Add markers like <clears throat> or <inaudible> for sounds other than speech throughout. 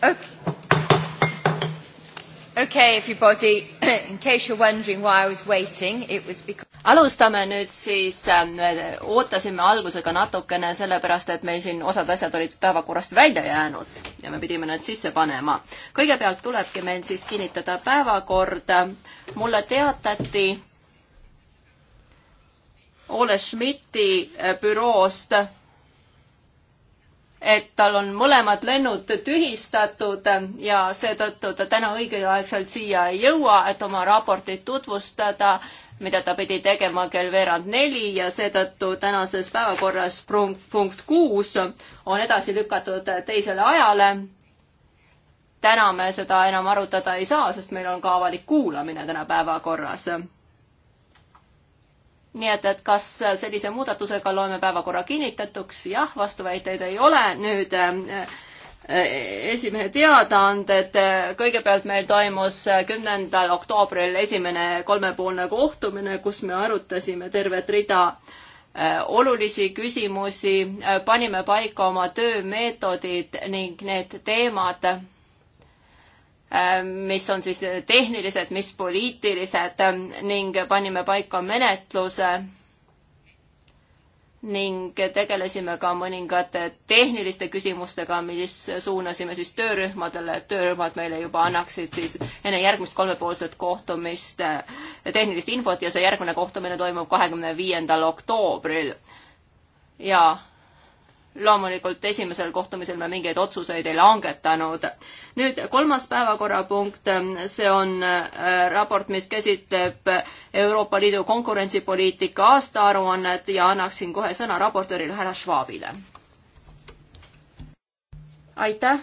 Okay. okay, everybody, <clears throat> in case you're wondering why I was waiting, it was because alustame nüüd siis äh,, ootasime algusega natukene, sellepärast et meil siin osad asjad olid päevakorrast välja jäänud ja me pidime need sisse panema. kõigepealt tulebki meil siis kinnitada päevakord. mulle teatati Ole Schmidti äh, büroost äh, et tal on mõlemad lennud tühistatud ja seetõttu ta täna õigeaegselt siia ei jõua, et oma raportit tutvustada, mida ta pidi tegema kell veerand neli ja seetõttu tänases päevakorras punkt, punkt kuus on edasi lükatud teisele ajale. täna me seda enam arutada ei saa, sest meil on ka avalik kuulamine täna päevakorras nii et, et kas sellise muudatusega loeme päevakorra kinnitatuks? jah, vastuväiteid ei ole. nüüd äh, esimehe teadaanded. kõigepealt meil toimus kümnendal oktoobril esimene kolmepoolne kohtumine, kus me arutasime tervet rida äh, olulisi küsimusi, panime paika oma töömeetodid ning need teemad Äh, mis on siis tehnilised, mis poliitilised ähm, ning panime paika menetluse ning tegelesime ka mõningate tehniliste küsimustega, mis suunasime siis töörühmadele, et töörühmad meile juba annaksid siis enne järgmist kolmepoolset kohtumist äh, tehnilist infot ja see järgmine kohtumine toimub kahekümne viiendal oktoobril. ja loomulikult esimesel kohtumisel me mingeid otsuseid ei langetanud. nüüd kolmas päevakorrapunkt, see on äh, raport, mis käsitleb Euroopa Liidu konkurentsipoliitika aastaaruannet ja annaksin kohe sõna raportöörile härra Schwabile. aitäh.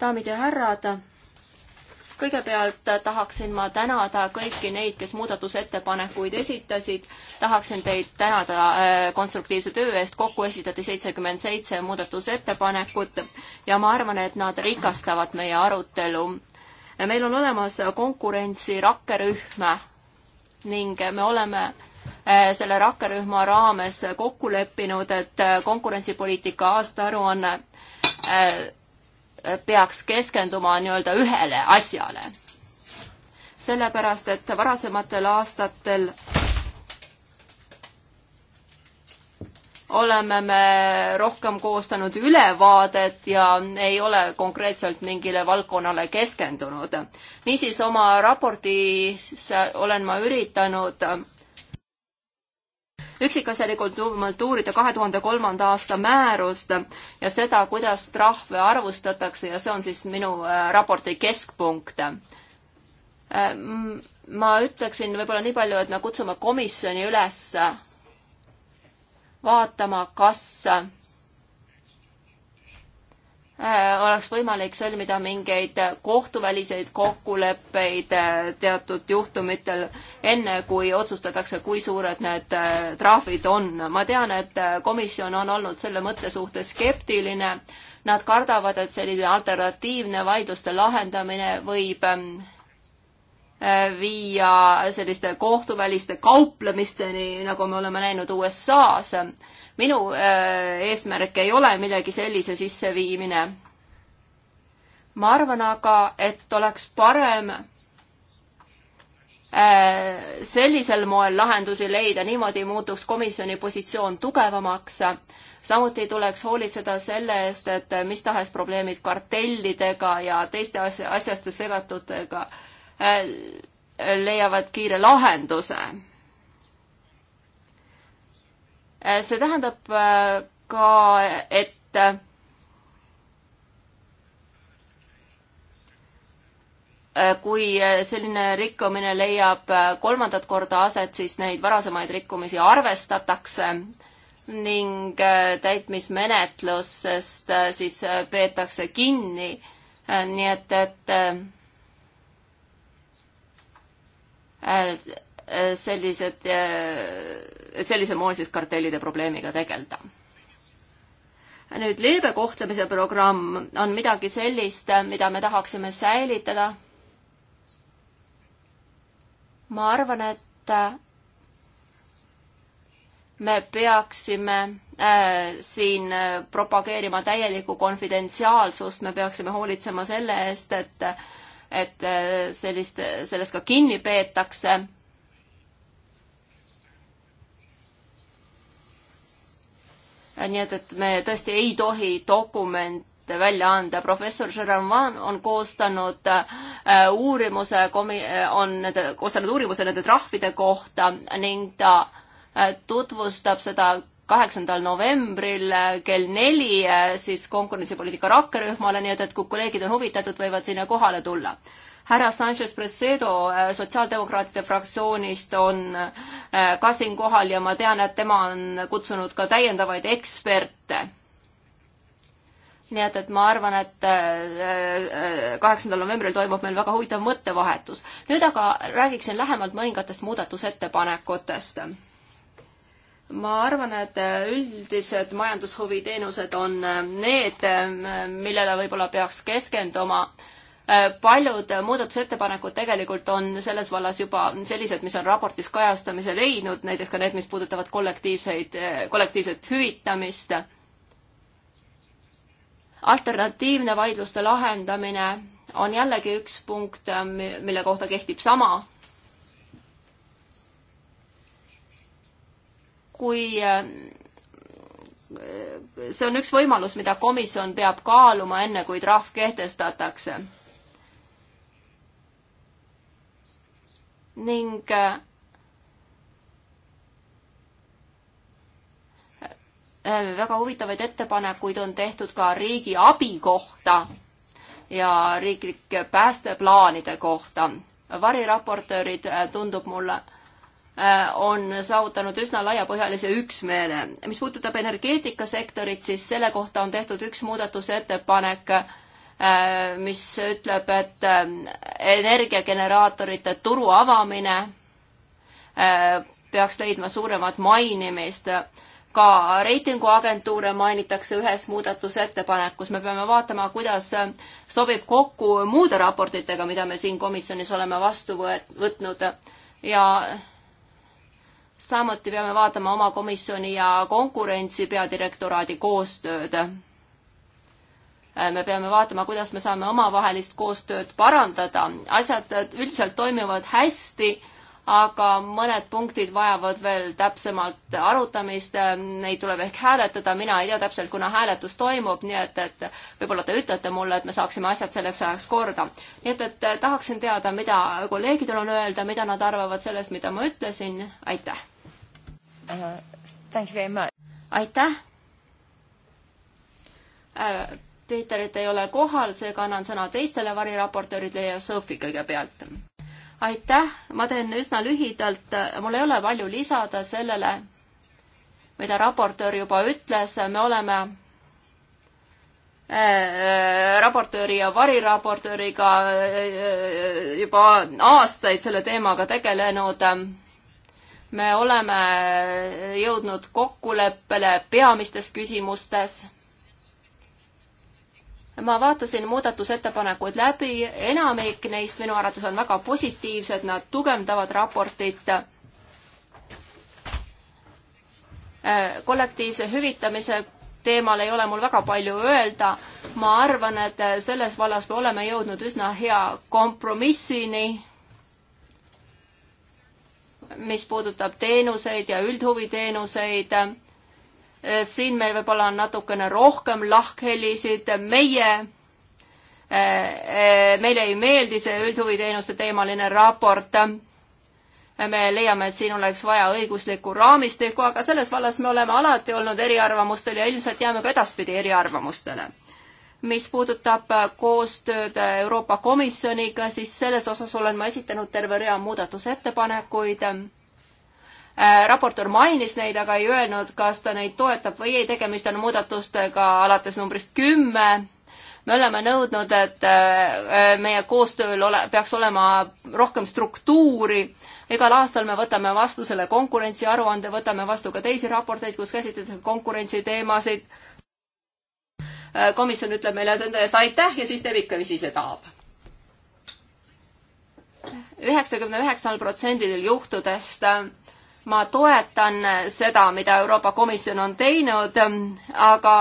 daamid ja härrad kõigepealt tahaksin ma tänada kõiki neid, kes muudatusettepanekuid esitasid. tahaksin teid tänada äh, konstruktiivse töö eest, kokku esitati seitsekümmend seitse muudatusettepanekut ja ma arvan, et nad rikastavad meie arutelu. meil on olemas konkurentsi rakkerühm ning me oleme äh, selle rakkerühma raames kokku leppinud, et konkurentsipoliitika aastaaruanne äh, peaks keskenduma nii-öelda ühele asjale. sellepärast, et varasematel aastatel oleme me rohkem koostanud ülevaadet ja ei ole konkreetselt mingile valdkonnale keskendunud. niisiis oma raportis olen ma üritanud üksikasjalikult tuumalt uurida kahe tuhande kolmanda aasta määrust ja seda, kuidas trahve arvustatakse ja see on siis minu äh, raporti keskpunkt. Äh, ma ütleksin võib-olla nii palju, et me kutsume komisjoni üles vaatama, kas Äh, oleks võimalik sõlmida mingeid kohtuväliseid kokkuleppeid äh, teatud juhtumitel, enne kui otsustatakse, kui suured need äh, trahvid on. ma tean, et komisjon on olnud selle mõtte suhtes skeptiline. Nad kardavad, et selline alternatiivne vaidluste lahendamine võib ähm, Äh, viia selliste kohtuväliste kauplemisteni, nagu me oleme näinud USA-s. minu äh, eesmärk ei ole millegi sellise sisseviimine. ma arvan aga, et oleks parem äh, sellisel moel lahendusi leida, niimoodi muutuks komisjoni positsioon tugevamaks. samuti tuleks hoolitseda selle eest, et mis tahes probleemid kartellidega ja teiste asjaste segatutega äh, Äh, leiavad kiire lahenduse. Äh, see tähendab äh, ka, et kui selline rikkumine leiab kolmandat korda aset, siis neid varasemaid rikkumisi arvestatakse ning täitmismenetlusest siis peetakse kinni. nii et, et Äh, sellised, äh, et sellisel moel siis kartellide probleemiga tegeleda. nüüd leebe kohtlemise programm on midagi sellist, mida me tahaksime säilitada. ma arvan, et äh, me peaksime äh, siin propageerima täielikku konfidentsiaalsust, me peaksime hoolitsema selle eest, et äh, et äh, sellist, sellest ka kinni peetakse. nii et, et me tõesti ei tohi dokumente välja anda. professor Germain on koostanud äh, uurimuse, äh, on koostanud uurimuse nende trahvide kohta ning ta tutvustab seda kaheksandal novembril kell neli eh, siis konkurentsipoliitika rakkerühmale, nii et, et kui kolleegid on huvitatud, võivad sinna kohale tulla. härra Sanchez Presedo eh, Sotsiaaldemokraatide fraktsioonist on eh, ka siin kohal ja ma tean, et tema on kutsunud ka täiendavaid eksperte nii et, et ma arvan, et kaheksandal novembril toimub meil väga huvitav mõttevahetus. nüüd aga räägiksin lähemalt mõningatest muudatusettepanekutest ma arvan, et üldised majandushuviteenused on äh, need, äh, millele võib-olla peaks keskenduma. Äh, paljud muudatusettepanekud tegelikult on selles vallas juba sellised, mis on raportis kajastamise leidnud, näiteks ka need, mis puudutavad kollektiivseid, kollektiivset hüvitamist. alternatiivne vaidluste lahendamine on jällegi üks punkt, mille kohta kehtib sama kui äh, see on üks võimalus, mida komisjon peab kaaluma enne, kui trahv kehtestatakse. ning äh, äh, väga huvitavaid ettepanekuid on tehtud ka riigi abi kohta ja riiklike päästeplaanide kohta. variraportöörid, tundub mulle, Äh, on saavutanud üsna laiapõhjalise üksmeele. mis puudutab energeetikasektorit, siis selle kohta on tehtud üks muudatusettepanek, äh, mis ütleb, et äh, energiageneraatorite turu avamine peaks leidma suuremat mainimist. ka reitinguagentuure mainitakse ühes muudatusettepanekus, me peame vaatama, kuidas sobib kokku muude raportitega, mida me siin komisjonis oleme vastu võet-, võtnud ja samuti peame vaatama oma komisjoni ja konkurentsi peadirektoraadi koostööd. me peame vaatama, kuidas me saame omavahelist koostööd parandada, asjad üldiselt toimivad hästi aga mõned punktid vajavad veel täpsemalt arutamist, neid tuleb ehk hääletada, mina ei tea täpselt, kuna hääletus toimub, nii et, et võib-olla te ütlete mulle, et me saaksime asjad selleks ajaks korda. nii et, et tahaksin teada, mida kolleegidel on öelda, mida nad arvavad sellest, mida ma ütlesin, aitäh uh,! aitäh uh,! Äh, Peeterit ei ole kohal, seega annan sõna teistele variraportööridele ja Sofi kõigepealt aitäh, ma teen üsna lühidalt, mul ei ole palju lisada sellele, mida raportöör juba ütles, me oleme äh, äh, raportööri ja variraportööriga äh, juba aastaid selle teemaga tegelenud. me oleme jõudnud kokkuleppele peamistes küsimustes ma vaatasin muudatusettepanekud läbi, enamik neist minu arvates on väga positiivsed, nad tugevdavad raportit. Äh, kollektiivse hüvitamise teemal ei ole mul väga palju öelda. ma arvan, et selles vallas me oleme jõudnud üsna hea kompromissini, mis puudutab teenuseid ja üldhuviteenuseid Eh, siin meil võib-olla on natukene rohkem lahkhelisid, meie eh, eh, meile ei meeldi see üldhuviteenuste teemaline raport. me leiame, et siin oleks vaja õiguslikku raamistikku, aga selles vallas me oleme alati olnud eriarvamustel ja ilmselt jääme ka edaspidi eriarvamustele. mis puudutab koostööd Euroopa Komisjoniga, siis selles osas olen ma esitanud terve rea muudatusettepanekuid Äh, raportöör mainis neid, aga ei öelnud, kas ta neid toetab või ei, tegemist on muudatustega alates numbrist kümme. me oleme nõudnud, et äh, äh, meie koostööl ole, peaks olema rohkem struktuuri. igal aastal me võtame vastu selle konkurentsiaruande, võtame vastu ka teisi raporteid, kus käsitletakse konkurentsiteemasid. komisjon ütleb meile nende eest aitäh ja siis teeb ikka, mis ise tahab üheksakümne üheksal protsendil juhtudest äh, ma toetan seda, mida Euroopa Komisjon on teinud, aga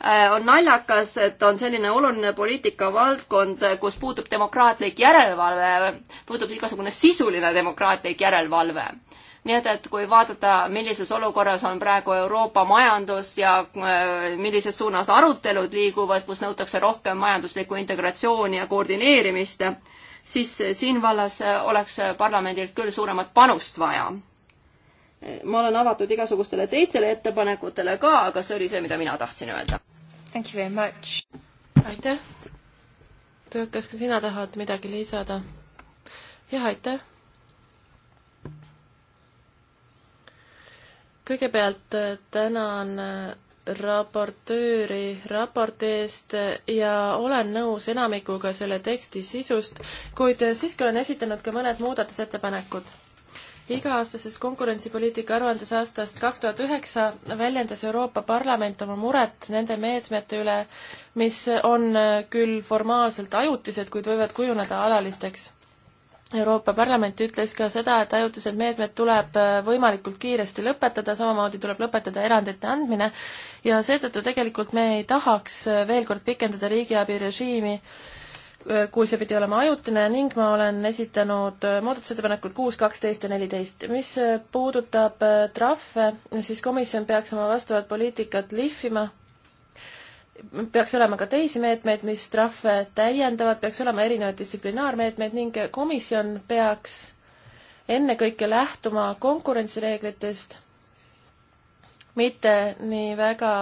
äh, on naljakas, et on selline oluline poliitikavaldkond, kus puudub demokraatlik järelevalve, puudub igasugune sisuline demokraatlik järelevalve. nii et, et kui vaadata, millises olukorras on praegu Euroopa majandus ja äh, millises suunas arutelud liiguvad, kus nõutakse rohkem majanduslikku integratsiooni ja koordineerimist, siis äh, siin vallas oleks parlamendilt küll suuremat panust vaja ma olen avatud igasugustele teistele ettepanekutele ka, aga see oli see, mida mina tahtsin öelda. Thank you very much. aitäh. Tõõk, kas ka sina tahad midagi lisada? jah, aitäh. kõigepealt äh, tänan äh, raportööri raporti eest äh, ja olen nõus enamikuga selle teksti sisust, kuid siiski olen esitanud ka mõned muudatusettepanekud iga-aastases konkurentsipoliitika aruandes aastast kaks tuhat üheksa väljendas Euroopa Parlament oma muret nende meetmete üle, mis on küll formaalselt ajutised, kuid võivad kujuneda alalisteks. Euroopa Parlament ütles ka seda, et ajutised meetmed tuleb võimalikult kiiresti lõpetada, samamoodi tuleb lõpetada erandite andmine ja seetõttu tegelikult me ei tahaks veel kord pikendada riigiabi režiimi kui see pidi olema ajutine ning ma olen esitanud muudatusettepanekud kuus, kaksteist ja neliteist. mis puudutab äh, trahve, siis komisjon peaks oma vastavat poliitikat lihvima, peaks olema ka teisi meetmeid, mis trahve täiendavad, peaks olema erinevaid distsiplinaarmeetmeid ning komisjon peaks ennekõike lähtuma konkurentsireeglitest, mitte nii väga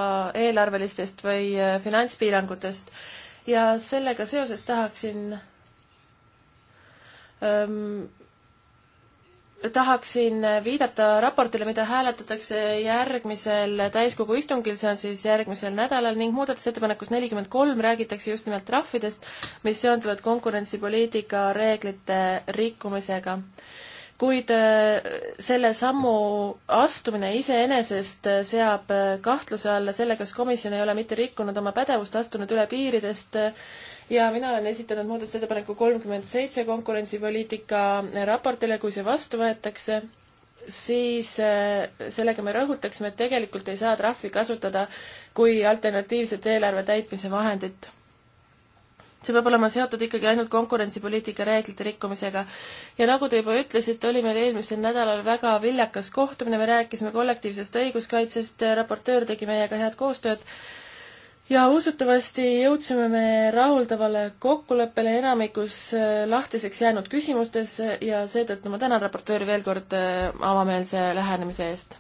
eelarvelistest või äh, finantspiirangutest ja sellega seoses tahaksin ähm, tahaksin viidata raportile, mida hääletatakse järgmisel täiskogu istungil, see on siis järgmisel nädalal ning muudatusettepanekus nelikümmend kolm räägitakse just nimelt trahvidest, mis seonduvad konkurentsipoliitika reeglite rikkumisega kuid äh, selle sammu astumine iseenesest äh, seab äh, kahtluse alla selle, kas komisjon ei ole mitte rikkunud oma pädevust, astunud üle piiridest ja mina olen esitanud muudatusettepaneku kolmkümmend seitse konkurentsipoliitika raportile, kui see vastu võetakse, siis sellega me rõhutaksime, et tegelikult ei saa trahvi kasutada kui alternatiivset eelarve täitmise vahendit see peab olema seotud ikkagi ainult konkurentsipoliitika reeglite rikkumisega. ja nagu te juba ütlesite, oli meil eelmisel nädalal väga viljakas kohtumine, me rääkisime kollektiivsest õiguskaitsest, raportöör tegi meiega head koostööd ja usutavasti jõudsime me rahuldavale kokkuleppele enamikus eh, lahtiseks jäänud küsimustes ja seetõttu ma tänan raportööri veel kord eh, avameelse lähenemise eest.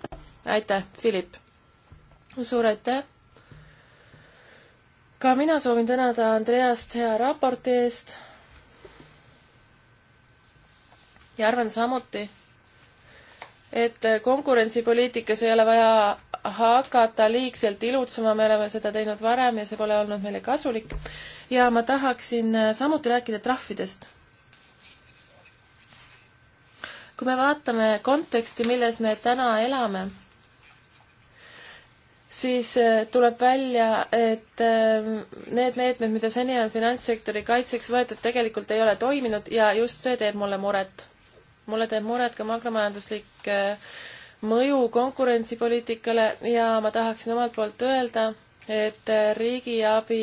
aitäh, Philip! suur aitäh! ka mina soovin tänada Andreast hea raporti eest. ja arvan samuti, et konkurentsipoliitikas ei ole vaja hakata liigselt ilutsema, me oleme seda teinud varem ja see pole olnud meile kasulik. ja ma tahaksin samuti rääkida trahvidest. kui me vaatame konteksti, milles me täna elame siis äh, tuleb välja, et ähm, need meetmed, mida seni on finantssektori kaitseks võetud, tegelikult ei ole toiminud ja just see teeb mulle muret. mulle teeb muret ka makromajanduslik äh, mõju konkurentsipoliitikale ja ma tahaksin omalt poolt öelda, et äh, riigiabi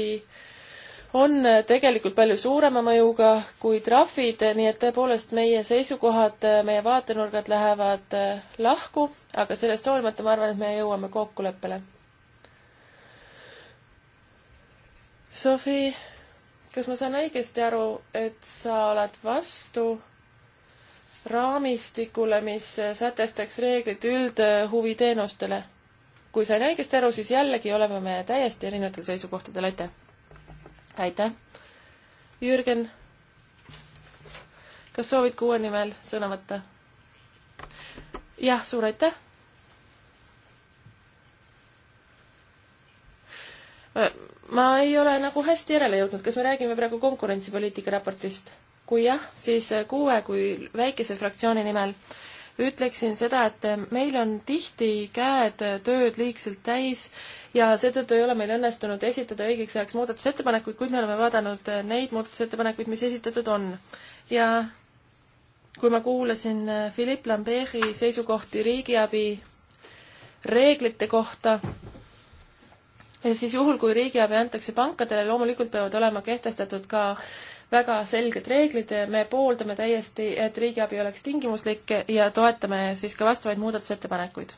on tegelikult palju suurema mõjuga kui trahvid, nii et tõepoolest meie seisukohad, meie vaatenurgad lähevad lahku, aga sellest hoolimata ma arvan, et me jõuame kokkuleppele Sofi, kas ma saan õigesti aru, et sa oled vastu raamistikule, mis sätestaks reeglid üldhuviteenustele? kui sain õigesti aru, siis jällegi oleme me täiesti erinevatel seisukohtadel, aitäh! aitäh! Jürgen, kas soovid kuue nimel sõna võtta? jah, suur aitäh! ma ei ole nagu hästi järele jõudnud, kas me räägime praegu konkurentsipoliitika raportist? kui jah, siis kuue kui väikese fraktsiooni nimel ütleksin seda, et meil on tihti käed tööd liigselt täis ja seetõttu ei ole meil õnnestunud esitada õigeks ajaks muudatusettepanekuid, kuid me oleme vaadanud neid muudatusettepanekuid, mis esitatud on. ja kui ma kuulasin Philippe Lambert'i seisukohti riigiabi reeglite kohta, siis juhul, kui riigiabi antakse pankadele, loomulikult peavad olema kehtestatud ka väga selged reeglid, me pooldame täiesti, et riigiabi oleks tingimuslik ja toetame siis ka vastavaid muudatusettepanekuid.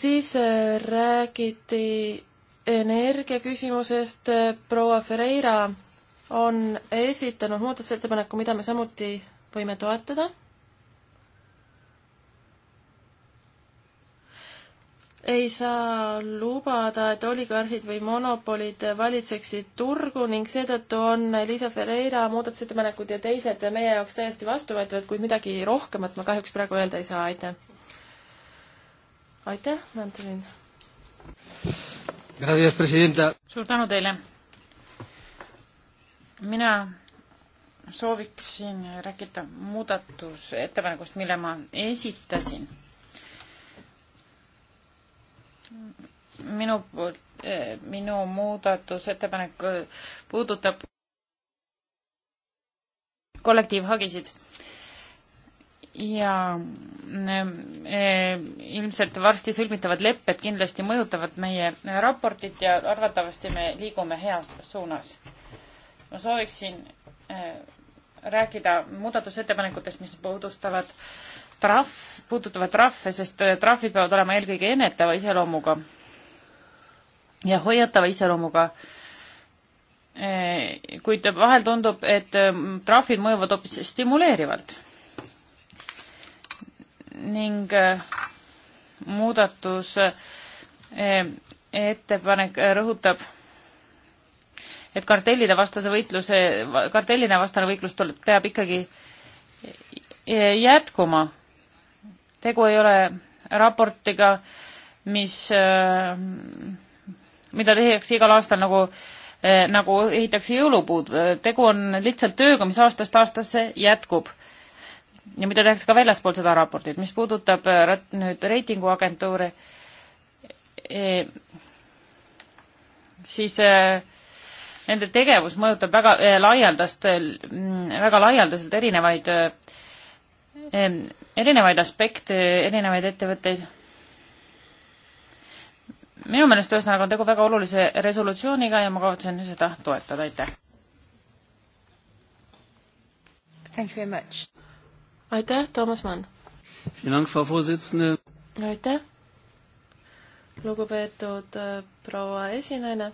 siis äh, räägiti energiaküsimusest, proua Ferreira on esitanud muudatusettepaneku, mida me samuti võime toetada ei saa lubada, et oligarhid või monopolid valitseksid turgu ning seetõttu on Liisa Ferreira muudatusettepanekud ja teised meie jaoks täiesti vastuvõetavad, kuid midagi rohkemat ma kahjuks praegu öelda ei saa, aitäh. aitäh, Antonin. suur tänu teile. mina sooviksin rääkida muudatusettepanekust, mille ma esitasin minu poolt, eh, minu muudatusettepanek eh, puudutab kollektiivhagisid ja mm, eh, ilmselt varsti sõlmitavad lepped kindlasti mõjutavad meie raportit ja arvatavasti me liigume heas suunas. ma sooviksin rääkida muudatusettepanekutest, mis puudustavad trahv, puudutavad trahve, sest äh, trahvid peavad olema eelkõige ennetava iseloomuga ja hoiatava iseloomuga. Äh, kuid vahel tundub, et äh, trahvid mõjuvad hoopis stimuleerivalt. ning muudatus ettepanek rõhutab, et kartellide vastase võitluse, kartelline vastane võitlus tuleb, peab ikkagi jätkuma tegu ei ole raportiga, mis, äh, mida tehakse igal aastal nagu, äh, nagu ehitakse jõulupuud. tegu on lihtsalt tööga, mis aastast aastasse jätkub. ja mida tehakse ka väljaspool seda raportit. mis puudutab äh, nüüd reitinguagentuure, siis nende tegevus mõjutab väga laialdast, mm, väga laialdaselt erinevaid äh, erinevaid aspekte, erinevaid ettevõtteid. minu meelest ühesõnaga on tegu väga olulise resolutsiooniga ja ma kavatsen seda toetada, aitäh. aitäh, Toomas Mann. aitäh, lugupeetud äh, proua esinaine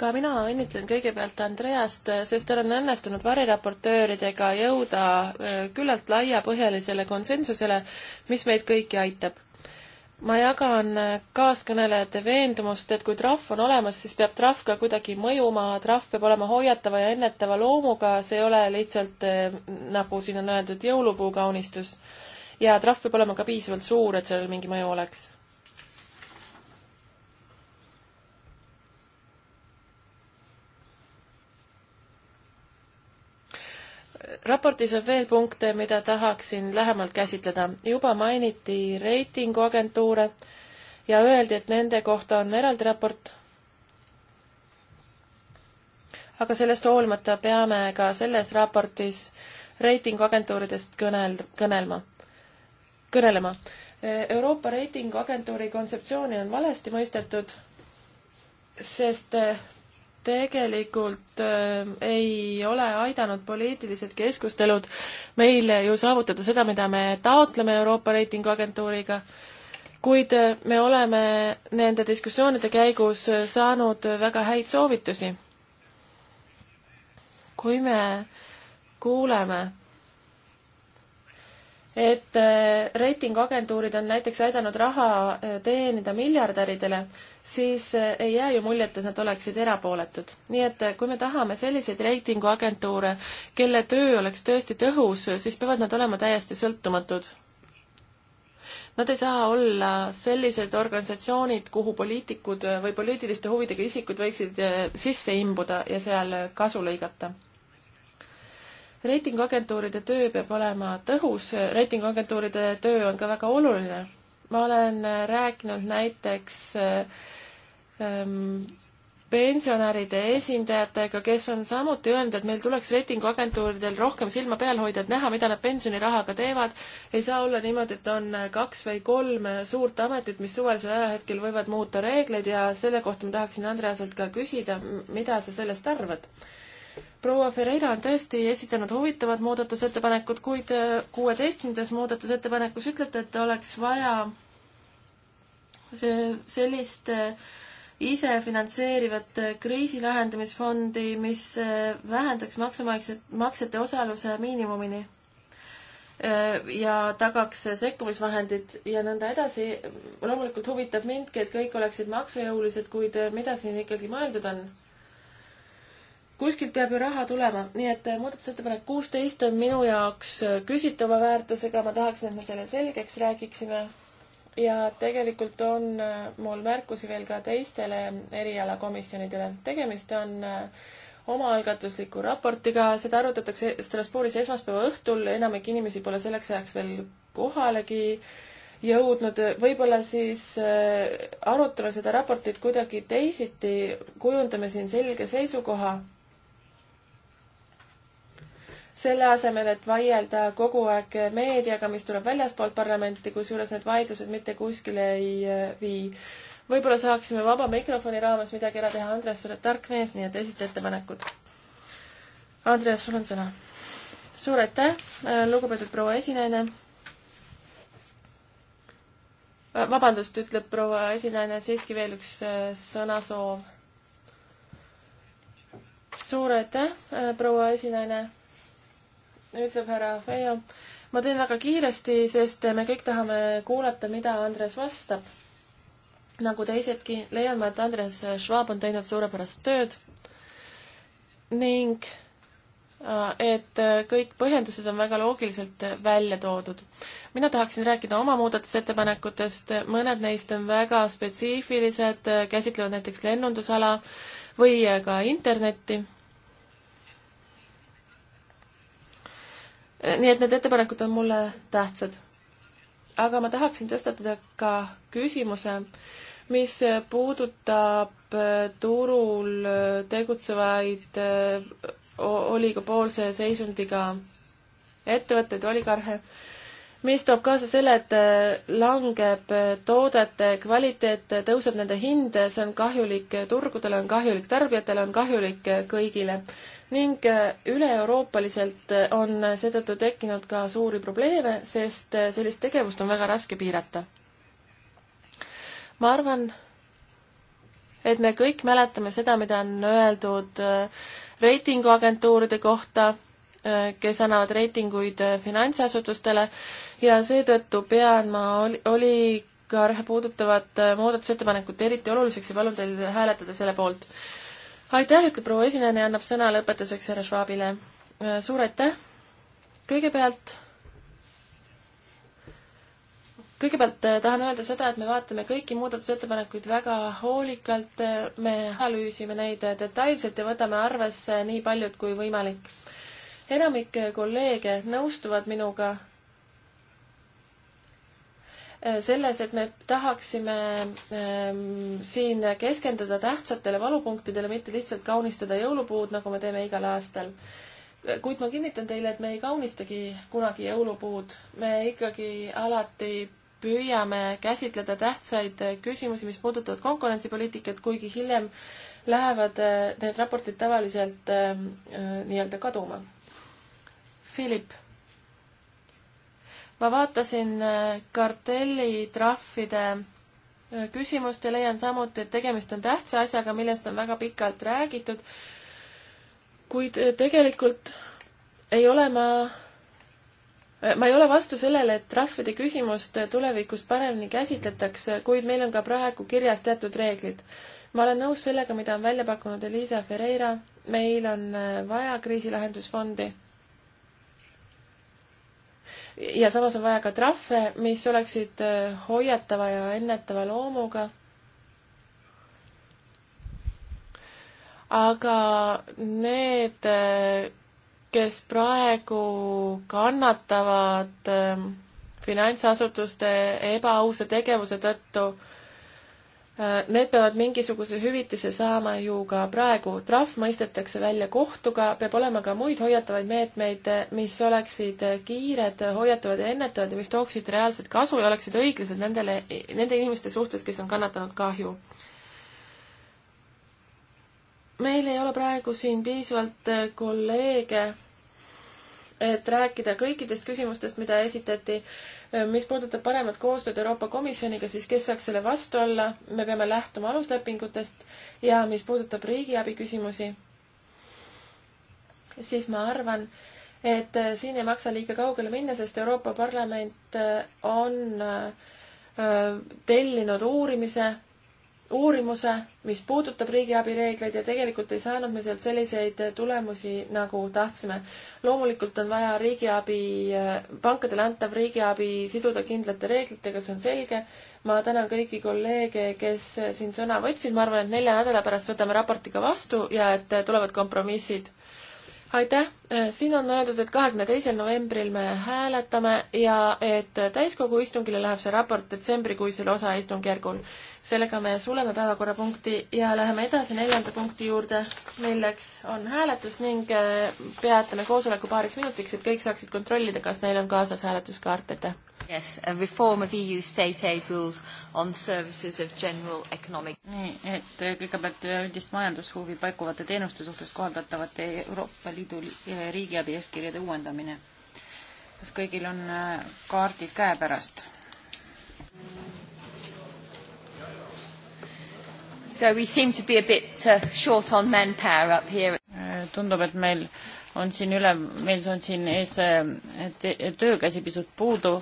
ka mina õnnitlen kõigepealt Andreast, sest tal on õnnestunud variraportööridega jõuda äh, küllalt laiapõhjalisele konsensusele, mis meid kõiki aitab. ma jagan äh, kaaskõnelejate veendumust, et kui trahv on olemas, siis peab trahv ka kuidagi mõjuma, trahv peab olema hoiatava ja ennetava loomuga, see ei ole lihtsalt, äh, nagu siin on öeldud, jõulupuu kaunistus. ja trahv peab olema ka piisavalt suur, et sellel mingi mõju oleks raportis on veel punkte, mida tahaksin lähemalt käsitleda. juba mainiti reitinguagentuure ja öeldi, et nende kohta on eraldi raport. aga sellest hoolimata peame ka selles raportis reitinguagentuuridest kõnel, kõnelma, kõnelema. Euroopa reitinguagentuuri kontseptsiooni on valesti mõistetud, sest tegelikult äh, ei ole aidanud poliitilised keskustelud meil ju saavutada seda, mida me taotleme Euroopa reitinguagentuuriga, kuid äh, me oleme nende diskussioonide käigus äh, saanud väga häid soovitusi. kui me kuuleme et äh, reitinguagentuurid on näiteks aidanud raha äh, teenida miljardäridele, siis äh, ei jää ju muljet, et nad oleksid erapooletud. nii et kui me tahame selliseid reitinguagentuure, kelle töö oleks tõesti tõhus, siis peavad nad olema täiesti sõltumatud. Nad ei saa olla sellised organisatsioonid, kuhu poliitikud või poliitiliste huvidega isikud võiksid sisse imbuda ja seal kasu lõigata reitinguagentuuride töö peab olema tõhus, reitinguagentuuride töö on ka väga oluline. ma olen rääkinud näiteks äh, ähm, pensionäride esindajatega, kes on samuti öelnud, et meil tuleks reitinguagentuuridel rohkem silma peal hoida, et näha, mida nad pensionirahaga teevad. ei saa olla niimoodi, et on kaks või kolm suurt ametit, mis suvalisel ajahetkel võivad muuta reegleid ja selle kohta ma tahaksin Andreaselt ka küsida, mida sa sellest arvad? proua Ferreira on tõesti esitanud huvitavad muudatusettepanekud, kuid äh, kuueteistkümnendas muudatusettepanekus ütleb ta, et oleks vaja see, sellist äh, ise finantseerivat äh, kriisi lahendamisfondi, mis vähendaks maksumaksjate, maksjate osaluse miinimumini ja tagaks sekkumisvahendid ja nõnda edasi. loomulikult huvitab mindki, et kõik oleksid maksujõulised, kuid mida siin ikkagi mõeldud on? kuskilt peab ju raha tulema, nii et äh, muudatusettepanek kuusteist on minu jaoks äh, küsitava väärtusega, ma tahaksin, et me selle selgeks räägiksime. ja tegelikult on äh, mul märkusi veel ka teistele erialakomisjonidele. tegemist on omaalgatusliku raportiga, seda arutatakse Strasbourgis esmaspäeva õhtul, enamik inimesi pole selleks ajaks veel kohalegi jõudnud, võib-olla siis arutame seda raportit kuidagi teisiti, kujundame siin selge seisukoha selle asemel, et vaielda kogu aeg meediaga, mis tuleb väljaspoolt parlamenti, kusjuures need vaidlused mitte kuskile ei äh, vii. võib-olla saaksime vaba mikrofoni raames midagi ära teha, Andres, sa oled tark mees, nii et esita ettepanekud. Andres, sul on sõna. suur aitäh, äh, lugupeetud proua esinaine. Äh, vabandust, ütleb proua esinaine, siiski veel üks sõnasoov. suur aitäh, proua esinaine ütleb härra Feio. ma teen väga kiiresti, sest me kõik tahame kuulata, mida Andres vastab. nagu teisedki, leian ma, et Andres Schwab on teinud suurepärast tööd ning äh, et äh, kõik põhjendused on väga loogiliselt välja toodud. mina tahaksin rääkida oma muudatusettepanekutest, mõned neist on väga spetsiifilised, äh, käsitlevad näiteks lennundusala või ka internetti Äh, nii et need ettepanekud on mulle tähtsad. aga ma tahaksin tõstatada ka küsimuse, mis puudutab äh, turul äh, tegutsevaid oligopoolse seisundiga ettevõtteid, oligarhe, mis toob kaasa selle, et langeb toodete kvaliteet, tõuseb nende hind, see on kahjulik turgudele, on kahjulik tarbijatele, on kahjulik kõigile ning äh, üle-euroopaliselt äh, on seetõttu tekkinud ka suuri probleeme, sest äh, sellist tegevust on väga raske piirata. ma arvan, et me kõik mäletame seda, mida on öeldud reitinguagentuuride kohta, kes annavad reitinguid finantsasutustele ja seetõttu pean ma oli, oli ka puudutavat muudatusettepanekut eriti oluliseks ja palun teil hääletada selle poolt aitäh, ütleb proua esinejana ja annab sõna lõpetuseks härra Schwabile. Äh, suur aitäh! kõigepealt, kõigepealt äh, tahan öelda seda, et me vaatame kõiki muudatusettepanekuid väga hoolikalt, äh, me analüüsime neid detailselt ja võtame arvesse nii paljud kui võimalik. enamik kolleege nõustuvad minuga Äh, selles, et me tahaksime ähm, siin keskenduda tähtsatele valupunktidele, mitte lihtsalt kaunistada jõulupuud, nagu me teeme igal aastal. Äh, kuid ma kinnitan teile, et me ei kaunistagi kunagi jõulupuud, me ikkagi alati püüame käsitleda tähtsaid küsimusi, mis puudutavad konkurentsipoliitikat, kuigi hiljem lähevad äh, need raportid tavaliselt ähm, äh, nii-öelda kaduma. Philip ma vaatasin äh, kartellitrahvide äh, küsimust ja leian samuti, et tegemist on tähtsa asjaga, millest on väga pikalt räägitud, kuid äh, tegelikult ei ole ma ma ei ole vastu sellele, et trahvide küsimust tulevikus paremini käsitletakse, kuid meil on ka praegu kirjas teatud reeglid. ma olen nõus sellega, mida on välja pakkunud Elisa Ferreira, meil on vaja kriisilahendusfondi ja samas on vaja ka trahve, mis oleksid äh, hoiatava ja ennetava loomuga. aga need, äh, kes praegu kannatavad äh, finantsasutuste ebaausa tegevuse tõttu, Äh, need peavad mingisuguse hüvitise saama ju ka praegu. trahv mõistetakse välja kohtuga, peab olema ka muid hoiatavaid meetmeid, äh, mis oleksid äh, kiired, hoiatavad ja ennetavad ja mis tooksid reaalset kasu ja oleksid õiglased nendele, nende inimeste suhtes, kes on kannatanud kahju meil ei ole praegu siin piisavalt kolleege, et rääkida kõikidest küsimustest, mida esitati. mis puudutab paremat koostööd Euroopa Komisjoniga, siis kes saaks selle vastu olla, me peame lähtuma aluslepingutest ja mis puudutab riigiabi küsimusi, siis ma arvan, et siin ei maksa liiga kaugele minna, sest Euroopa Parlament on äh, tellinud uurimise uurimuse, mis puudutab riigiabi reegleid ja tegelikult ei saanud me sealt selliseid tulemusi, nagu tahtsime. loomulikult on vaja riigiabi, pankadele antav riigiabi siduda kindlate reeglitega, see on selge. ma tänan kõiki kolleege, kes siin sõna võtsid, ma arvan, et nelja nädala pärast võtame raporti ka vastu ja et tulevad kompromissid aitäh, äh, siin on öeldud, et kahekümne teisel novembril me hääletame ja et täiskogu istungile läheb see raport detsembrikuisel osaistungjärgul. sellega me suleme päevakorrapunkti ja läheme edasi neljanda punkti juurde, milleks on hääletus ning äh, peatame koosoleku paariks minutiks, et kõik saaksid kontrollida, kas neil on kaasas hääletuskaart, aitäh! Yes, a reform of EU state aid rules on services of general economic. nii, et eh, kõigepealt eh, üldist majandushuvi paikuvate teenuste suhtes kohaldatavate Euroopa Liidu eh, riigiabi eeskirjade uuendamine. kas kõigil on kaardid käepärast? So we seem to be a bit short on manpower up here. tundub, et meil on siin üle, meil on siin ees töökäsi pisut puudu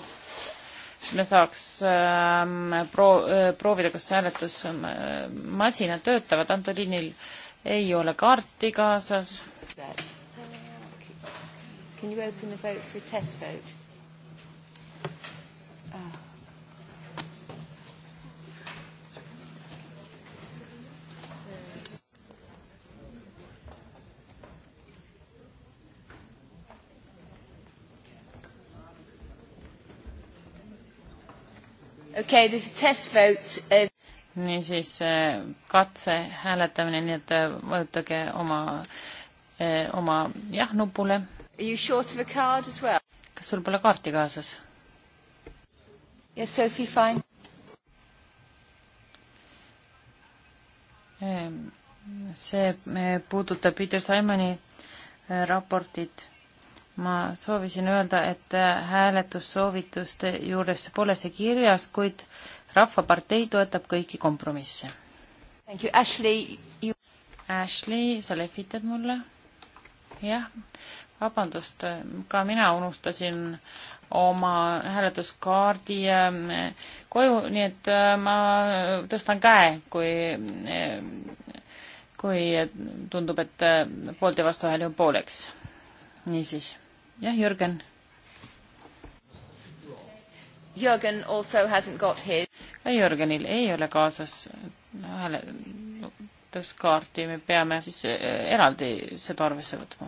siis me saaks ähm, proo-, äh, proovida, kas hääletusmasinad töötavad, Antolinil ei ole kaarti kaasas. Can you open the vote for a test vote? Ah. okay,. Um, niisiis äh, katse hääletamine, nii et vajutage äh, oma, äh, oma jah nupule. Well? kas sul pole kaarti kaasas? Yes, Sophie, fine. Ähm, see puudutab Peter Simoni raportit ma soovisin öelda, et äh, hääletussoovituste juures pole see kirjas, kuid Rahvapartei toetab kõiki kompromisse. Ashley you..., Ashley, sa lehvitad mulle? jah, vabandust, äh, ka mina unustasin oma hääletuskaardi äh, koju, nii et ma tõstan käe, kui, kui tundub, et poolt ja vastuhääli on pooleks. niisiis jah, Jürgen. Jürgen also hasn't got his. Jürgenil ei ole kaasas hääletuskaarti, me peame siis eh, eraldi seda arvesse võtma.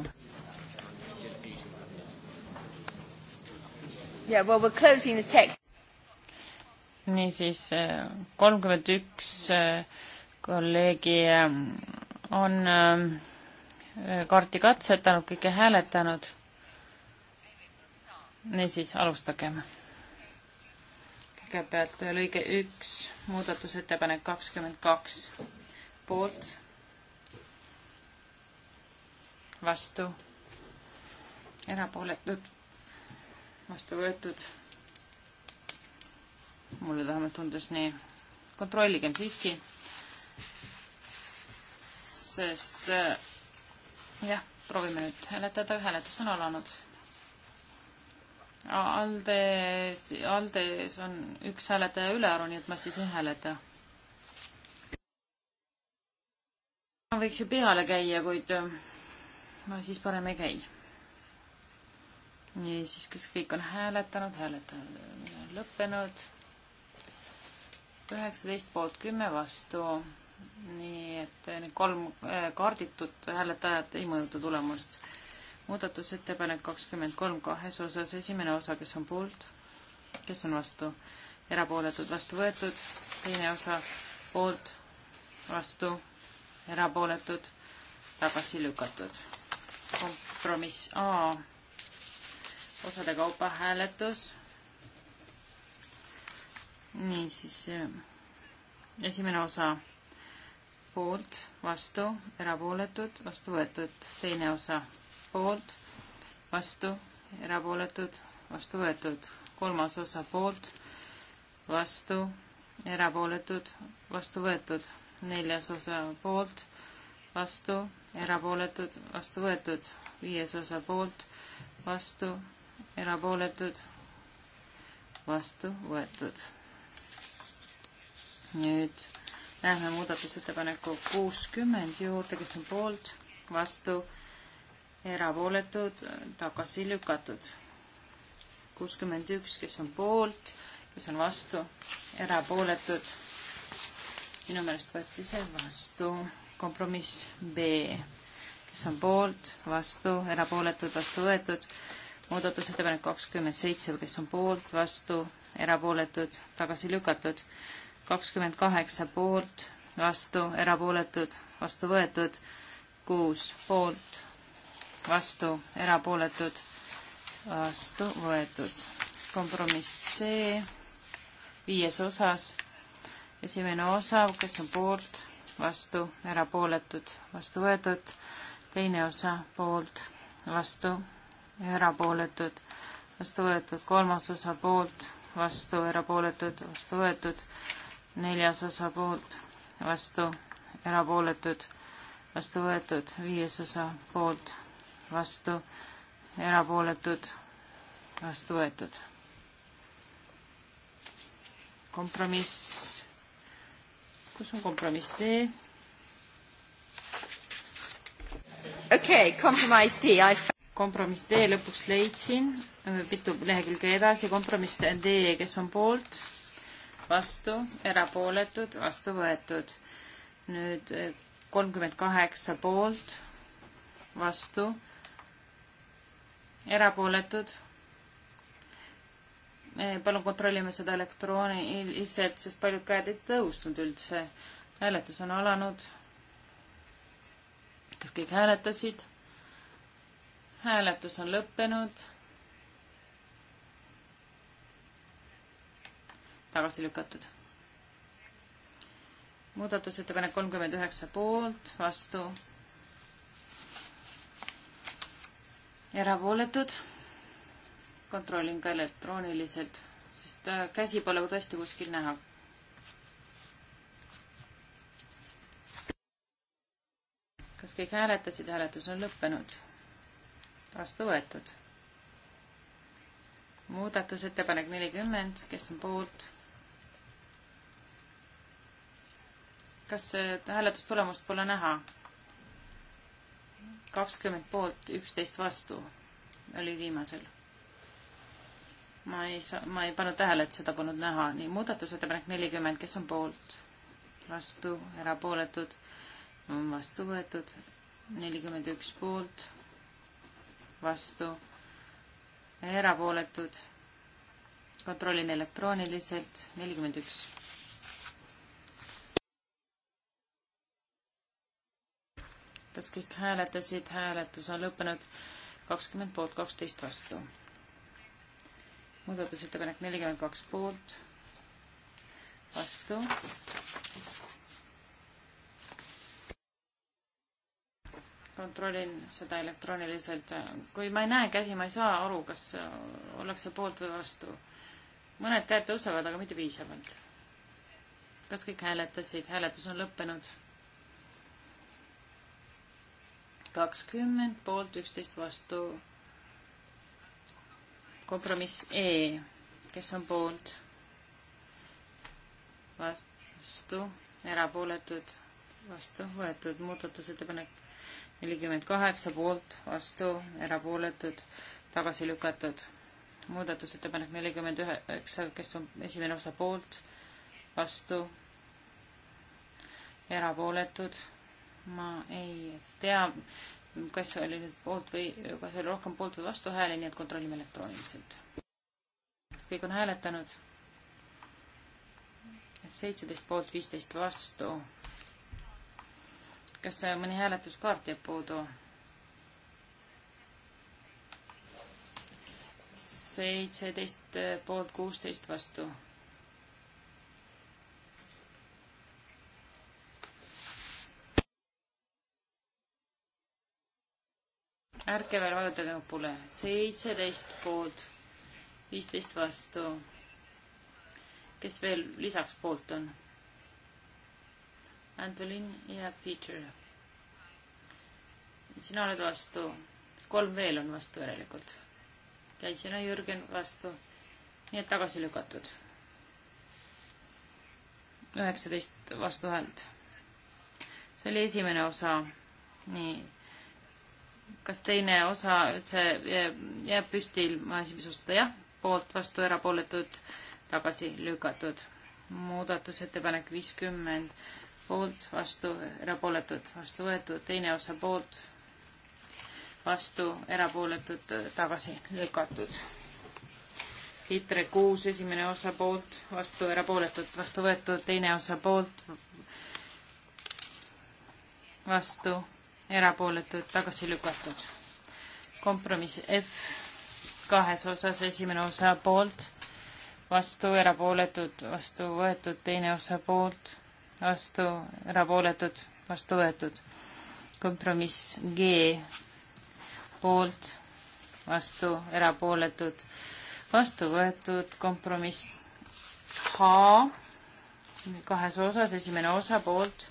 Yeah, well, we're closing the text. niisiis eh, kolmkümmend üks eh, kolleegi on kaarti katsetanud, kõike hääletanud niisiis, alustagem. kõigepealt lõige üks, muudatusettepanek kakskümmend kaks, poolt, vastu, erapooletud, vastu võetud. mulle vähemalt tundus nii. kontrolligem siiski, sest äh, jah, proovime nüüd hääletada, hääletus on alanud Aldes, Aldes on üks hääletaja ülearu, nii et ma siis ei hääleta. ma võiks ju peale käia, kuid äh, ma siis parem ei käi. nii, siis kas kõik on hääletanud, hääletanud, lõppenud. üheksateist poolt kümme vastu. nii et äh, need kolm äh, kaarditut hääletajat ei mõjuta tulemust muudatusettepanek kakskümmend kolm kahes osas, esimene osa, kes on poolt, kes on vastu, erapooletud, vastu võetud, teine osa poolt, vastu, erapooletud, tagasi lükatud. kompromiss A, osade kaupa hääletus. niisiis, eh, esimene osa poolt, vastu, erapooletud, vastu võetud, teine osa poolt, vastu, erapooletud, vastu võetud. kolmas osa poolt, vastu, erapooletud, vastu võetud. neljas osa poolt, vastu, erapooletud, vastu võetud. viies osa poolt, vastu, erapooletud, vastu võetud. nüüd lähme muudatusettepaneku kuuskümmend juurde, kes on poolt, vastu erapooletud, tagasi lükatud. kuuskümmend üks, kes on poolt, kes on vastu, erapooletud. minu meelest võeti see vastu. kompromiss B, kes on poolt, vastu, erapooletud, vastu võetud. muudatusettepanek kakskümmend seitse, kes on poolt, vastu, erapooletud, tagasi lükatud. kakskümmend kaheksa poolt, vastu, erapooletud, vastu võetud. kuus poolt vastu, erapooletud, vastu võetud. kompromiss C viies osas. esimene osa, kes on poolt, vastu, erapooletud, vastu võetud. teine osa poolt, vastu, erapooletud, vastu võetud. kolmas osa poolt, vastu, erapooletud, vastu võetud. neljas osa poolt, vastu, erapooletud, vastu võetud. viies osa poolt vastu, erapooletud, vastu võetud. kompromiss, kus on kompromiss D? okei okay,, kompromiss D, I kompromiss D lõpuks leidsin, mitu lehekülge edasi, kompromiss D, kes on poolt, vastu, erapooletud, vastu võetud. nüüd kolmkümmend kaheksa poolt, vastu erapooletud. palun kontrollime seda elektrooniliselt, sest paljud käed ei tõusnud üldse. hääletus on alanud. kas kõik hääletasid? hääletus on lõppenud. tagasi lükatud. muudatusettepanek kolmkümmend üheksa poolt, vastu erapooletud. kontrollin ka elektrooniliselt, sest äh, käsi pole tõesti kuskil näha. kas kõik hääletasid, hääletus on lõppenud? vastu võetud. muudatusettepanek nelikümmend, kes on poolt? kas äh, hääletustulemust pole näha? kakskümmend poolt, üksteist vastu oli viimasel. ma ei saa, ma ei pannud tähele, et seda polnud näha. nii, muudatusettepanek nelikümmend, kes on poolt? vastu, erapooletud, on vastu võetud. nelikümmend üks poolt, vastu, erapooletud. kontrollin elektrooniliselt, nelikümmend üks kas kõik hääletasid, hääletus on lõppenud kakskümmend poolt, kaksteist vastu. muudatusettepanek nelikümmend kaks poolt, vastu. kontrollin seda elektrooniliselt, kui ma ei näe käsi, ma ei saa aru, kas ollakse poolt või vastu. mõned käed tõusevad, aga mitte piisavalt. kas kõik hääletasid, hääletus on lõppenud kakskümmend poolt, üksteist vastu. kompromiss E, kes on poolt? vastu, erapooletud, vastu võetud, muudatusettepanek nelikümmend kaheksa poolt, vastu, erapooletud, tagasi lükatud. muudatusettepanek nelikümmend üheksa, kes on esimene osa poolt, vastu, erapooletud ma ei tea, kas oli nüüd poolt või, kas oli rohkem poolt või vastu hääli, nii et kontrollime elektrooniliselt. kas kõik on hääletanud? seitseteist poolt, viisteist vastu. kas mõni hääletuskaart jääb puudu? seitseteist poolt, kuusteist vastu ärge veel vajutage nupule. seitseteist poolt, viisteist vastu. kes veel lisaks poolt on? Antolin ja Peter. sina oled vastu, kolm veel on vastu järelikult. käid sina, Jürgen, vastu. nii et tagasi lükatud. üheksateist vastuhäält. see oli esimene osa. nii kas teine osa üldse jääb püsti ilma esimese osata, jah, poolt, vastu, erapooletud, tagasi lükatud. muudatusettepanek viiskümmend, poolt, vastu, erapooletud, vastu võetud, teine osa poolt, vastu, erapooletud, tagasi lükatud. Litre kuus, esimene osa poolt, vastu, erapooletud, vastu võetud, teine osa poolt, vastu erapooletud, tagasi lükatud. kompromiss F kahes osas, esimene osa poolt, vastu erapooletud, vastu võetud, teine osa poolt, vastu erapooletud, vastu võetud. kompromiss G poolt, vastu erapooletud, vastu võetud, kompromiss H kahes osas, esimene osa poolt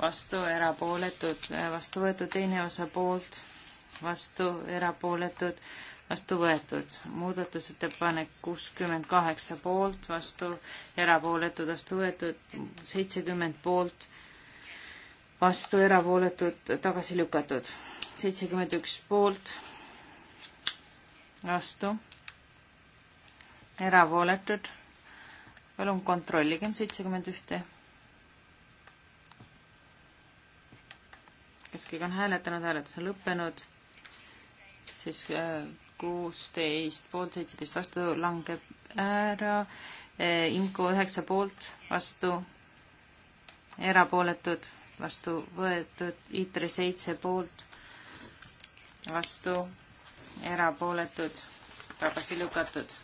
vastu, erapooletud, vastu võetud, teine osa poolt, vastu, erapooletud, vastu võetud. muudatusettepanek kuuskümmend kaheksa poolt, vastu, erapooletud, vastu võetud, seitsekümmend poolt, vastu, erapooletud, tagasi lükatud. seitsekümmend üks poolt, vastu, erapooletud. palun kontrollige seitsekümmend ühte kes kõik on hääletanud, hääletus on lõppenud, siis äh, kuusteist poolt, seitseteist vastu langeb ära, äh, Imko üheksa poolt vastu, erapooletud vastu võetud, ITRE seitse poolt vastu, erapooletud, tagasi lükatud.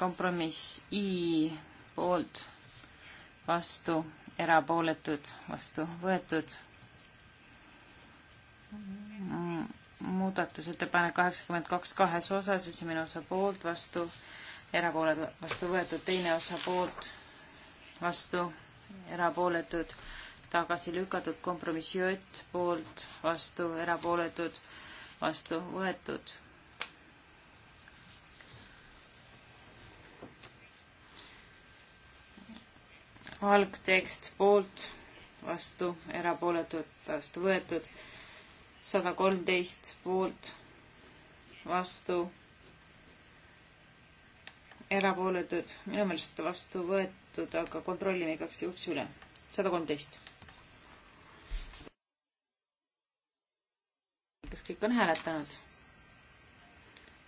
kompromiss I poolt vastu erapooletud, vastu võetud. muudatusettepanek kaheksakümmend kaks kahes osas, esimene osa poolt, vastu, erapooletud, vastu võetud, teine osa poolt, vastu, erapooletud, tagasi lükatud, kompromiss J poolt, vastu, erapooletud, vastu võetud algtekst poolt, vastu, erapooletud, vastu võetud. sada kolmteist poolt, vastu, erapooletud, minu meelest vastu võetud, aga kontrollime igaks juhuks üle. sada kolmteist. kas kõik on hääletanud?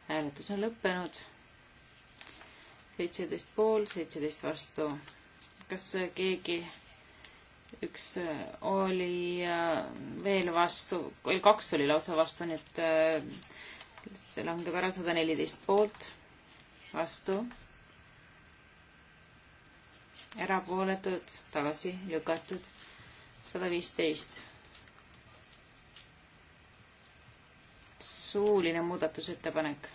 hääletus on lõppenud. seitseteist pool, seitseteist vastu kas keegi, üks oli äh, veel vastu, veel kaks oli lausa vastu, nii et äh, see langeb ära sada neliteist poolt, vastu, erapooletud, tagasi lükatud, sada viisteist suuline muudatusettepanek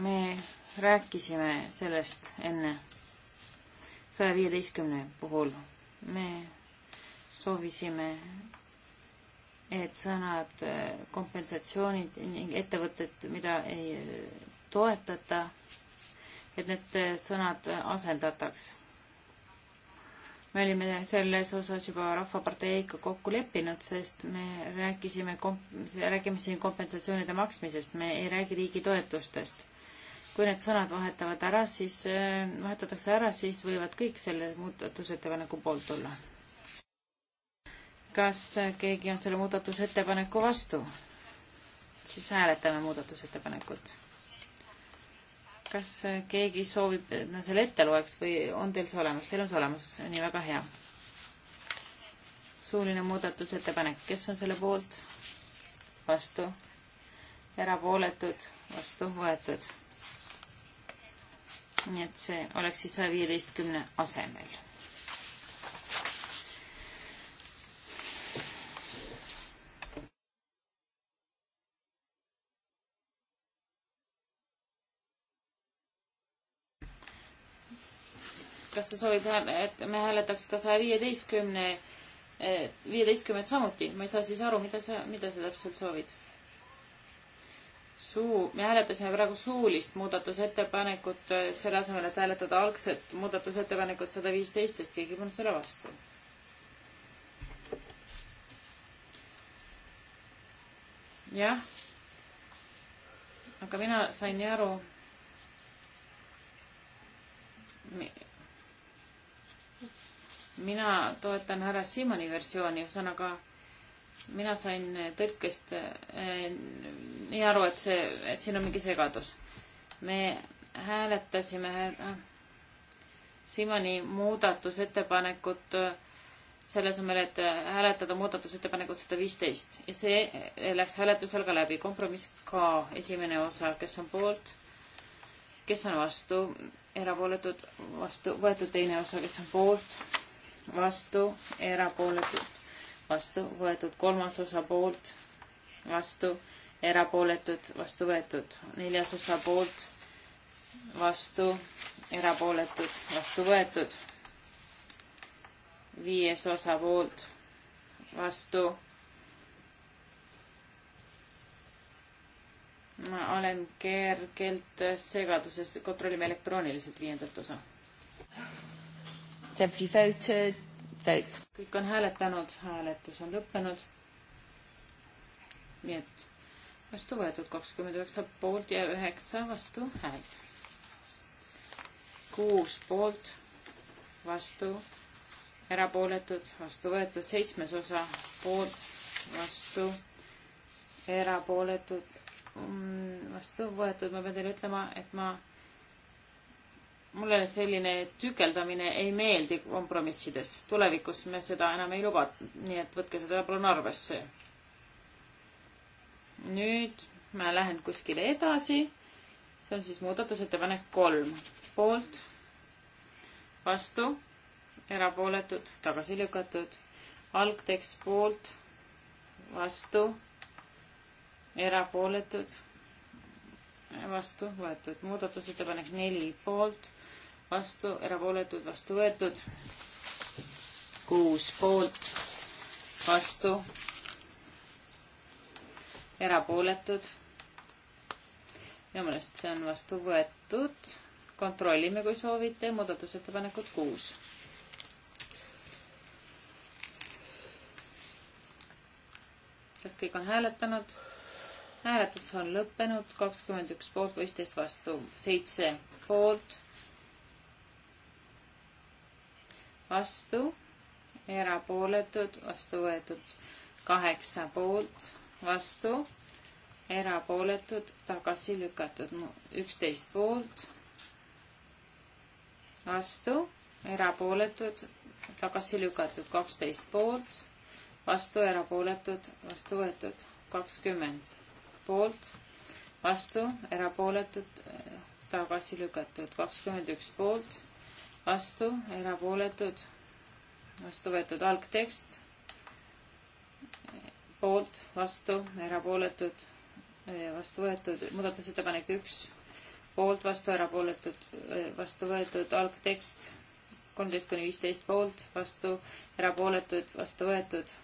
me rääkisime sellest enne saja viieteistkümne puhul. me soovisime, et sõnad kompensatsioonid ning ettevõtted, mida ei toetata, et need sõnad asendataks. me olime selles osas juba Rahvaparteiga kokku leppinud, sest me rääkisime, räägime siin kompensatsioonide maksmisest, me ei räägi riigi toetustest kui need sõnad vahetavad ära, siis, äh, vahetatakse ära, siis võivad kõik selle muudatusettepaneku poolt olla. kas keegi on selle muudatusettepaneku vastu? siis hääletame muudatusettepanekut. kas äh, keegi soovib, et ma selle ette loeks või on teil see olemas? Teil on see olemas, nii väga hea. suuline muudatusettepanek, kes on selle poolt? vastu? erapooletud? vastu võetud? nii et see oleks siis saja viieteistkümne asemel. kas sa soovid, et me hääletaks ka saja viieteistkümne, eh, viieteistkümmet samuti? ma ei saa siis aru, mida sa, mida sa täpselt soovid suu, me hääletasime praegu suulist muudatusettepanekut, selle asemel, et hääletada algset muudatusettepanekut sada viisteist, sest keegi ei pannud selle vastu. jah. aga mina sain nii aru. mina toetan härra Simoni versiooni, ühesõnaga mina sain tõlkest eh, nii aru, et see, et siin on mingi segadus. me hääletasime äh, Simoni muudatusettepanekut eh, selle asemel, et hääletada muudatusettepanekut sada viisteist ja see läks hääletusel ka läbi. kompromiss ka esimene osa, kes on poolt, kes on vastu, erapooletud, vastu võetud teine osa, kes on poolt, vastu, erapooletud vastu võetud, kolmas osa poolt, vastu, erapooletud, vastu võetud, neljas osa poolt, vastu, erapooletud, vastu võetud, viies osa poolt, vastu. ma olen kergelt segaduses, kontrollime elektrooniliselt viiendat osa. Have you voted? kõik on hääletanud, hääletus on lõppenud. nii et vastu võetud kakskümmend üheksa poolt ja üheksa vastuhäält. kuus poolt, vastu, erapooletud, vastu võetud, seitsmes osa poolt, vastu, erapooletud, mm, vastu võetud, ma pean teile ütlema, et ma mulle selline tükeldamine ei meeldi kompromissides. tulevikus me seda enam ei luba, nii et võtke seda palun arvesse. nüüd ma lähen kuskile edasi. see on siis muudatusettepanek kolm. poolt, vastu, erapooletud, tagasi lükatud. algtekst poolt, vastu, erapooletud, vastu võetud. muudatusettepanek neli poolt vastu, erapooletud, vastu võetud. kuus poolt, vastu, erapooletud. minu meelest see on vastu võetud. kontrollime, kui soovite, muudatusettepanekut kuus. kas kõik on hääletanud? hääletus on lõppenud, kakskümmend üks poolt, viisteist vastu, seitse poolt vastu, erapooletud, vastu võetud kaheksa poolt, vastu, erapooletud, tagasi lükatud üksteist poolt, vastu, erapooletud, tagasi lükatud kaksteist poolt, vastu, erapooletud, vastu võetud kakskümmend poolt, vastu, erapooletud, tagasi lükatud kakskümmend üks poolt vastu, erapooletud, vastu võetud algtekst, poolt, vastu, erapooletud, vastu võetud, muudatusettepanek üks, poolt, vastu, erapooletud, vastu võetud algtekst, kolmteist kuni viisteist poolt, vastu, erapooletud, vastu võetud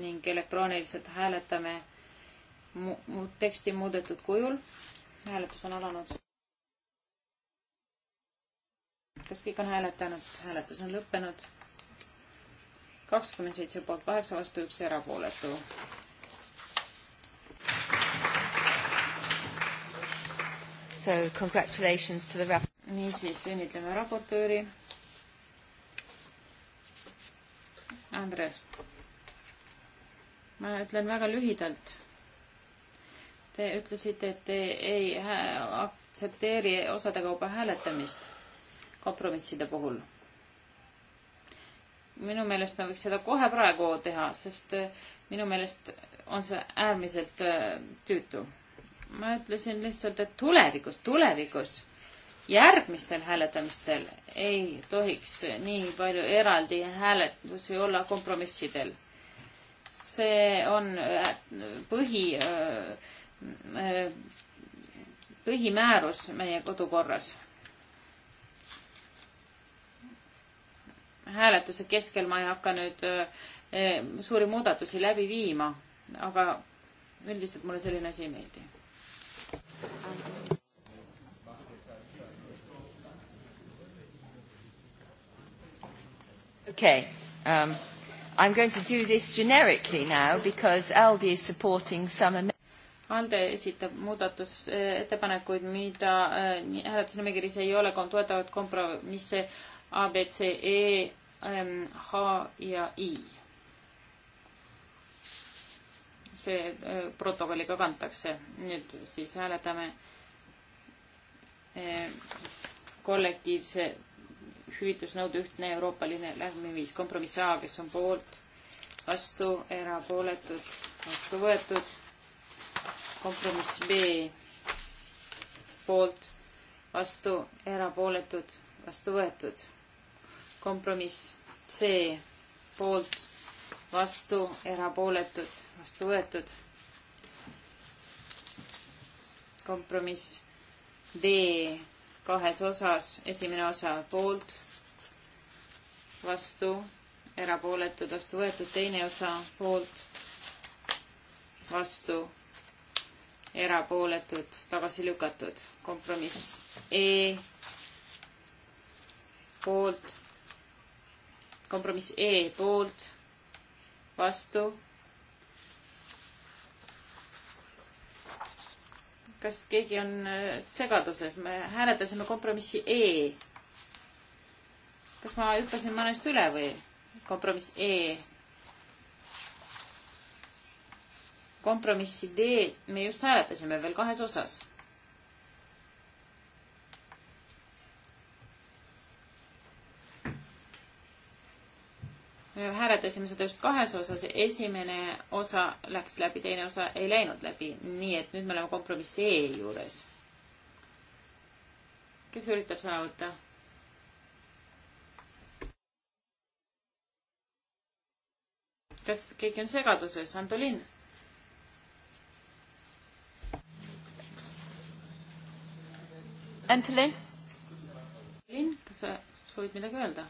ning elektrooniliselt hääletame mu mu teksti muudetud kujul. hääletus on alanud kas kõik on hääletanud? hääletus on lõppenud. kakskümmend seitse poolt kaheksa vastu, üks erapooletu. So congratulations to the rap-. niisiis, õnnitleme raportööri. Andres, ma ütlen väga lühidalt. Te ütlesite, et te ei aktsepteeri osade kaupa hääletamist kompromisside puhul. minu meelest me võiks seda kohe praegu teha, sest äh, minu meelest on see äärmiselt äh, tüütu. ma ütlesin lihtsalt, et tulevikus, tulevikus, järgmistel hääletamistel ei tohiks nii palju eraldi hääletusi olla kompromissidel. see on äh, põhi, põhimäärus meie kodukorras hääletuse keskel ma ei hakka nüüd eh, suuri muudatusi läbi viima, aga üldiselt mulle selline asi ei meeldi. Okay, um, I'm going to do this generically now because Aldi is supporting some. Alde esitab muudatusettepanekuid, eh, mida eh, hääletusnimekirjas äh, ei ole, toetavad kompromisse A, B, C, E, H ja I. see äh, protokolliga kantakse. nüüd siis hääletame äh, kollektiivse hüvitusnõude ühtne euroopaline lähmeviis kompromiss A, kes on poolt, vastu, erapooletud, vastu võetud. kompromiss B, poolt, vastu, erapooletud, vastu võetud kompromiss C poolt, vastu, erapooletud, vastu võetud. kompromiss D kahes osas, esimene osa poolt, vastu, erapooletud, vastu võetud, teine osa poolt, vastu, erapooletud, tagasi lükatud, kompromiss E poolt kompromiss E poolt, vastu. kas keegi on äh, segaduses, me hääletasime kompromissi E. kas ma hüppasin mõnest üle või? kompromiss E. kompromissi D me just hääletasime veel kahes osas hääletasime seda just kahes osas, esimene osa läks läbi, teine osa ei läinud läbi, nii et nüüd me oleme kompromissi E juures. kes üritab sõna võtta? kas keegi on segaduses, Antolin? Antolin? Antolin, kas sa soovid midagi öelda?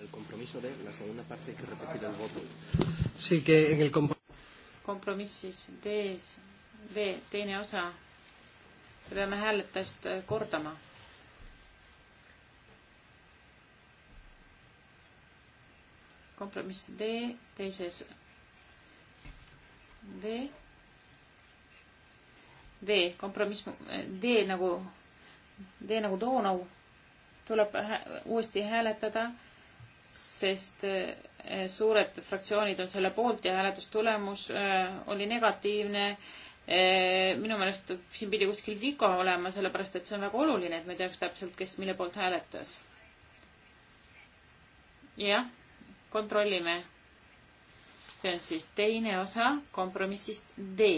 El compromiso de la segunda parte que repetir el voto. Sí, que en el comp-. kompromiss siis D-s, D teine osa. me peame hääletajast kordama. kompromiss D teises, D, D kompromiss, D nagu, D nagu Donau tuleb hä uuesti hääletada sest eh, suured fraktsioonid on selle poolt ja hääletustulemus eh, oli negatiivne. Eh, minu meelest siin pidi kuskil viga olema, sellepärast et see on väga oluline, et me teaks täpselt, kes mille poolt hääletas. jah, kontrollime. see on siis teine osa kompromissist D.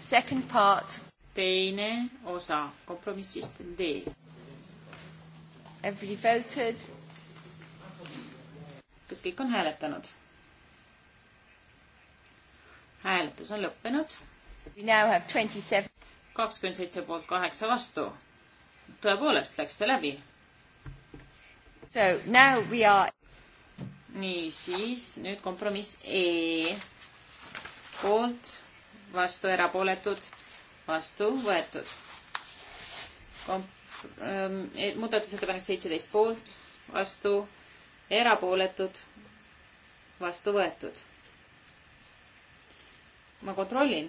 Second part. teine osa kompromissist D. Everybody voted kas kõik on hääletanud? hääletus on lõppenud. kakskümmend seitse poolt kaheksa vastu. tõepoolest läks see läbi. Are... niisiis, nüüd kompromiss E poolt, vastu erapooletud, vastu võetud Komp. Ähm, e- muudatusettepanek seitseteist poolt, vastu erapooletud, vastu võetud. ma kontrollin,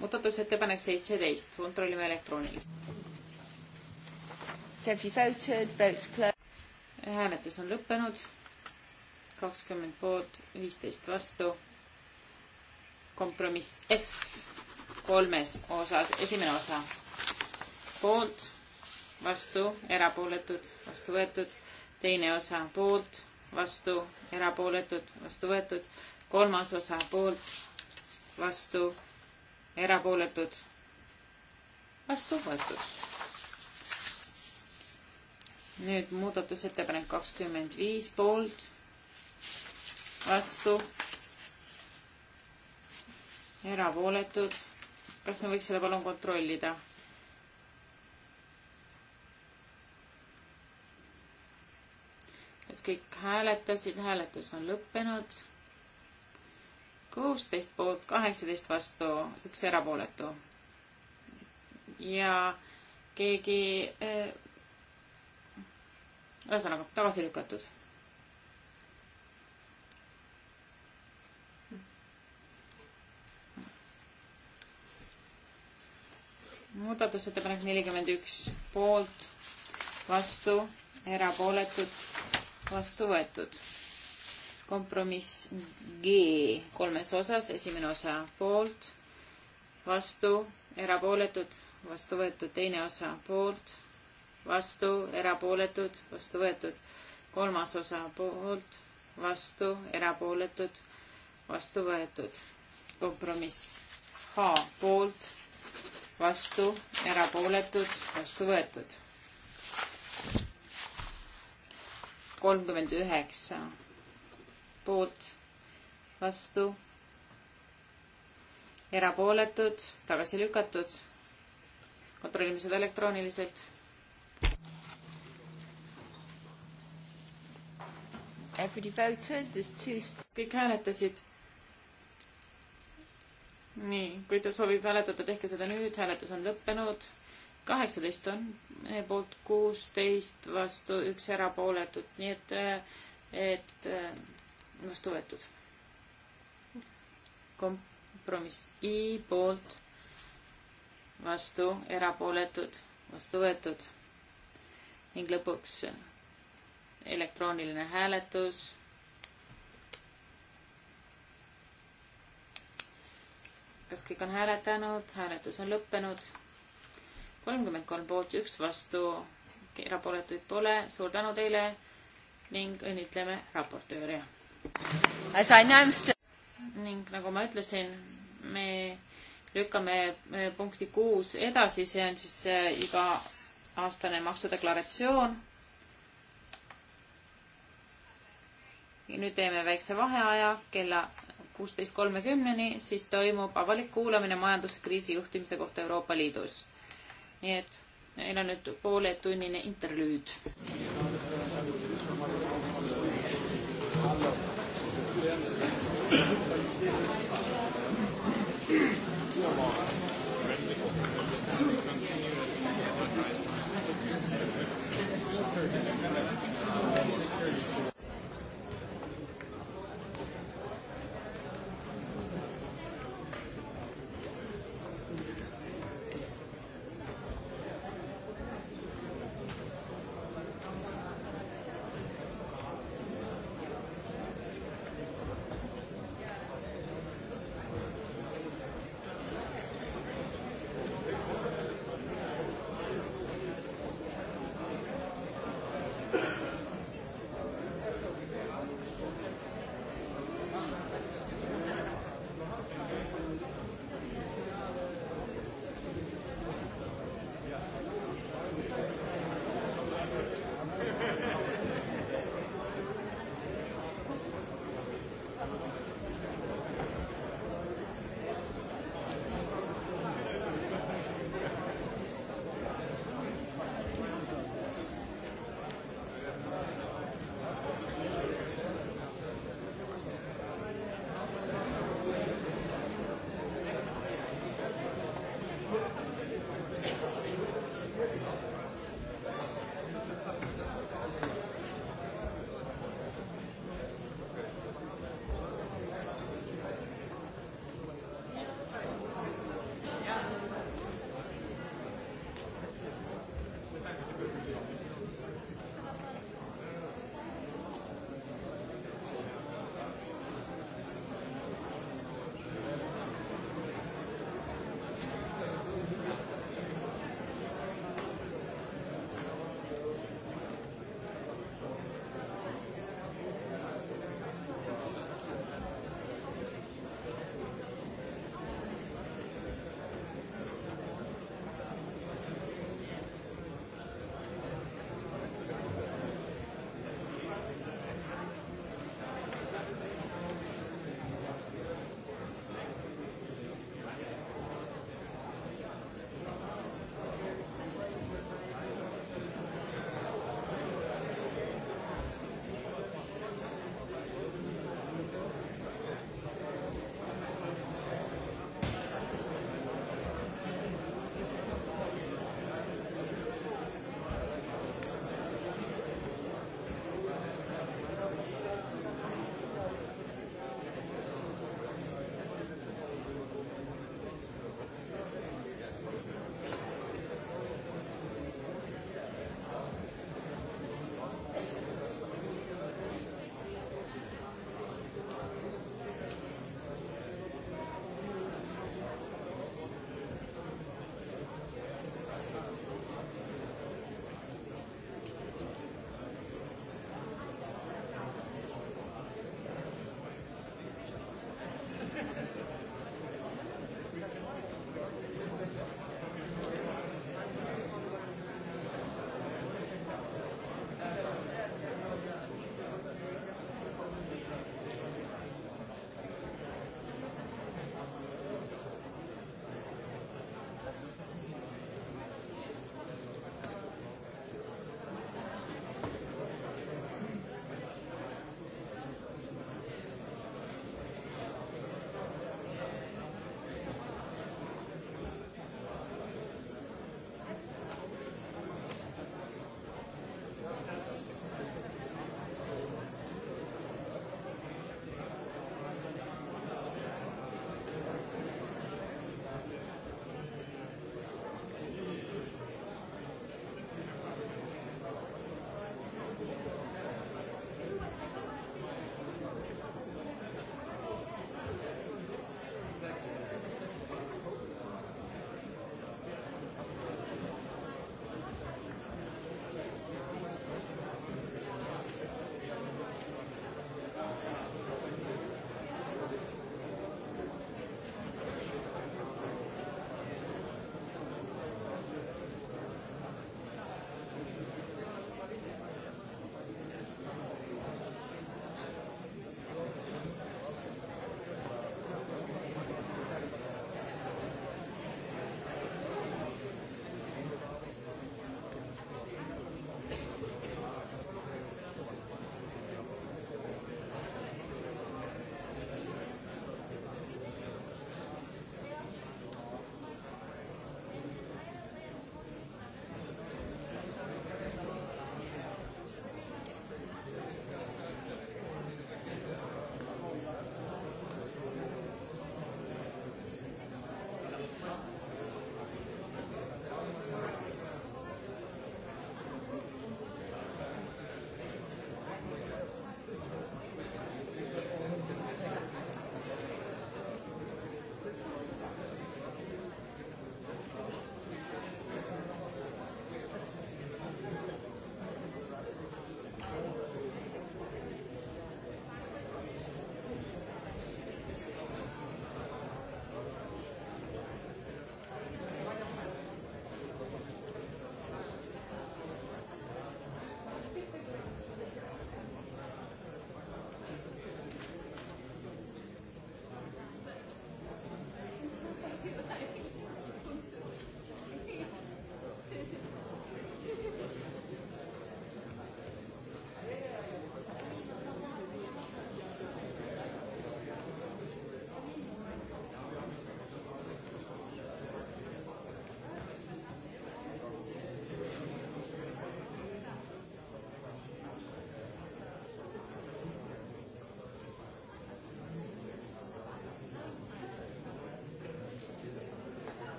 muudatusettepanek seitseteist, kontrollime elektrooniliselt. hääletus on lõppenud, kakskümmend poolt, viisteist vastu. kompromiss F kolmes osas, esimene osa poolt, vastu, erapooletud, vastu võetud, teine osa poolt vastu, erapooletud, vastu võetud, kolmas osa poolt, vastu, erapooletud, vastu võetud. nüüd muudatusettepanek kakskümmend viis poolt, vastu, erapooletud. kas me võiks seda palun kontrollida? kas kõik hääletasid, hääletus on lõppenud. kuusteist poolt, kaheksateist vastu, üks erapooletu. ja keegi eh, ühesõnaga äh, tagasi lükatud. muudatusettepanek nelikümmend üks poolt, vastu, erapooletud vastu võetud. kompromiss G kolmes osas, esimene osa poolt, vastu, erapooletud, vastu võetud, teine osa poolt, vastu, erapooletud, vastu võetud, kolmas osa poolt, vastu, erapooletud, vastu võetud. kompromiss H poolt, vastu, erapooletud, vastu võetud kolmkümmend üheksa poolt, vastu, erapooletud, tagasi lükatud. kontrollime seda elektrooniliselt. kõik hääletasid. nii, kui ta soovib hääletada, tehke seda nüüd, hääletus on lõppenud kaheksateist on e poolt kuusteist vastu üks erapooletut, nii et, e, et e, vastu võetud. kompromiss I poolt vastu erapooletud, vastu võetud. ning lõpuks elektrooniline hääletus. kas kõik on hääletanud, hääletus on lõppenud kolmkümmend kolm poolt, üks vastu, erapooletuid pole. suur tänu teile ning õnnitleme raportööri. ning nagu ma ütlesin, me lükkame eh, punkti kuus edasi, see on siis eh, iga-aastane maksudeklaratsioon. nüüd teeme väikse vaheaja kella kuusteist kolmekümneni, siis toimub avalik kuulamine majanduskriisi juhtimise kohta Euroopa Liidus nii et meil on nüüd pooletunnine intervjuud. Thank you.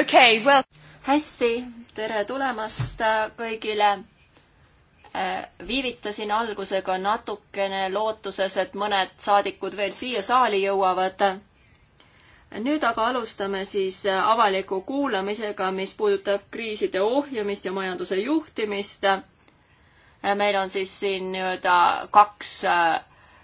okei okay,, well. hästi, tere tulemast kõigile. Äh, viivitasin algusega natukene lootuses, et mõned saadikud veel siia saali jõuavad. nüüd aga alustame siis äh, avaliku kuulamisega, mis puudutab kriiside ohjamist ja majanduse juhtimist. Äh, meil on siis siin nii-öelda kaks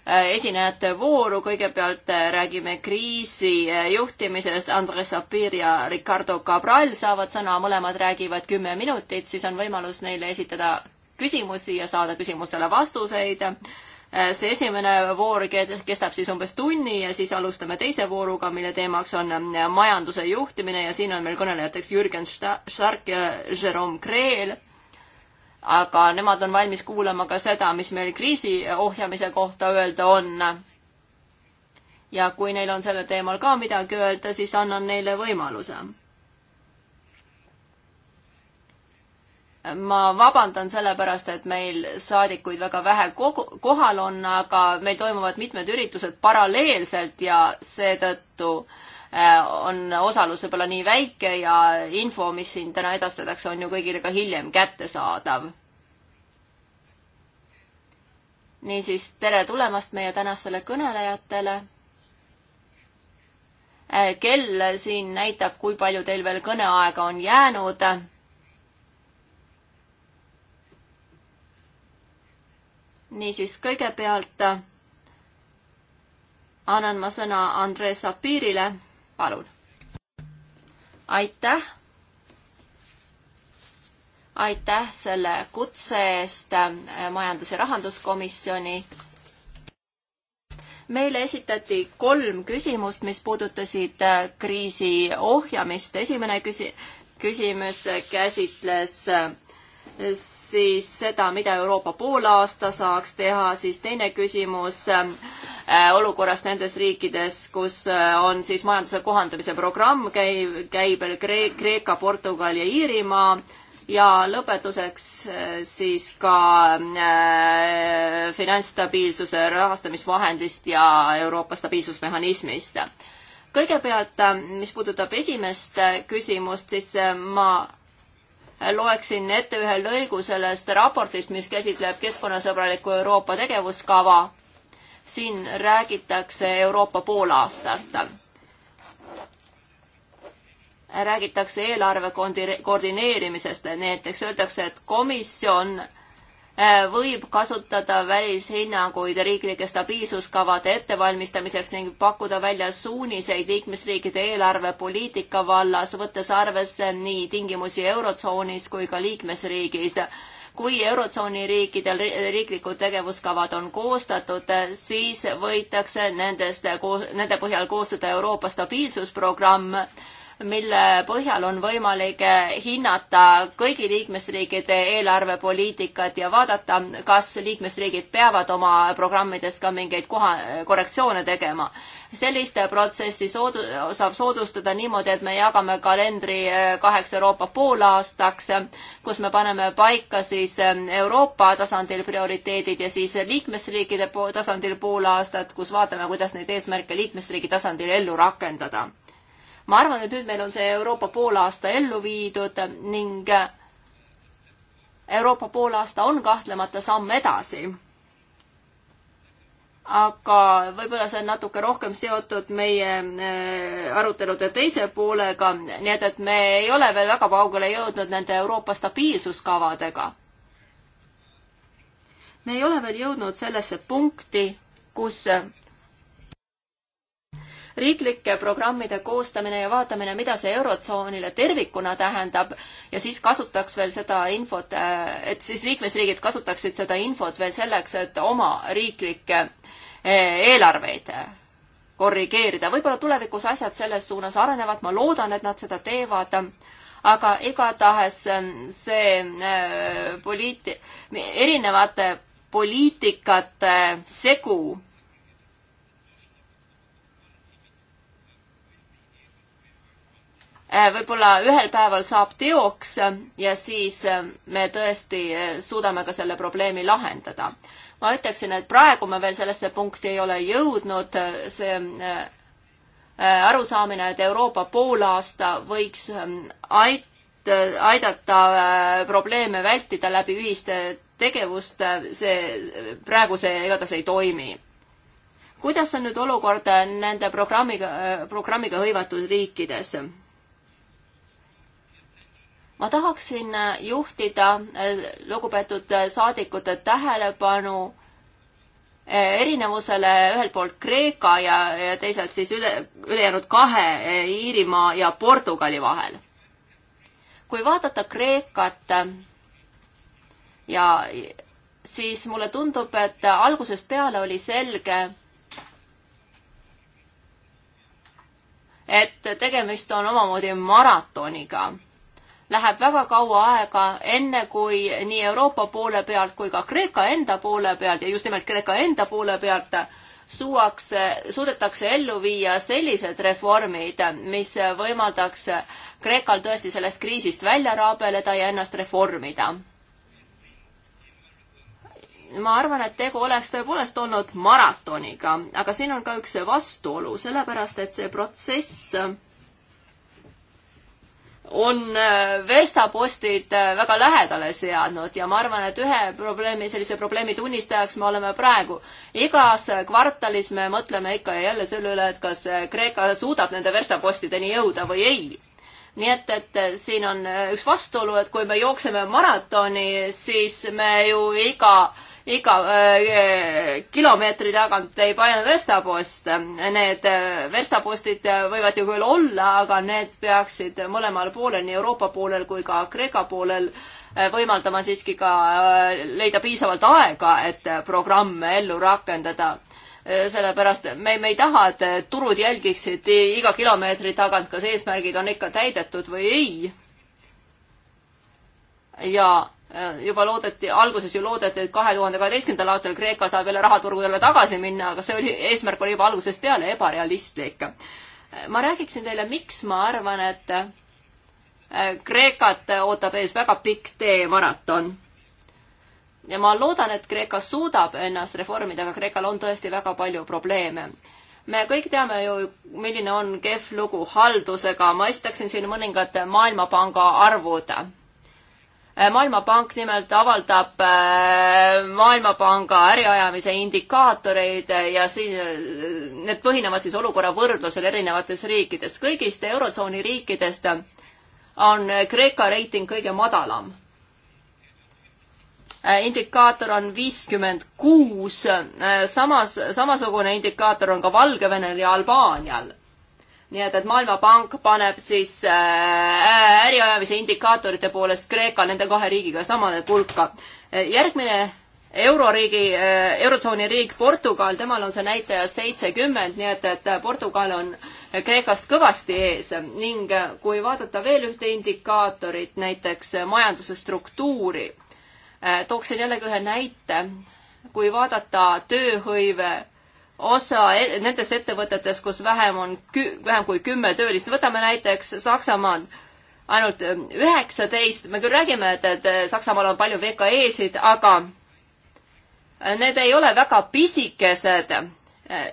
Äh, esinejate vooru, kõigepealt äh, räägime kriisi äh, juhtimisest, Andres Sapir ja Ricardo Cabral saavad sõna, mõlemad räägivad kümme minutit, siis on võimalus neile esitada küsimusi ja saada küsimustele vastuseid. see esimene voor kestab siis umbes tunni ja siis alustame teise vooruga, mille teemaks on majanduse juhtimine ja siin on meil kõnelejateks Jürgen Stark ja Jerome Kreel aga nemad on valmis kuulama ka seda, mis meil kriisi ohjamise kohta öelda on. ja kui neil on sellel teemal ka midagi öelda, siis annan neile võimaluse. ma vabandan selle pärast, et meil saadikuid väga vähe kogu, kohal on, aga meil toimuvad mitmed üritused paralleelselt ja seetõttu äh, Äh, on osalus võib-olla nii väike ja info, mis siin täna edastatakse, on ju kõigile ka hiljem kättesaadav. niisiis, tere tulemast meie tänastele kõnelejatele. Äh, kell siin näitab, kui palju teil veel kõneaega on jäänud niisiis kõigepealt äh, annan ma sõna Andres Apirile palun. aitäh. aitäh selle kutse eest äh, majandus- ja rahanduskomisjoni. meile esitati kolm küsimust, mis puudutasid äh, kriisi ohjamist. esimene küsi-, küsimus käsitles äh, siis seda, mida Euroopa poole aasta saaks teha, siis teine küsimus ähm, äh, olukorrast nendes riikides, kus äh, on siis majanduse kohandamise programm käib, käibel Kreeka, Portugal ja Iirimaa ja lõpetuseks äh, siis ka äh, finantsstabiilsuse rahastamisvahendist ja Euroopa stabiilsusmehhanismist. kõigepealt, mis puudutab esimest küsimust, siis ma loeksin ette ühe lõigu sellest raportist, mis käsitleb keskkonnasõbraliku Euroopa tegevuskava. siin räägitakse Euroopa poolaastast. räägitakse eelarve koordineerimisest, näiteks öeldakse, et komisjon Äh, võib kasutada välishinnanguid riiklike stabiilsuskavade ettevalmistamiseks ning pakkuda välja suuniseid liikmesriikide eelarvepoliitika vallas, võttes arvesse nii tingimusi Eurotsoonis kui ka liikmesriigis. kui Eurotsooni riikidel riiklikud tegevuskavad on koostatud, siis võidakse nendest, nende põhjal koostada Euroopa stabiilsusprogramm mille põhjal on võimalik hinnata kõigi liikmesriikide eelarvepoliitikat ja vaadata, kas liikmesriigid peavad oma programmides ka mingeid koha, korrektsioone tegema. sellist protsessi soodu-, saab soodustada niimoodi, et me jagame kalendri eh, kaheks Euroopa poolaastaks, kus me paneme paika siis eh, Euroopa tasandil prioriteedid ja siis liikmesriikide tasandil pool aastat, kus vaatame, kuidas neid eesmärke liikmesriigi tasandil ellu rakendada ma arvan, et nüüd meil on see Euroopa poolaasta ellu viidud ning Euroopa poolaasta on kahtlemata samm edasi. aga võib-olla see on natuke rohkem seotud meie äh, arutelude teise poolega, nii et, et me ei ole veel väga kaugele jõudnud nende Euroopa stabiilsuskavadega. me ei ole veel jõudnud sellesse punkti, kus riiklike programmide koostamine ja vaatamine, mida see Eurotsoonile tervikuna tähendab ja siis kasutaks veel seda infot, äh, et siis liikmesriigid kasutaksid seda infot veel selleks, et oma riiklikke äh, eelarveid äh, korrigeerida. võib-olla tulevikus asjad selles suunas arenevad, ma loodan, et nad seda teevad aga igatahes ähm, see poliit-, erinevate poliitikate segu Äh, võib-olla ühel päeval saab teoks äh, ja siis äh, me tõesti suudame ka selle probleemi lahendada. ma ütleksin, et praegu me veel sellesse punkti ei ole jõudnud, see arusaamine, et Euroopa poolaasta võiks ähm, ait-, aidata probleeme vältida läbi ühiste tegevuste, see, praegu see igatahes ei toimi kuidas on nüüd olukord nende programmiga, programmiga hõivatud riikides? ma tahaksin äh, juhtida äh, lugupeetud äh, saadikute tähelepanu erinevusele ühelt poolt Kreeka ja, ja teisalt siis üle, ülejäänud kahe Iirimaa ja Portugali vahel. kui vaadata Kreekat ja siis mulle tundub, et algusest peale oli selge, et tegemist on omamoodi maratoniga läheb väga kaua aega, enne kui nii Euroopa poole pealt kui ka Kreeka enda poole pealt ja just nimelt Kreeka enda poole pealt suuakse, suudetakse ellu viia sellised reformid, mis võimaldaks Kreekal tõesti sellest kriisist välja raabeleda ja ennast reformida. ma arvan, et tegu oleks tõepoolest olnud maratoniga, aga siin on ka üks vastuolu, sellepärast et see protsess on äh, verstapostid äh, väga lähedale seadnud ja ma arvan, et ühe probleemi, sellise probleemi tunnistajaks me oleme praegu. igas äh, kvartalis me mõtleme ikka ja jälle selle üle, et kas Kreeka suudab nende verstapostideni jõuda või ei. nii et, et siin on üks vastuolu, et kui me jookseme maratoni, siis me ju iga äh, iga äh, kilomeetri tagant ei pane verstapost. Need äh, verstapostid äh, võivad ju küll olla, aga need peaksid mõlemal poolel, nii Euroopa poolel kui ka Kreeka poolel äh, võimaldama siiski ka leida piisavalt aega, et programme ellu rakendada sellepärast me, me ei taha, et turud jälgiksid iga kilomeetri tagant, kas eesmärgid on ikka täidetud või ei. ja Äh, juba loodeti, alguses ju loodeti, et kahe tuhande kaheteistkümnendal aastal Kreeka saab jälle rahaturgudele tagasi minna, aga see oli, eesmärk oli juba algusest peale ebarealistlik. Äh, ma räägiksin teile, miks ma arvan, et äh, Kreekat ootab ees väga pikk teemaraton. ja ma loodan, et Kreeka suudab ennast reformida, aga Kreekal on tõesti väga palju probleeme me kõik teame ju, milline on kehv lugu haldusega, ma esitaksin siin mõningad Maailmapanga arvud Äh, maailmapank nimelt avaldab äh, Maailmapanga äriajamise indikaatoreid äh, ja siin, need põhinevad siis olukorra võrdlusel erinevates riikides. kõigist Eurotsooni riikidest on Kreeka reiting kõige madalam. indikaator on viiskümmend kuus, samas, samasugune indikaator on ka Valgevenel ja Albaanial nii et, et Maailmapank paneb siis äh, äriajamise indikaatorite poolest Kreeka nende kahe riigiga samale pulka. Äh, järgmine euroriigi, äh, eurotsooni riik Portugal, temal on see näitaja seitsekümmend, nii et, et Portugal on Kreekast kõvasti ees ning kui vaadata veel ühte indikaatorit, näiteks majanduse struktuuri, tooksin jällegi ühe näite, kui vaadata tööhõive osa e-, nendes ettevõtetes, kus vähem on, vähem kui kümme töölist, võtame näiteks Saksamaad, ainult ähm, üheksateist, me küll räägime, et, et äh, Saksamaal on palju VKE-sid, aga äh, need ei ole väga pisikesed äh,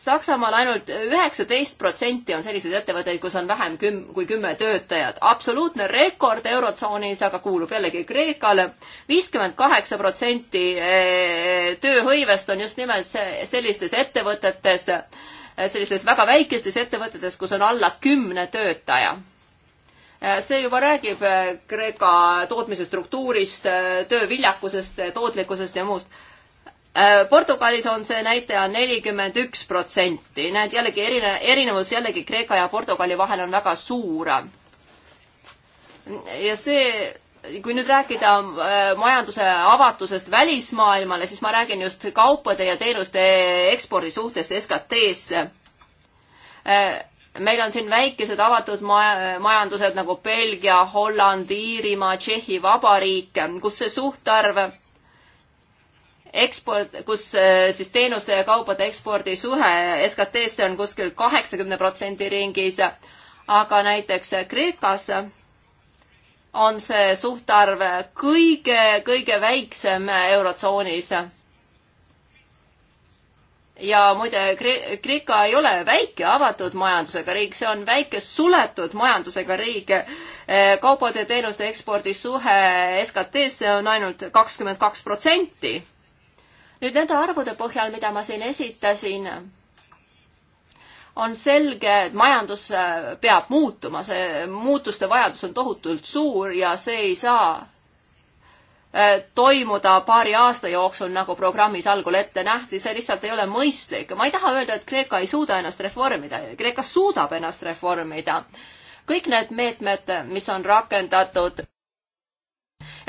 Saksamaal ainult üheksateist protsenti on selliseid ettevõtteid, kus on vähem küm-, kui kümme töötajat. absoluutne rekord Eurotsoonis aga kuulub jällegi Kreekale. viiskümmend kaheksa protsenti eh, tööhõivest on just nimelt see, sellistes ettevõtetes, eh, sellistes väga väikestes ettevõtetes, kus on alla kümne töötaja. Eh, see juba räägib Kreeka tootmise struktuurist, tööviljakusest, tootlikkusest ja muust Äh, Portugalis on see näitaja nelikümmend üks protsenti, näed jällegi erine-, erinevus jällegi Kreeka ja Portugali vahel on väga suur. ja see, kui nüüd rääkida äh, majanduse avatusest välismaailmale, siis ma räägin just kaupade ja teenuste ekspordi suhtest SKT-sse äh, meil on siin väikesed avatud maja, majandused nagu Belgia, Holland, Iirimaa, Tšehhi Vabariik, kus see suhtarv eksport, kus äh, siis teenuste ja kaupade ekspordi suhe SKT-sse on kuskil kaheksakümne protsendi ringis, aga näiteks Kreekas on see suhtarv kõige, kõige väiksem Eurotsoonis. ja muide, Kreeka ei ole väike avatud majandusega riik, see on väike suletud majandusega riik. Äh, kaubade ja teenuste ekspordi suhe SKT-sse on ainult kakskümmend kaks protsenti nüüd nende arvude põhjal, mida ma siin esitasin, on selge, et majandus äh, peab muutuma, see muutuste vajadus on tohutult suur ja see ei saa äh, toimuda paari aasta jooksul, nagu programmis algul ette nähti, see lihtsalt ei ole mõistlik. ma ei taha öelda, et Kreeka ei suuda ennast reformida, Kreeka suudab ennast reformida. kõik need meetmed, mis on rakendatud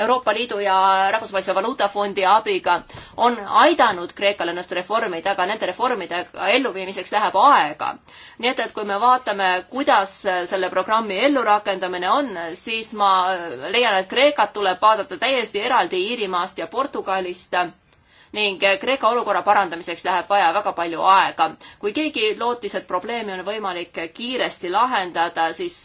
Euroopa Liidu ja Rahvusvahelise Valuutafondi abiga on aidanud Kreekal ennast reformida, aga nende reformide elluviimiseks läheb aega. nii et, et kui me vaatame, kuidas selle programmi ellurakendamine on, siis ma leian, et Kreekat tuleb vaadata täiesti eraldi Iirimaast ja Portugalist ning Kreeka olukorra parandamiseks läheb vaja väga palju aega. kui keegi lootis, et probleemi on võimalik kiiresti lahendada, siis,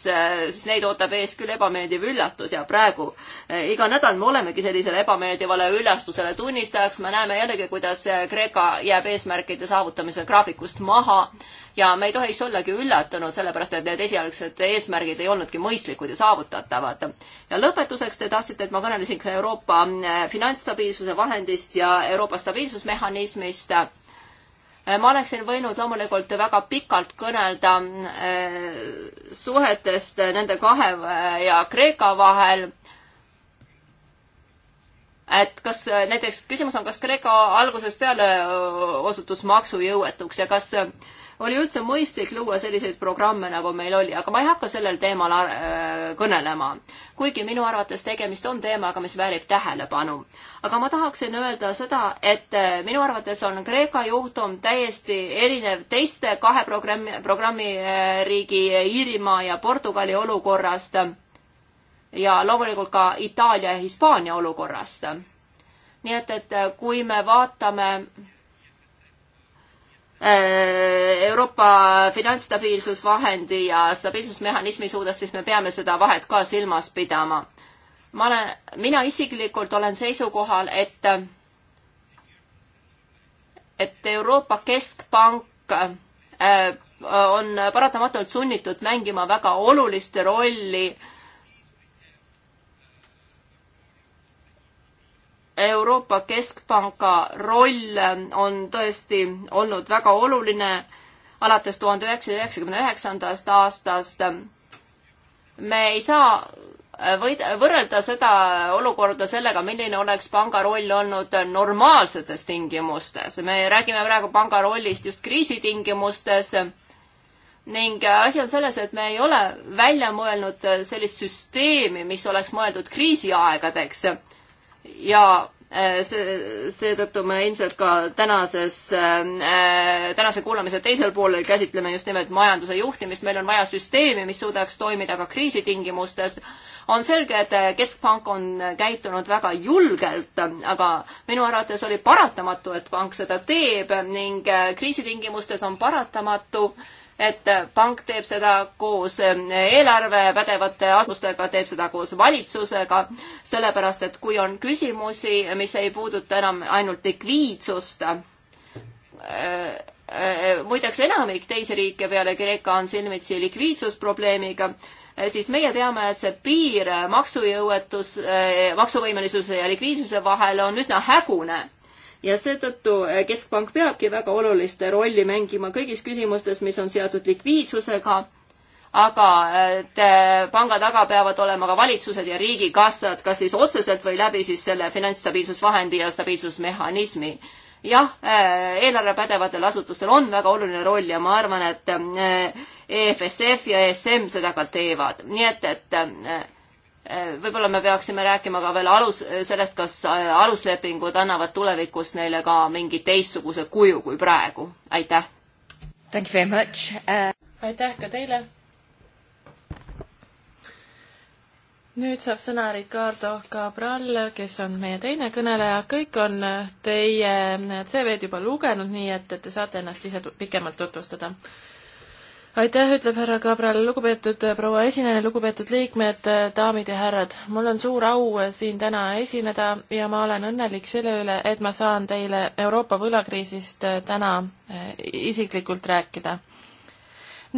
siis neid ootab ees küll ebameeldiv üllatus ja praegu eh, iga nädal me olemegi sellisele ebameeldivale üllatusele tunnistajaks, me näeme jällegi, kuidas Kreeka jääb eesmärkide saavutamise graafikust maha ja me ei tohiks ollagi üllatunud, sellepärast et need esialgsed eesmärgid ei olnudki mõistlikud ja saavutatavad. ja lõpetuseks te tahtsite, et ma kõnelesin ka Euroopa eh, finantsstabiilsuse vahendist ja Euroopa Euroopa stabiilsusmehhanismist. Äh, ma oleksin võinud loomulikult väga pikalt kõnelda äh, suhetest äh, nende kahe ja Kreeka vahel et kas näiteks küsimus on, kas Kreeka algusest peale osutus maksujõuetuks ja kas oli üldse mõistlik luua selliseid programme, nagu meil oli, aga ma ei hakka sellel teemal äh, kõnelema. kuigi minu arvates tegemist on teemaga, mis väärib tähelepanu. aga ma tahaksin öelda seda, et äh, minu arvates on Kreeka juhtum täiesti erinev teiste kahe programmi, programmiriigi äh, Iirimaa ja Portugali olukorrast ja loomulikult ka Itaalia ja Hispaania olukorrast. nii et, et kui me vaatame Äh, Euroopa finantsstabiilsusvahendi ja stabiilsusmehhanismi suunas, siis me peame seda vahet ka silmas pidama. ma olen, mina isiklikult olen seisukohal, et, et Euroopa Keskpank äh, on paratamatult sunnitud mängima väga olulist rolli äh, Euroopa Keskpanga roll on tõesti olnud väga oluline alates tuhande üheksasaja üheksakümne üheksandast aastast. me ei saa võid-, võrrelda seda olukorda sellega, milline oleks panga roll olnud normaalsetes tingimustes. me räägime praegu panga rollist just kriisitingimustes ning asi on selles, et me ei ole välja mõelnud sellist süsteemi, mis oleks mõeldud kriisiaegadeks ja äh, see, seetõttu me ilmselt ka tänases, äh, tänase kuulamise teisel poolel käsitleme just nimelt majanduse juhtimist, meil on vaja süsteemi, mis suudaks toimida ka kriisitingimustes. on selge, et äh, Keskpank on käitunud väga julgelt, aga minu arvates oli paratamatu, et pank seda teeb ning kriisitingimustes on paratamatu äh, et pank teeb seda koos eh, eelarve pädevate asutustega, teeb seda koos valitsusega, sellepärast et kui on küsimusi, mis ei puuduta enam ainult likviidsust, eh, eh, muideks enamik teisi riike peale Kreeka on silmitsi likviidsusprobleemiga, siis meie teame, et see piir maksujõuetus, maksuvõimelisuse ja likviidsuse vahel on üsna hägune ja seetõttu eh, Keskpank peabki väga olulist rolli mängima kõigis küsimustes, mis on seotud likviidsusega, aga et eh, panga taga peavad olema ka valitsused ja riigikassad, kas siis otseselt või läbi siis selle finantsstabiilsusvahendi ja stabiilsusmehhanismi jah, eh, eelarvepädevatel asutustel on väga oluline roll ja ma arvan, et EFSF e ja ESM seda ka teevad, nii et, et võib-olla me peaksime rääkima ka veel alus, sellest, kas aluslepingud annavad tulevikus neile ka mingi teistsuguse kuju kui praegu. aitäh! Thank you very much uh...! aitäh ka teile! nüüd saab sõna Ricardo Cabral, kes on meie teine kõneleja. kõik on teie CV-d juba lugenud, nii et, et te saate ennast ise pikemalt tutvustada aitäh, ütleb härra Kabral, lugupeetud äh, proua esineja, lugupeetud liikmed, äh, daamid ja härrad. mul on suur au äh, siin täna esineda ja ma olen õnnelik selle üle, et ma saan teile Euroopa võlakriisist täna isiklikult rääkida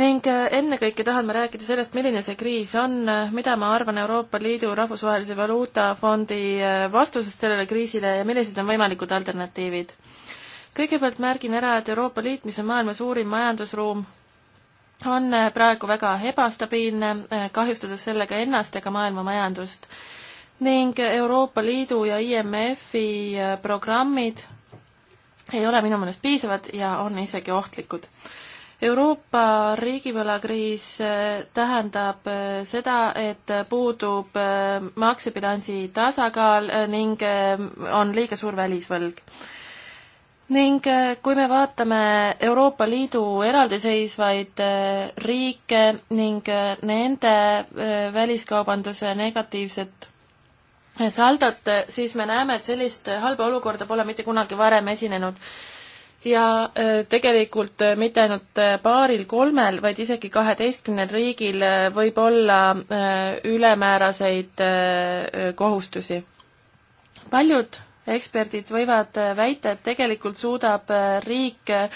ning ennekõike tahan ma rääkida sellest, milline see kriis on, mida ma arvan Euroopa Liidu Rahvusvahelise Valuutafondi vastusest sellele kriisile ja millised on võimalikud alternatiivid. kõigepealt märgin ära, et Euroopa Liit, mis on maailma suurim majandusruum, on praegu väga ebastabiilne, kahjustades sellega ennast ega maailma majandust. ning Euroopa Liidu ja IMF-i programmid ei ole minu meelest piisavad ja on isegi ohtlikud. Euroopa riigivõlakriis äh, tähendab äh, seda, et puudub äh, maksebilansi tasakaal ning on liiga suur välisvõlg ning äh, kui me vaatame Euroopa Liidu eraldiseisvaid äh, riike ning äh, nende väliskaubanduse negatiivset saldot, siis me näeme, et sellist halba olukorda pole mitte kunagi varem esinenud. ja tegelikult mitte ainult paaril-kolmel, vaid isegi kaheteistkümnel riigil võib olla ülemääraseid kohustusi. paljud eksperdid võivad väita, et tegelikult suudab äh, riik äh,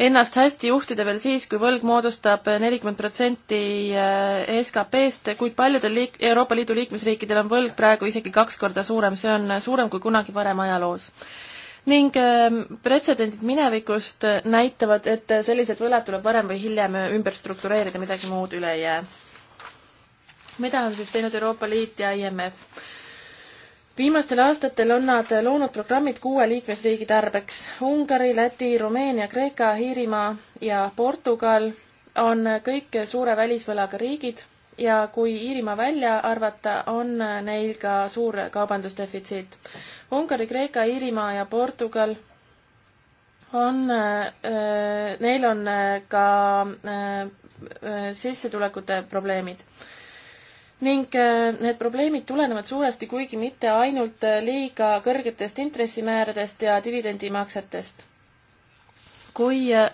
ennast hästi juhtida veel siis, kui võlg moodustab nelikümmend protsenti äh, SKP-st, kuid paljudel liik-, Euroopa Liidu liikmesriikidel on võlg praegu isegi kaks korda suurem, see on suurem kui kunagi varem ajaloos. ning ähm, pretsedendid minevikust näitavad, et sellised võlad tuleb varem või hiljem ümber struktureerida, midagi muud üle ei jää. mida on siis teinud Euroopa Liit ja IMF? viimastel aastatel on nad loonud programmid kuue liikmesriigi tarbeks. Ungari, Läti, Rumeenia, Kreeka, Iirimaa ja Portugal on kõik suure välisvõlaga riigid ja kui Iirimaa välja arvata, on neil ka suur kaubandusdefitsiit. Ungari, Kreeka, Iirimaa ja Portugal on äh,, neil on äh, ka äh, äh, sissetulekute probleemid ning äh, need probleemid tulenevad suuresti kuigi mitte ainult äh, liiga kõrgetest intressimääradest ja dividendimaksetest. kui äh,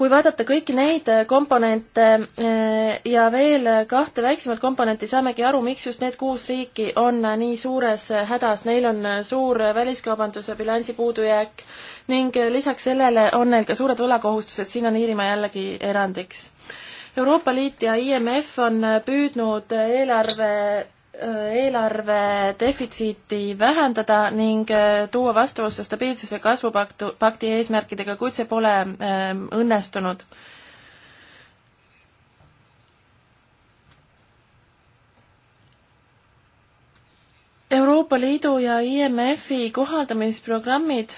kui vaadata kõiki neid äh, komponente äh, ja veel äh, kahte väiksemat komponenti, saamegi aru, miks just need kuus riiki on nii suures hädas, neil on suur väliskaubanduse bilansi puudujääk ning lisaks sellele on neil ka suured võlakohustused, siin on Iirimaa jällegi erandiks. Euroopa Liit ja IMF on püüdnud eelarve Äh, eelarve defitsiiti vähendada ning äh, tuua vastavusse stabiilsuse kasvupaktu, pakti eesmärkidega, kuid see pole ähm, õnnestunud. Euroopa Liidu ja IMF-i kohaldamisprogrammid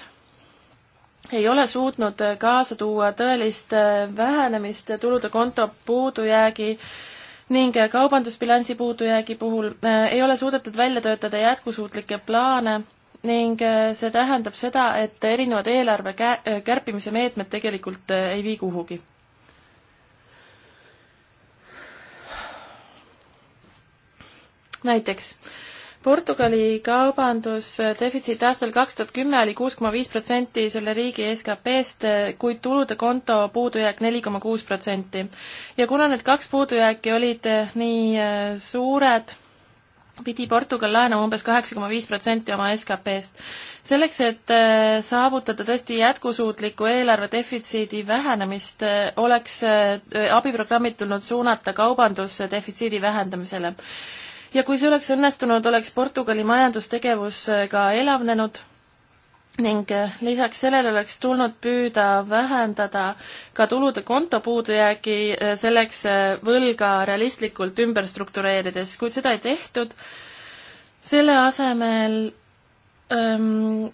ei ole suutnud äh, kaasa tuua tõelist vähenemist tulude konto puudujäägi äh, ning kaubandusbilansi puudujäägi puhul äh, ei ole suudetud välja töötada jätkusuutlikke plaane ning äh, see tähendab seda, et erinevad eelarve äh, kärpimise meetmed tegelikult ei vii kuhugi. näiteks Portugali kaubandusdefitsiit aastal kaks tuhat kümme oli kuus koma viis protsenti selle riigi SKP-st, kuid tulude konto puudujääk neli koma kuus protsenti. ja kuna need kaks puudujääki olid eh, nii eh, suured, pidi Portugal laenama umbes kaheksa koma viis protsenti oma SKP-st. selleks, et eh, saavutada tõesti jätkusuutliku eelarve defitsiidi vähenemist, oleks abiprogrammid tulnud suunata kaubandusdefitsiidi vähendamisele ja kui see oleks õnnestunud, oleks Portugali majandustegevus äh, ka elavnenud ning äh, lisaks sellele oleks tulnud püüda vähendada ka tulude konto puudujäägi äh, selleks võlga realistlikult ümber struktureerides, kuid seda ei tehtud. selle asemel ähm,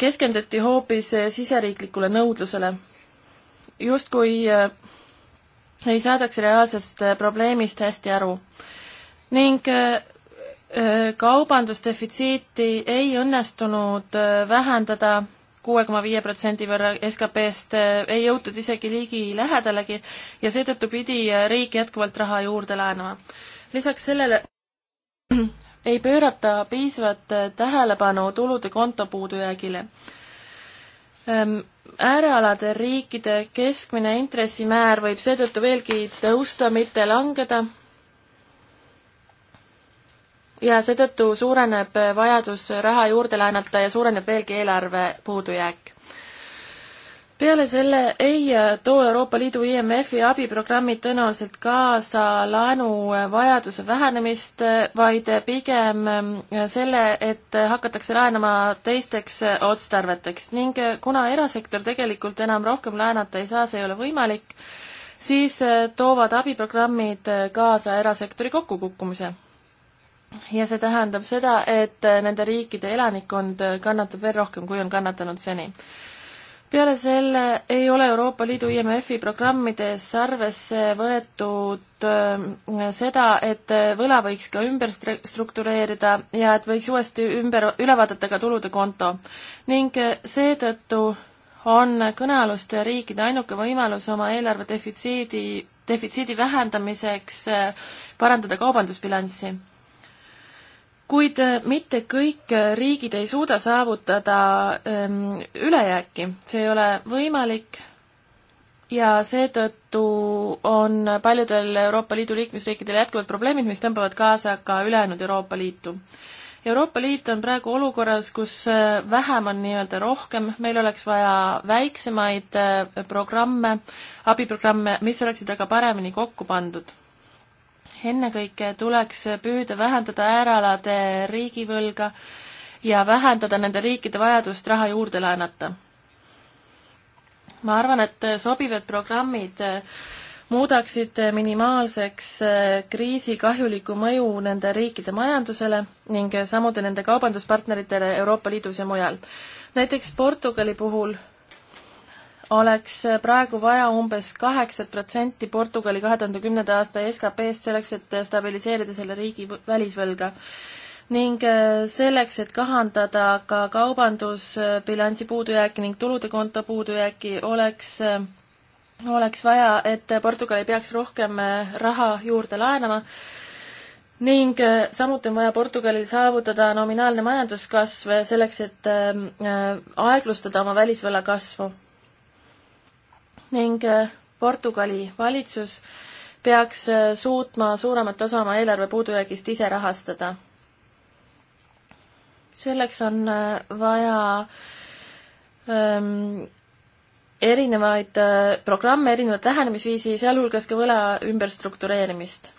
keskenduti hoopis siseriiklikule nõudlusele. justkui ei saadaks reaalsest probleemist hästi aru ning äh, äh, kaubandusdefitsiiti ei õnnestunud äh, vähendada kuue koma viie protsendi võrra SKP-st ei jõutud isegi ligilähedalegi ja seetõttu pidi riik jätkuvalt raha juurde laenama. lisaks sellele <clears throat> ei pöörata piisavat tähelepanu tulude konto puudujäägile. Ähm, äärealade riikide keskmine intressimäär võib seetõttu veelgi tõusta, mitte langeda ja seetõttu suureneb vajadus raha juurde laenata ja suureneb veelgi eelarve puudujääk. peale selle ei too Euroopa Liidu IMF-i abiprogrammid tõenäoliselt kaasa laenuvajaduse vähenemist, vaid pigem selle, et hakatakse laenama teisteks otstarveteks ning kuna erasektor tegelikult enam rohkem laenata ei saa, see ei ole võimalik, siis toovad abiprogrammid kaasa erasektori kokkukukkumise ja see tähendab seda, et nende riikide elanikkond kannatab veel rohkem, kui on kannatanud seni. peale selle ei ole Euroopa Liidu IMF-i programmides arvesse võetud äh, seda, et võla võiks ka ümber struktureerida ja et võiks uuesti ümber, üle vaadata ka tulude konto. ning äh, seetõttu on kõnealuste riikide ainuke võimalus oma eelarve defitsiidi, defitsiidi vähendamiseks äh, parandada kaubandusbilanssi kuid äh, mitte kõik äh, riigid ei suuda saavutada ähm, ülejääki, see ei ole võimalik ja seetõttu on paljudel Euroopa Liidu liikmesriikidel jätkuvad probleemid, mis tõmbavad kaasa ka ülejäänud Euroopa Liitu. Euroopa Liit on praegu olukorras, kus äh, vähem on nii-öelda rohkem, meil oleks vaja väiksemaid programme, abiprogramme, mis oleksid aga paremini kokku pandud ennekõike tuleks püüda vähendada ääralade riigivõlga ja vähendada nende riikide vajadust raha juurde laenata. ma arvan, et sobivad programmid muudaksid minimaalseks kriisi kahjuliku mõju nende riikide majandusele ning samuti nende kaubanduspartneritele Euroopa Liidus ja mujal. näiteks Portugali puhul oleks praegu vaja umbes kaheksat protsenti Portugali kahe tuhande kümnenda aasta SKP-st selleks, et stabiliseerida selle riigi välisvõlga. ning äh, selleks, et kahandada ka kaubandusbilansi puudujääki ning tulude konto puudujääki, oleks äh, oleks vaja, et Portugal ei peaks rohkem äh, raha juurde laenama ning samuti on vaja Portugalil saavutada nominaalne majanduskasv selleks, et aeglustada oma välisvõla kasvu ning äh, Portugali valitsus peaks äh, suutma suuremat osa oma eelarve puudujäägist ise rahastada. selleks on äh, vaja ähm, erinevaid äh, programme, erinevat lähenemisviisi, sealhulgas ka võla ümberstruktureerimist.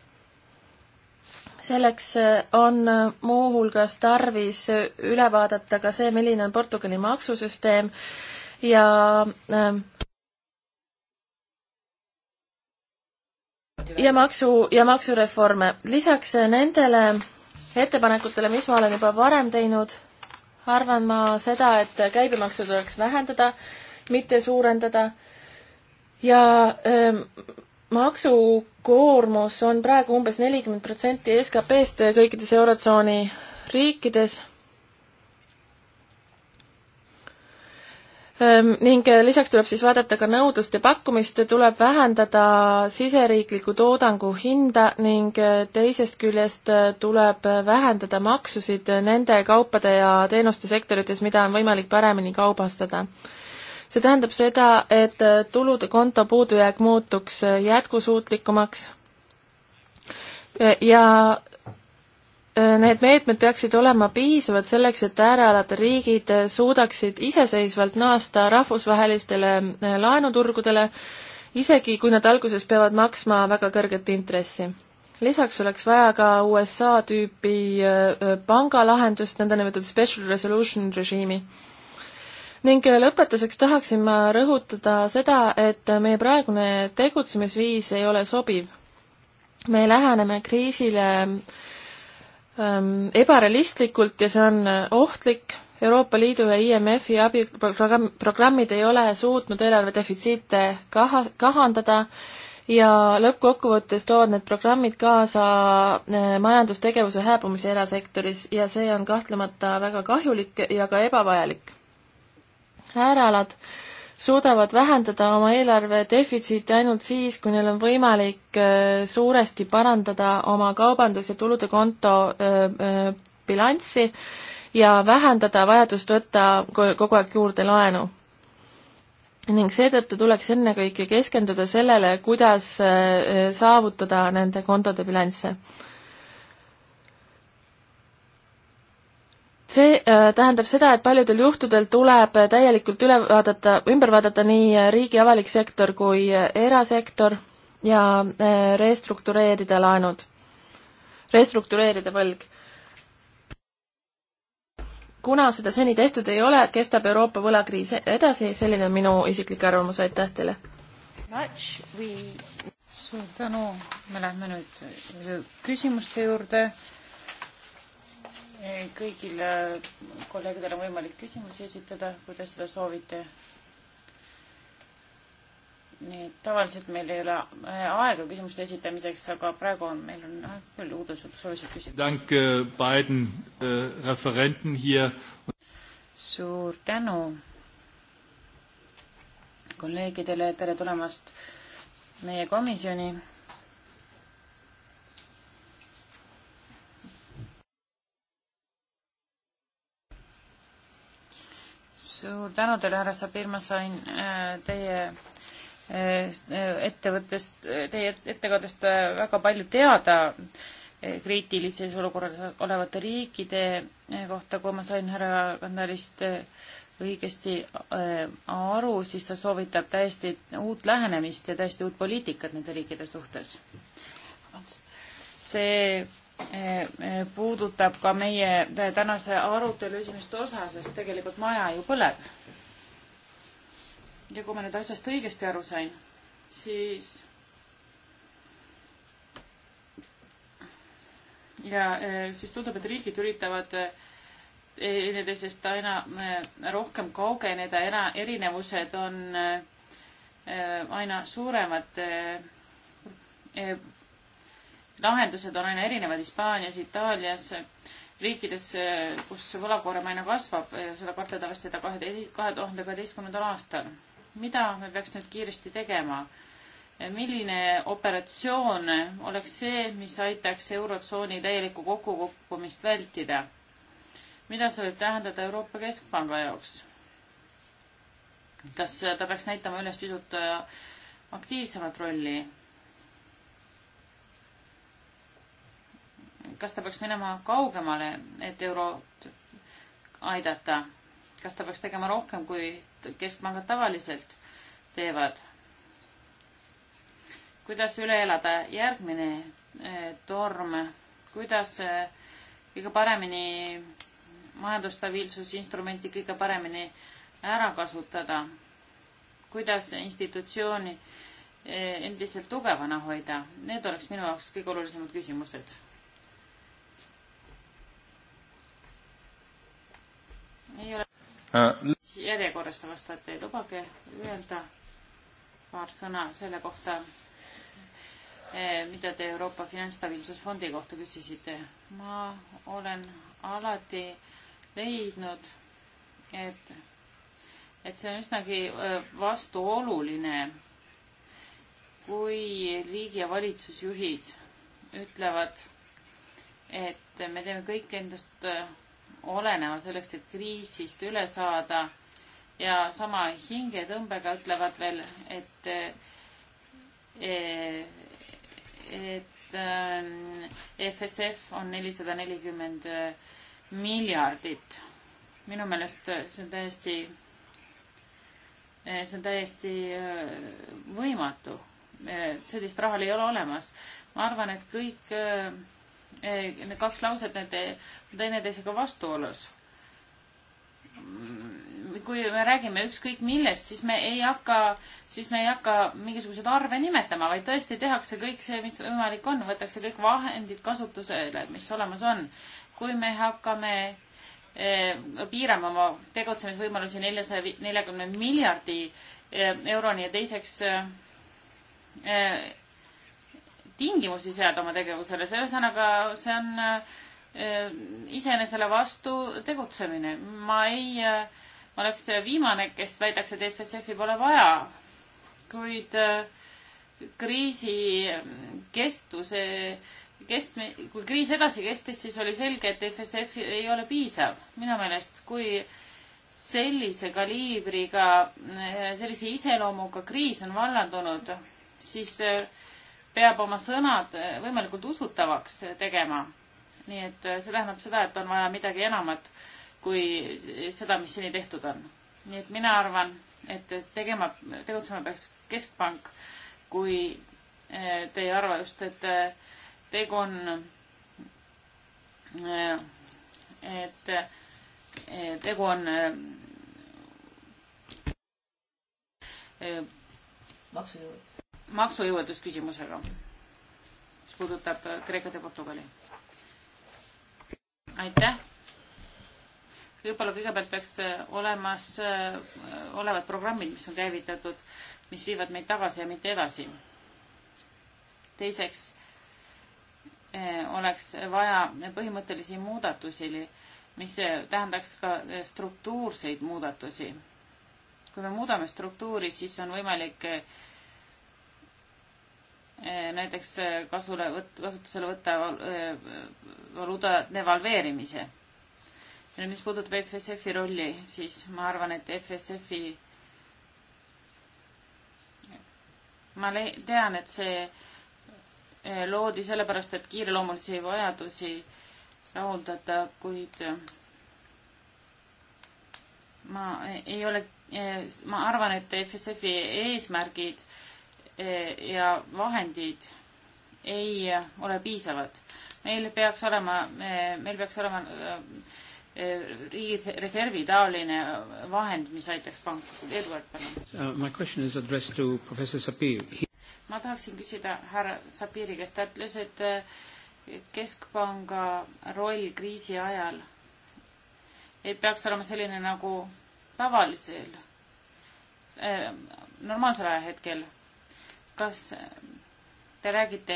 selleks on muuhulgas tarvis üle vaadata ka see, milline on Portugali maksusüsteem ja äh, ja maksu, ja maksureforme. lisaks nendele ettepanekutele, mis ma olen juba varem teinud, arvan ma seda, et käibemaksu tuleks vähendada, mitte suurendada ja ähm, maksukoormus on praegu umbes nelikümmend protsenti SKP-st kõikides Eurotsooni riikides ning äh, lisaks tuleb siis vaadata ka nõudlust ja pakkumist, tuleb vähendada siseriikliku toodangu hinda ning äh, teisest küljest äh, tuleb vähendada maksusid nende kaupade ja teenuste sektorites, mida on võimalik paremini kaubastada. see tähendab seda, et tulude konto puudujääk muutuks jätkusuutlikumaks ja Äh, need meetmed peaksid olema piisavad selleks, et äärealade riigid äh, suudaksid iseseisvalt naasta rahvusvahelistele äh, laenuturgudele, isegi kui nad alguses peavad maksma väga kõrget intressi. lisaks oleks vaja ka USA tüüpi pangalahendust, nõndanimetatud special resolution režiimi. ning lõpetuseks tahaksin ma rõhutada seda, et meie praegune tegutsemisviis ei ole sobiv. me läheneme kriisile äh, ähm, ebarealistlikult ja see on äh, ohtlik. Euroopa Liidu ja IMF-i abiprogrammid ei ole suutnud eelarvedefitsiite kaha, kahandada ja lõppkokkuvõttes toovad need programmid kaasa äh, majandustegevuse hääbumise erasektoris ja see on kahtlemata väga kahjulik ja ka ebavajalik. äärealad äh, suudavad vähendada oma eelarve defitsiiti ainult siis, kui neil on võimalik äh, suuresti parandada oma kaubandus- ja tulude konto äh, äh, bilanssi ja vähendada vajadust võtta kogu aeg juurde laenu ning seetõttu tuleks ennekõike keskenduda sellele, kuidas saavutada nende kontode bilansse. see äh, tähendab seda, et paljudel juhtudel tuleb täielikult üle vaadata, ümber vaadata nii äh, riigi avalik sektor kui äh, erasektor ja restruktureerida laenud, restruktureerida võlg. kuna seda seni tehtud ei ole, kestab Euroopa võlakriis edasi, selline on minu isiklik arvamus, aitäh teile! suur tänu, me lähme nüüd küsimuste juurde kõigil kolleegidel on võimalik küsimusi esitada, kui te seda soovite. nii et tavaliselt meil ei ole äh, aega küsimuste esitamiseks, aga praegu on, meil on äh, küll uudishoolised küsimused. Äh, suur tänu kolleegidele, tere tulemast meie komisjoni suur tänu teile, härra Sabir, ma sain äh, teie äh, ettevõttest, äh, teie ettekandest väga palju teada kriitilises olukorras olevate riikide kohta, kui ma sain härra Kandalist õigesti aru, siis ta soovitab täiesti uut lähenemist ja täiesti uut poliitikat nende riikide suhtes. see Eh, eh, puudutab ka meie eh, tänase arutelu esimest osa, sest tegelikult maja ju põleb. ja kui ma nüüd asjast õigesti aru sain, siis ja siis tundub, et riigid üritavad üksteisest aina rohkem kaugeneda, erinevused on aina suuremad lahendused on aina erinevad Hispaanias, Itaalias, riikides, kus võlakoorem aina kasvab, seda kardetavasti ta kahe, kahe tuhande kaheteistkümnendal aastal. mida me peaks nüüd kiiresti tegema? milline operatsioon oleks see, mis aitaks Eurotsooni täielikku kokkukukkumist vältida? mida see võib tähendada Euroopa Keskpanga jaoks? kas ta peaks näitama üles pisut äh, aktiivsemat rolli? kas ta peaks minema kaugemale, et eurot aidata? kas ta peaks tegema rohkem, kui keskpangad tavaliselt teevad? kuidas üle elada järgmine eh, torm, kuidas eh, kõige paremini majandusstabiilsusinstrumenti kõige paremini ära kasutada, kuidas institutsiooni eh, endiselt tugevana hoida, need oleks minu jaoks kõige olulisemad küsimused ei ole äh. järjekorras te vastate, lubage öelda paar sõna selle kohta, eh, mida te Euroopa Finantsstabiilsusfondi kohta küsisite. ma olen alati leidnud, et, et see on üsnagi eh, vastuoluline, kui riigi ja valitsusjuhid ütlevad, et me teeme kõik endast eh, olenema selleks, et kriisist üle saada ja sama hingetõmbega ütlevad veel, et et FSF on nelisada nelikümmend miljardit. minu meelest see on täiesti, see on täiesti võimatu. sellist raha ei ole olemas. ma arvan, et kõik Eh, need kaks lauset, need eh, teineteisega vastuolus. Mm, kui me räägime ükskõik millest, siis me ei hakka, siis me ei hakka mingisuguseid arve nimetama, vaid tõesti tehakse kõik see, mis võimalik on, võetakse kõik vahendid kasutusele, mis olemas on. kui me hakkame eh, piirama oma tegutsemisvõimalusi neljasaja neljakümne miljardi euroni ja teiseks tingimusi seada oma tegevusele, see ühesõnaga, see on äh, iseenesele vastu tegutsemine. ma ei äh, oleks viimane, kes väidaks, et FSF-i pole vaja, kuid äh, kriisi kestuse, kestme-, kui kriis edasi kestis, siis oli selge, et FSF ei ole piisav. minu meelest, kui sellise kaliibriga, sellise iseloomuga kriis on vallandunud, siis äh, peab oma sõnad eh, võimalikult usutavaks eh, tegema. nii et eh, see tähendab seda, et on vaja midagi enamat kui seda, mis seni tehtud on. nii et mina arvan, et tegema, tegutsema peaks Keskpank, kui te ei arva just, et tegu on, et tegu on maksujõud maksujõuetusküsimusega, mis puudutab äh, Kreekat ja Portugali. aitäh. võib-olla kõigepealt peaks äh, olemas, äh, olevad programmid, mis on käivitatud, mis viivad meid tagasi ja mitte edasi. teiseks oleks vaja põhimõttelisi muudatusi, mis tähendaks ka struktuurseid muudatusi. kui me muudame struktuuri, siis on võimalik Eh, näiteks eh, kasule võt-, kasutusele võtta eh, valuuta devalveerimise. ja mis puudutab FSF-i rolli, siis ma arvan, et FSF-i ma le-, tean, et see loodi sellepärast, et kiireloomulisi vajadusi rahuldada, kuid ma ei ole, ma arvan, et FSF-i eesmärgid äh, Eh, ja vahendid ei ole piisavad. meil peaks olema, eh, meil peaks olema eh, riigireservi taoline vahend, mis aitaks panku. Eduard, palun. ma tahaksin küsida härra Sapiri käest, ta ütles, et keskpanga roll kriisi ajal ei peaks olema selline nagu tavalisel, normaalsel ajahetkel kas te räägite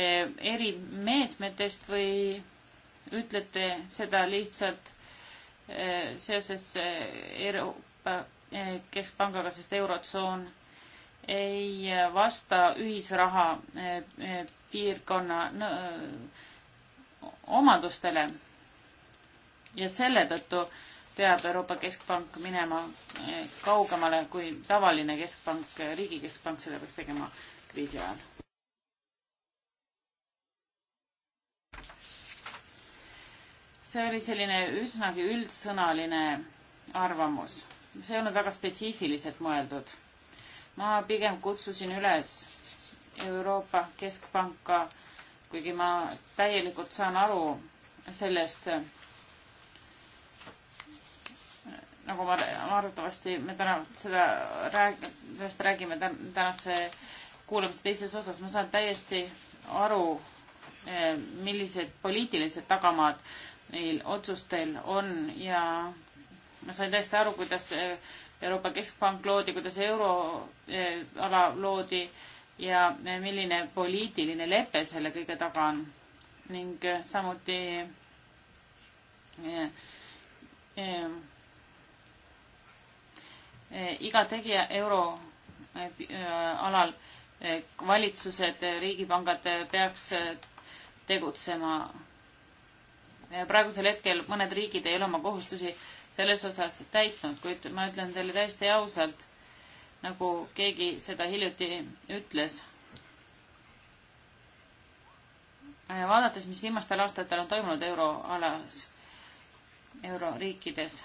eh, erimeetmetest või ütlete seda lihtsalt eh, seoses eh, Euroopa Keskpangaga, sest Eurotsoon ei vasta ühisraha piirkonna omadustele ja selle tõttu äh, peab Euroopa Keskpank minema eh, kaugemale kui tavaline keskpank, eh, riigi keskpank seda peaks tegema kriisi ajal. see oli selline üsnagi üldsõnaline arvamus, see ei olnud väga spetsiifiliselt mõeldud. ma pigem kutsusin üles Euroopa Keskpanka, kuigi ma täielikult saan aru sellest, nagu ma arvatavasti me täna seda rääg-, sellest räägime tänase kuulamise teises osas, ma saan täiesti aru, eh, millised poliitilised tagamaad neil otsustel on ja ma sain täiesti aru, kuidas eh, Euroopa Keskpank loodi, kuidas euroala eh, loodi ja milline poliitiline lepe selle kõige taga on ning samuti ja, ja, Eh, iga tegija euro eh, eh, alal valitsused, riigipangad peaks tegutsema. praegusel hetkel mõned riigid ei ole oma kohustusi selles osas täitnud, kuid ma ütlen teile täiesti ausalt, nagu keegi seda hiljuti ütles. vaadates, mis viimastel aastatel on toimunud euroalas, euroriikides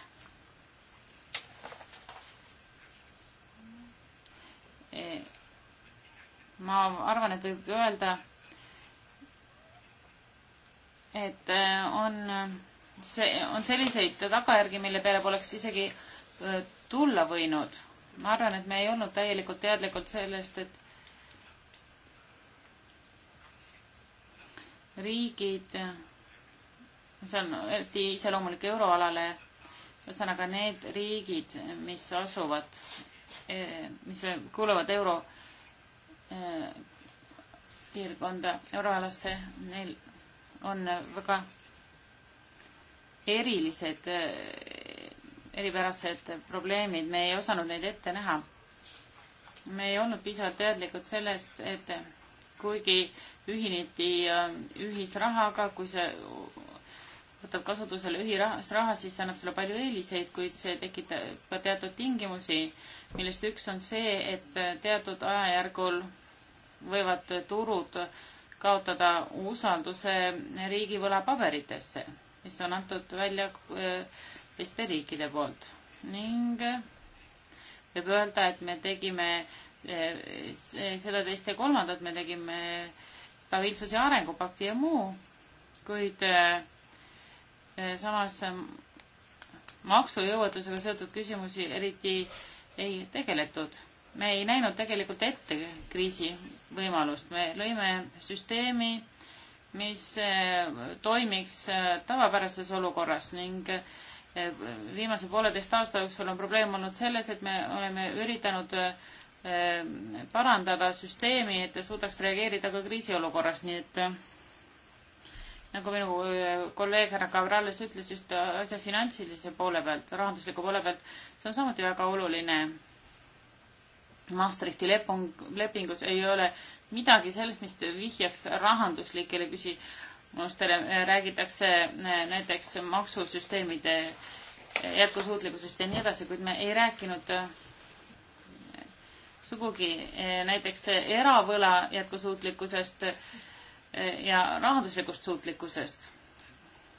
ma arvan, et võib öelda, et äh, on, see, on selliseid tagajärgi, mille peale poleks isegi äh, tulla võinud. ma arvan, et me ei olnud täielikult teadlikud sellest, et riigid, see on eriti iseloomulik euroalale, ühesõnaga need riigid, mis asuvad Eh, mis kuuluvad euro eh, piirkonda, euroalasse, neil on väga erilised, eh, eripärased probleemid, me ei osanud neid ette näha. me ei olnud piisavalt teadlikud sellest, et kuigi ühineti ühisrahaga, kui see võtab kasutusele ühisraha, siis annab sulle palju eeliseid, kuid see tekitab ka teatud tingimusi, millest üks on see, et teatud ajajärgul võivad turud kaotada usalduse riigi võlapaberitesse, mis on antud välja äh, teiste riikide poolt ning võib öelda, et me tegime äh, seda, teist ja kolmandat, me tegime stabiilsus- ja arengupakti ja muu, kuid äh, Äh, samas ähm, maksujõuetusega seotud küsimusi eriti ei tegeletud. me ei näinud tegelikult ette kriisi võimalust, me lõime süsteemi, mis äh, toimiks äh, tavapärases olukorras ning viimase pooleteist aasta jooksul on probleem olnud selles, et me oleme üritanud parandada süsteemi, et ta suudaks reageerida ka kriisiolukorras, nii et nagu minu äh, kolleeg härra Cabrales ütles just äh, asja finantsilise poole pealt, rahandusliku poole pealt, see on samuti väga oluline. Maastrichti lepung, lepingus ei ole midagi sellest, mis vihjaks rahanduslikele küsimustele, räägitakse äh, näiteks maksusüsteemide jätkusuutlikkusest ja nii edasi, kuid me ei rääkinud sugugi näiteks eravõla jätkusuutlikkusest ja rahanduslikust suutlikkusest.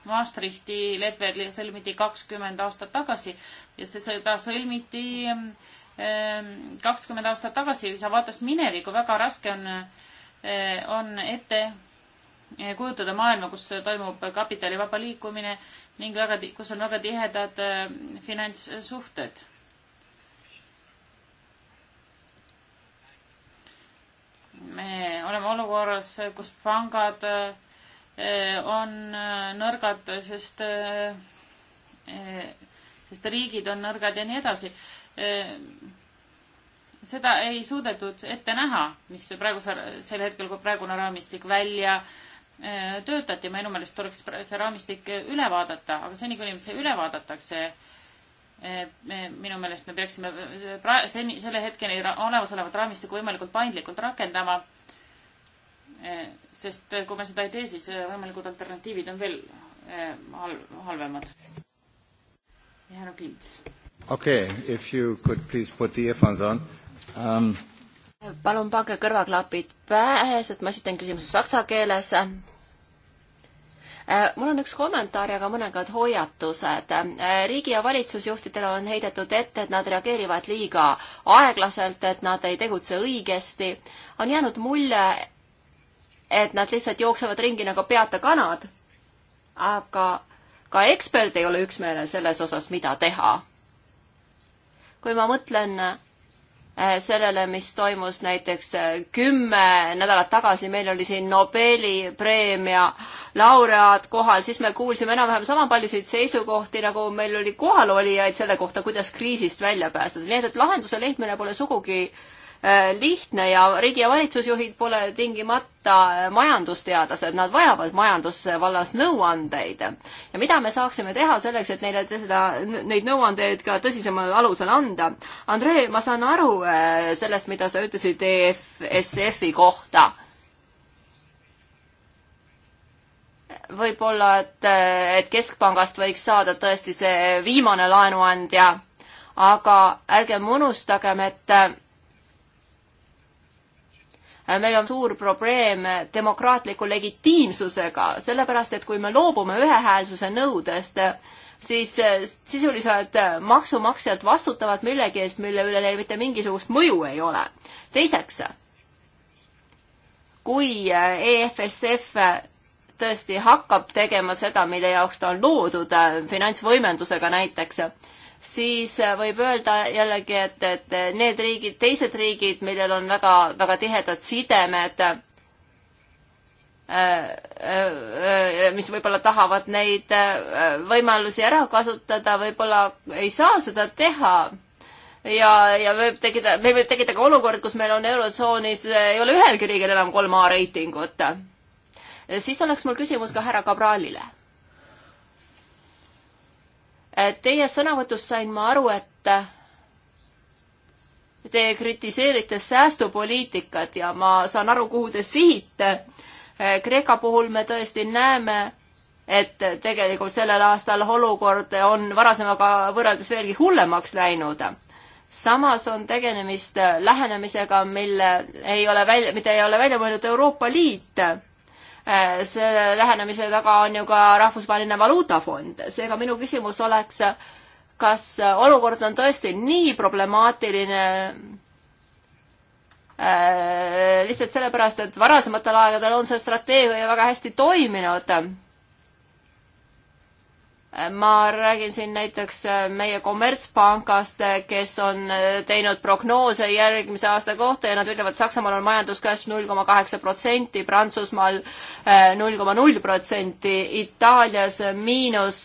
Maastrichti lepe sõlmiti kakskümmend aastat tagasi ja see sõda sõlmiti ähm, kakskümmend aastat tagasi, sa vaatas minevikku, väga raske on, äh, on ette äh, kujutada maailma, kus toimub kapitali vaba liikumine ning väga, kus on väga tihedad äh, finantssuhted me oleme olukorras, kus pangad eh, on eh, nõrgad, sest, eh, sest riigid on nõrgad ja nii edasi. seda ei suudetud ette näha, mis praegusel, sel hetkel, kui praegune raamistik välja töötati, minu meelest tuleks see raamistik üle vaadata, aga seni, kuni see üle vaadatakse, minu meelest me peaksime pra-, seni, selle hetkeni olemasolevat raamistikku võimalikult paindlikult rakendama, eh, sest kui me seda ei tee, siis eh, võimalikud alternatiivid on veel eh, hal-, halvemad. Jaanu Klints. okei okay,, if you could please put the earphones on um.... palun pange kõrvaklapid pähe, sest ma esitan küsimuse saksa keeles Äh, mul on üks kommentaar ja ka mõningad hoiatused. Äh, riigi- ja valitsusjuhtidele on heidetud ette, et nad reageerivad liiga aeglaselt, et nad ei tegutse õigesti. on jäänud mulje, et nad lihtsalt jooksevad ringi nagu peata kanad. aga ka ekspert ei ole üksmeelel selles osas, mida teha. kui ma mõtlen Äh, sellele, mis toimus näiteks äh, kümme nädalat tagasi, meil oli siin Nobeli preemia laureaat kohal, siis me kuulsime enam-vähem sama paljusid seisukohti, nagu meil oli kohalolijaid selle kohta, kuidas kriisist välja pääseda. nii et, et lahenduse leidmine pole sugugi äh, Äh, lihtne ja riigi- ja valitsusjuhid pole tingimata äh, majandusteadlased, nad vajavad majandusvallas nõuandeid. ja mida me saaksime teha selleks, et neile seda, neid nõuandeid ka tõsisemal alusel anda? Andrei, ma saan aru äh, sellest, mida sa ütlesid EFSF-i kohta võib-olla, et, et Keskpangast võiks saada tõesti see viimane laenuandja, aga ärgem unustagem, et Äh, meil on suur probleem demokraatliku legitiimsusega, sellepärast et kui me loobume ühehäälsuse nõudest, siis äh, sisuliselt äh, maksumaksjad vastutavad millegi eest, mille üle neil mitte mingisugust mõju ei ole. teiseks, kui EFSF tõesti hakkab tegema seda, mille jaoks ta on loodud, finantsvõimendusega näiteks, siis äh, võib öelda jällegi, et, et need riigid, teised riigid, millel on väga, väga tihedad sidemed, äh, äh, mis võib-olla tahavad neid võimalusi ära kasutada, võib-olla ei saa seda teha. ja, ja võib tekkida, meil võib tekkida ka olukord, kus meil on Eurotsoonis, ei ole ühelgi riigil enam kolm A reitingut. siis oleks mul küsimus ka härra Kabralile Äh, teie sõnavõtust sain ma aru, et äh, te kritiseerite säästupoliitikat ja ma saan aru, kuhu te sihite. Äh, Kreeka puhul me tõesti näeme, et tegelikult sellel aastal olukord on varasemaga võrreldes veelgi hullemaks läinud samas on tegelemist lähenemisega, mille ei ole välja, mida ei ole välja mõelnud Euroopa Liit. Äh, selle lähenemise taga on ju ka Rahvusvaheline Valuutafond, seega minu küsimus oleks, kas olukord on tõesti nii problemaatiline äh, lihtsalt sellepärast, et varasematel aegadel on see strateegia väga hästi toiminud ma räägin siin näiteks äh, meie kommertspangast, äh, kes on äh, teinud prognoose järgmise aasta kohta ja nad ütlevad, Saksamaal on majanduskasv null koma kaheksa protsenti, Prantsusmaal null koma null protsenti, Itaalias miinus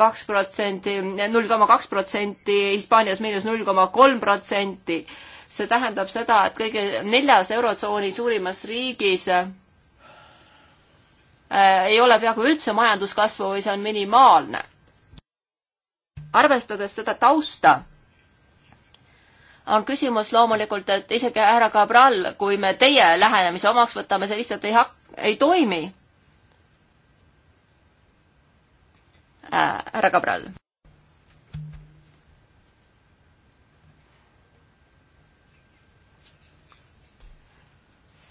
kaks protsenti, null koma kaks protsenti, Hispaanias miinus null koma kolm protsenti. see tähendab seda, et kõige neljas Eurotsooni suurimas riigis Äh, ei ole peaaegu üldse majanduskasvu või see on minimaalne. arvestades seda tausta, on küsimus loomulikult, et isegi härra Cabral, kui me teie lähenemise omaks võtame, see lihtsalt ei hak-, ei toimi. Äh, härra Cabral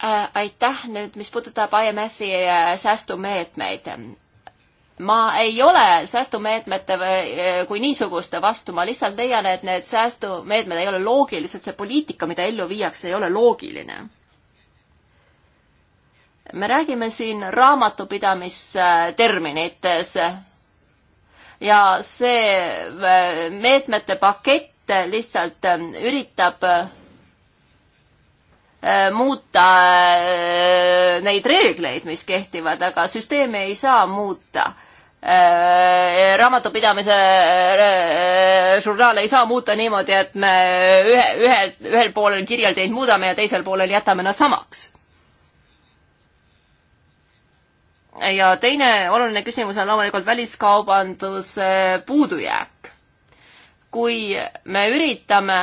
Äh, aitäh nüüd, mis puudutab IMF-i äh, säästumeetmeid. ma ei ole säästumeetmete äh, kui niisuguste vastu, ma lihtsalt leian, et need säästumeetmed ei ole loogilised, see poliitika, mida ellu viiakse, ei ole loogiline. me räägime siin raamatupidamisterminites ja see meetmete pakett lihtsalt üritab Äh, muuta äh, neid reegleid, mis kehtivad, aga süsteemi ei saa muuta. Äh, raamatupidamise žurnaal ei saa muuta niimoodi, et me ühe, ühe, ühel poolel kirjeldeid muudame ja teisel poolel jätame nad samaks. ja teine oluline küsimus on loomulikult väliskaubanduse puudujääk. kui me üritame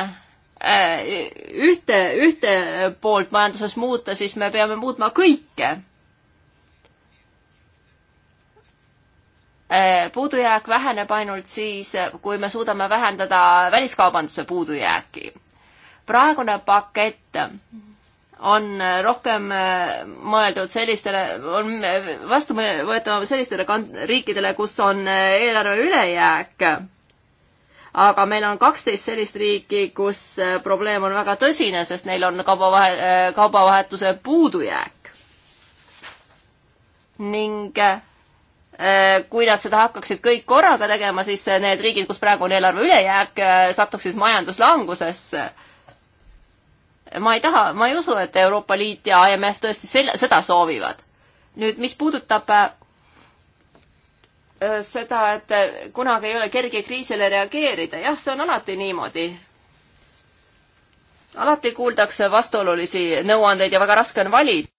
Äh, ühte, ühte poolt majanduses muuta, siis me peame muutma kõike. Äh, puudujääk väheneb ainult siis, kui me suudame vähendada väliskaubanduse puudujääki. praegune pakett on rohkem äh, mõeldud sellistele, on vastuvõetavam sellistele riikidele, kus on eelarve ülejääk aga meil on kaksteist sellist riiki, kus äh, probleem on väga tõsine, sest neil on kaubavahe, äh, kaubavahetuse puudujääk. ning äh, kui nad seda hakkaksid kõik korraga tegema, siis need riigid, kus praegu on eelarve ülejääk, satuksid majanduslangusesse ma ei taha, ma ei usu, et Euroopa Liit ja IMF tõesti selle, seda soovivad. nüüd, mis puudutab Äh, seda, et kunagi ei ole kerge kriisile reageerida, jah, see on alati niimoodi. alati kuuldakse vastuolulisi nõuandeid ja väga raske on valida.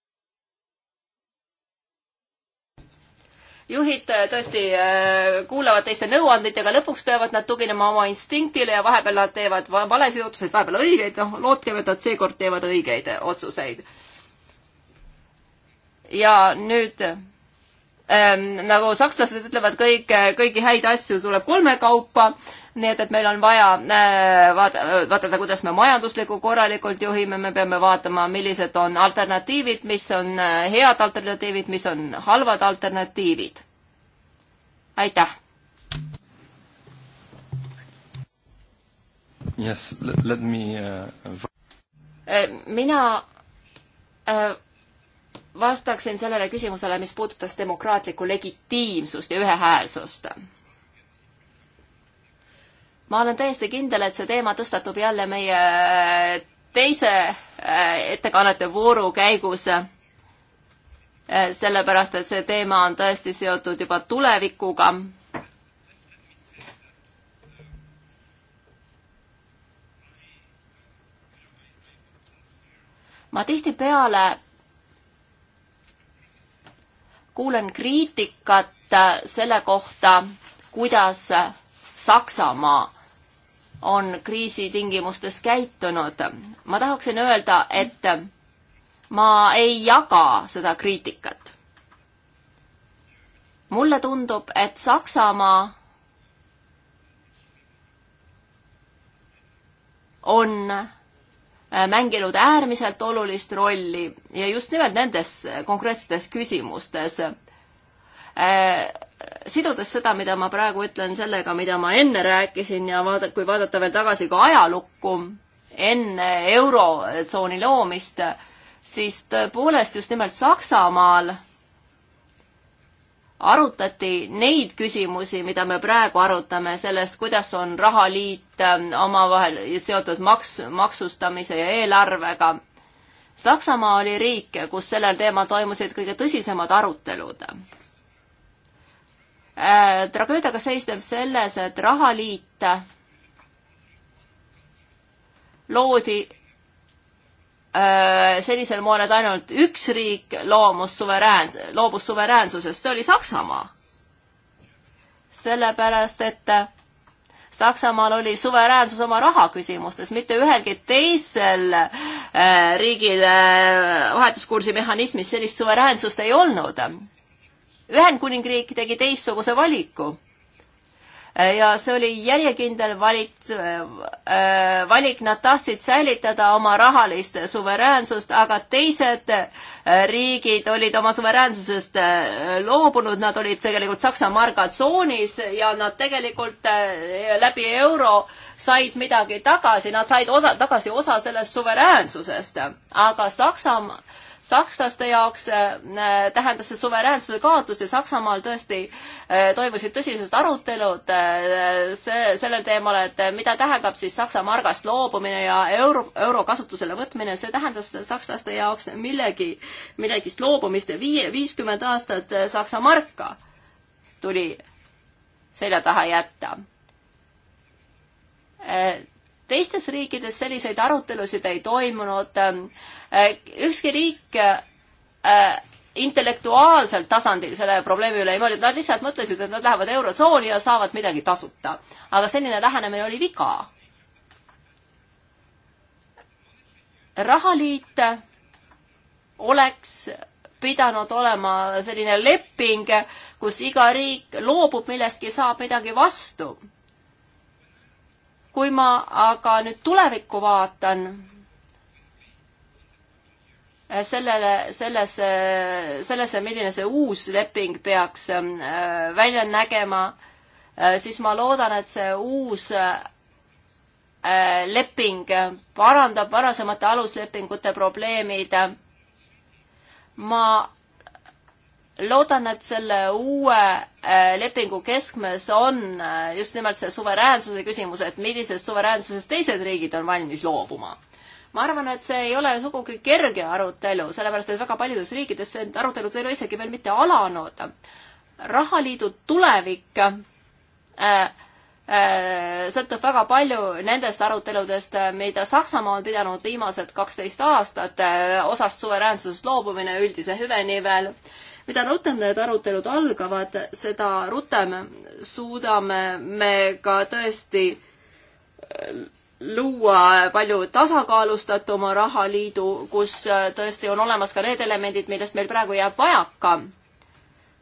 juhid äh, tõesti äh, kuulavad teiste nõuandeid, aga lõpuks peavad nad tuginema oma instinktile ja vahepeal nad teevad valesid otsuseid, vahepeal õigeid, noh, lootkem, et nad seekord teevad õigeid otsuseid. ja nüüd Ähm, nagu sakslased ütlevad, kõik, kõiki häid asju tuleb kolme kaupa, nii et, et meil on vaja äh, vaata, vaadata, kuidas me majanduslikku korralikult juhime, me peame vaatama, millised on alternatiivid, mis on äh, head alternatiivid, mis on halvad alternatiivid. aitäh! Yes, let me uh.... Äh, mina uh, vastaksin sellele küsimusele, mis puudutas demokraatlikku legitiimsust ja ühehäälsust. ma olen täiesti kindel, et see teema tõstatub jälle meie teise äh, ettekannete vooru käigus, äh, sellepärast et see teema on tõesti seotud juba tulevikuga ma tihtipeale kuulen kriitikat äh, selle kohta, kuidas äh, Saksamaa on kriisi tingimustes käitunud. ma tahaksin öelda, et äh, ma ei jaga seda kriitikat. mulle tundub, et Saksamaa on Äh, mänginud äärmiselt olulist rolli ja just nimelt nendes äh, konkreetsetes küsimustes. Äh, sidudes seda, mida ma praegu ütlen, sellega, mida ma enne rääkisin ja vaada-, kui vaadata veel tagasi ka ajalukku, enne eurotsooni loomist, siis tõepoolest just nimelt Saksamaal arutati neid küsimusi, mida me praegu arutame, sellest, kuidas on rahaliit ähm, omavahel seotud maks, maksustamise ja eelarvega. Saksamaa oli riik, kus sellel teemal toimusid kõige tõsisemad arutelud äh,. tragöödiaga seisneb selles, et rahaliit loodi Äh, sellisel moel, et ainult üks riik loomus suveräänс-, loobus suveräänsusest, see oli Saksamaa. sellepärast, et Saksamaal oli suveräänsus oma rahaküsimustes, mitte ühelgi teisel äh, riigil äh, vahetuskursi mehhanismis sellist suveräänsust ei olnud. Ühendkuningriik tegi teistsuguse valiku ja see oli järjekindel valik, äh, valik, nad tahtsid säilitada oma rahalist suveräänsust, aga teised äh, riigid olid oma suveräänsusest äh, loobunud, nad olid tegelikult Saksa margatsoonis ja nad tegelikult läbi euro said midagi tagasi, nad said osa, tagasi osa sellest suveräänsusest, aga Saksamaa sakslaste jaoks äh, äh, tähendas see suveräänsuse kaotust ja Saksamaal tõesti äh, toimusid tõsised arutelud see, sellel teemal, et mida tähendab siis Saksa margast loobumine ja euro, euro kasutusele võtmine, see tähendas sakslaste jaoks millegi, millegist loobumist ja viie, viiskümmend aastat Saksa marka tuli selja taha jätta teistes riikides selliseid arutelusid ei toimunud. Äh, ükski riik äh, intellektuaalsel tasandil selle probleemi üle ei mõelnud, nad lihtsalt mõtlesid, et nad lähevad eurotsooni ja saavad midagi tasuta. aga selline lähenemine oli viga. rahaliit oleks pidanud olema selline leping, kus iga riik loobub millestki, saab midagi vastu kui ma aga nüüd tulevikku vaatan, sellele, sellesse, sellesse, milline see uus leping peaks äh, välja nägema, äh, siis ma loodan, et see uus äh, leping parandab varasemate aluslepingute probleemid. ma loodan, et selle uue äh, lepingu keskmes on äh, just nimelt see suveräänsuse küsimus, et millisest suveräänsusest teised riigid on valmis loobuma. ma arvan, et see ei ole sugugi kerge arutelu, sellepärast et väga paljudes riikides see arutelud ei ole isegi veel mitte alanud. rahaliidu tulevik äh, äh, sõltub väga palju nendest aruteludest, mida Saksamaa on pidanud viimased kaksteist aastat, osast suveräänsusest loobumine üldise hüve nimel mida rutem need arutelud algavad, seda rutem suudame me ka tõesti äh, luua palju tasakaalustatuma rahaliidu, kus äh, tõesti on olemas ka need elemendid, millest meil praegu jääb vajaka.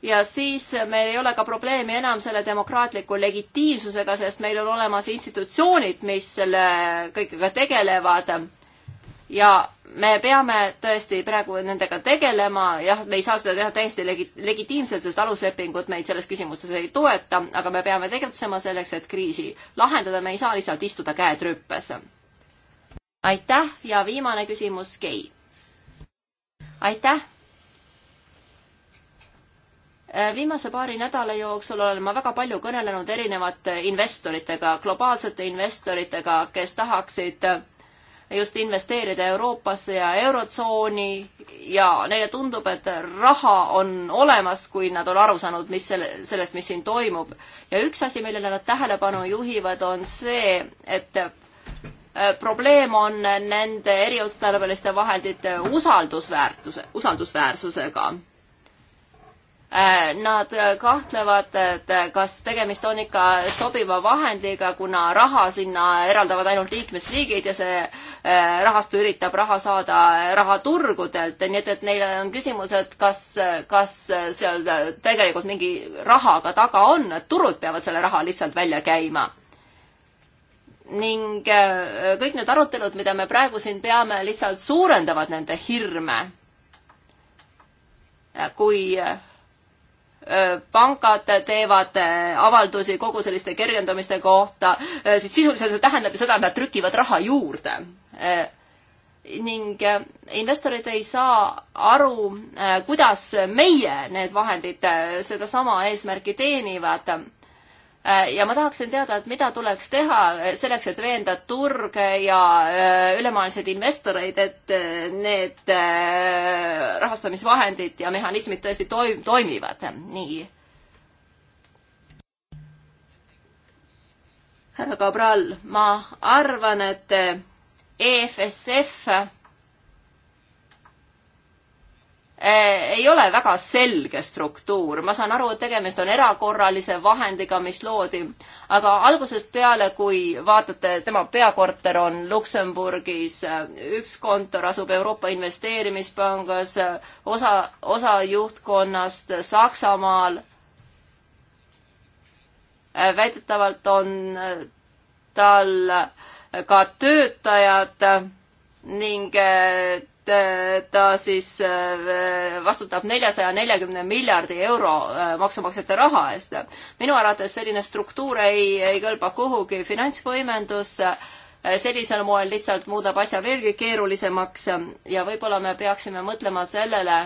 ja siis meil ei ole ka probleemi enam selle demokraatliku legitiimsusega, sest meil on olemas institutsioonid, mis selle kõigega tegelevad ja me peame tõesti praegu nendega tegelema, jah, me ei saa seda teha täiesti legi-, legitiimselt, sest aluslepingud meid selles küsimuses ei toeta, aga me peame tegutsema selleks, et kriisi lahendada, me ei saa lihtsalt istuda käed rüppes. aitäh ja viimane küsimus, Kei. aitäh! Äh, viimase paari nädala jooksul olen ma väga palju kõnelenud erinevate investoritega, globaalsete investoritega, kes tahaksid äh, just investeerida Euroopasse ja Eurotsooni ja neile tundub, et raha on olemas, kui nad on aru saanud, mis selle, sellest, mis siin toimub. ja üks asi, millele nad tähelepanu juhivad, on see, et äh, probleem on nende eriotstarbeliste vahendite usaldusväärtuse, usaldusväärsusega Äh, nad äh, kahtlevad, et äh, kas tegemist on ikka sobiva vahendiga, kuna raha sinna eraldavad ainult liikmesriigid ja see rahastu üritab raha saada rahaturgudelt, nii et, et neil on küsimus, et kas, kas seal tegelikult mingi raha ka taga on, et turud peavad selle raha lihtsalt välja käima ning kõik need arutelud, mida me praegu siin peame, lihtsalt suurendavad nende hirme. kui pangad teevad avaldusi kogu selliste kergendamiste kohta, siis sisuliselt see tähendab ju seda, et nad trükivad raha juurde. ning investorid ei saa aru, kuidas meie need vahendid sedasama eesmärki teenivad Äh, ja ma tahaksin teada, et mida tuleks teha äh, selleks, et veenda turge ja äh, ülemaailmseid investoreid, et need rahastamisvahendid ja mehhanismid tõesti toim-, toimivad, nii. härra Cabral, ma arvan, et EFSF Eh, ei ole väga selge struktuur, ma saan aru, et tegemist on erakorralise vahendiga, mis loodi, aga algusest peale, kui vaatate, tema peakorter on Luksemburgis, üks kontor asub Euroopa Investeerimispangas, osa, osa juhtkonnast Saksamaal. Eh, väidetavalt on tal ka töötajad ning eh, ta siis äh, vastutab neljasaja neljakümne miljardi euro äh, maksumaksjate raha eest. minu arvates selline struktuur ei, ei kõlba kuhugi, finantsvõimendus äh, sellisel moel lihtsalt muudab asja veelgi keerulisemaks ja võib-olla me peaksime mõtlema sellele,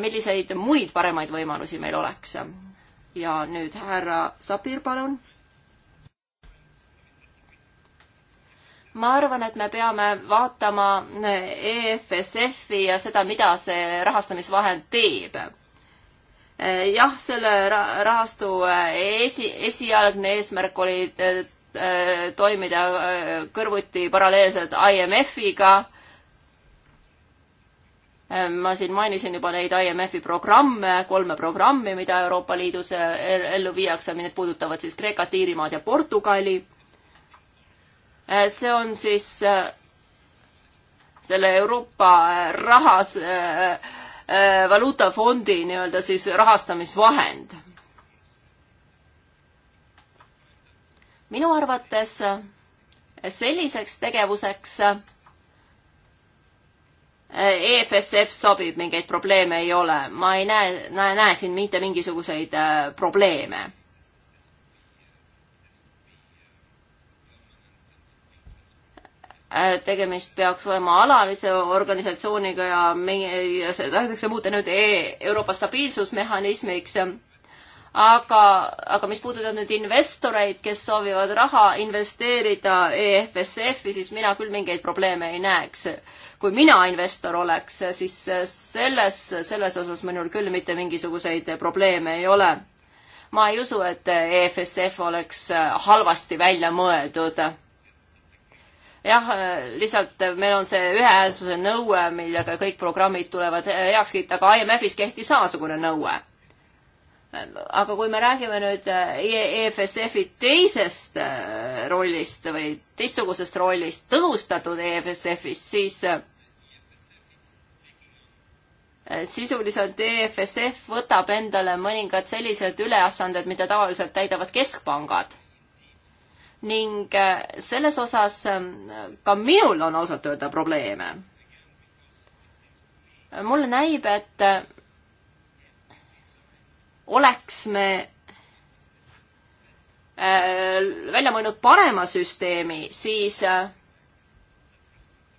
milliseid muid paremaid võimalusi meil oleks. ja nüüd härra Sapir, palun. ma arvan, et me peame vaatama EFSF-i eh, e ja seda, mida see rahastamisvahend teeb eh, jah, selle rahastu eh, esi, esialgne eesmärk oli toimida kõrvuti paralleelselt IMF-iga. ma siin mainisin juba neid IMF-i programme, kolme programmi, mida Euroopa Liidus ellu viiakse, need puudutavad siis Kreekat, Iirimaad ja Portugali Äh, see on siis äh, selle Euroopa äh, rahas äh,, äh, valuutafondi nii-öelda siis rahastamisvahend. minu arvates selliseks tegevuseks EFSF sobib, mingeid probleeme ei ole, ma ei näe, näe siin mitte mingisuguseid äh, probleeme Äh, tegemist peaks olema alalise organisatsiooniga ja meie, see tahetakse muuta nüüd e Euroopa stabiilsusmehhanismiks. aga, aga mis puudutab nüüd investoreid, kes soovivad raha investeerida EFSF-i, siis mina küll mingeid probleeme ei näeks. kui mina investor oleks, siis selles, selles osas minul küll mitte mingisuguseid probleeme ei ole. ma ei usu, et EFSF oleks halvasti välja mõeldud jah, lihtsalt meil on see ühehäälsuse nõue, millega kõik programmid tulevad heaks kiita, aga IMF-is kehtib samasugune nõue. aga kui me räägime nüüd EFSF-i e teisest äh, rollist või teistsugusest rollist, tõhustatud EFSF-ist, e siis äh, sisuliselt EFSF e võtab endale mõningad sellised üleasanded, mida tavaliselt täidavad keskpangad ning äh, selles osas äh, ka minul on ausalt öelda probleeme. mulle näib, et äh, oleks me välja mõelnud parema süsteemi, siis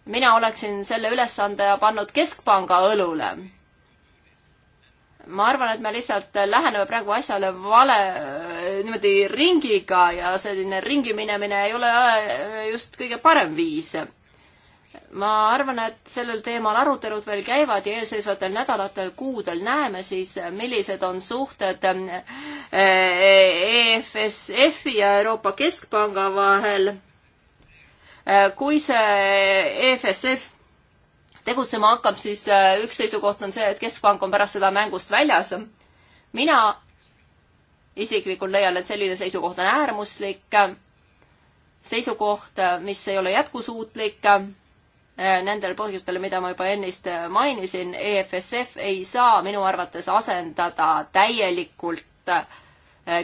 mina oleksin selle ülesande pannud keskpanga õlule ma arvan, et me lihtsalt läheneme praegu asjale vale, niimoodi ringiga ja selline ringi minemine ei ole äh, just kõige parem viis. ma arvan, et sellel teemal arutelud veel käivad ja eelseisvatel nädalatel, kuudel näeme siis, millised on suhted äh, EFSF-i ja Euroopa Keskpanga vahel. Äh, kui see EFSF tegutsema hakkab, siis äh, üks seisukoht on see, et keskpank on pärast seda mängust väljas. mina isiklikult leian, et selline seisukoht on äärmuslik, seisukoht, mis ei ole jätkusuutlik äh, nendel põhjustel, mida ma juba ennist äh, mainisin, EFSF ei saa minu arvates asendada täielikult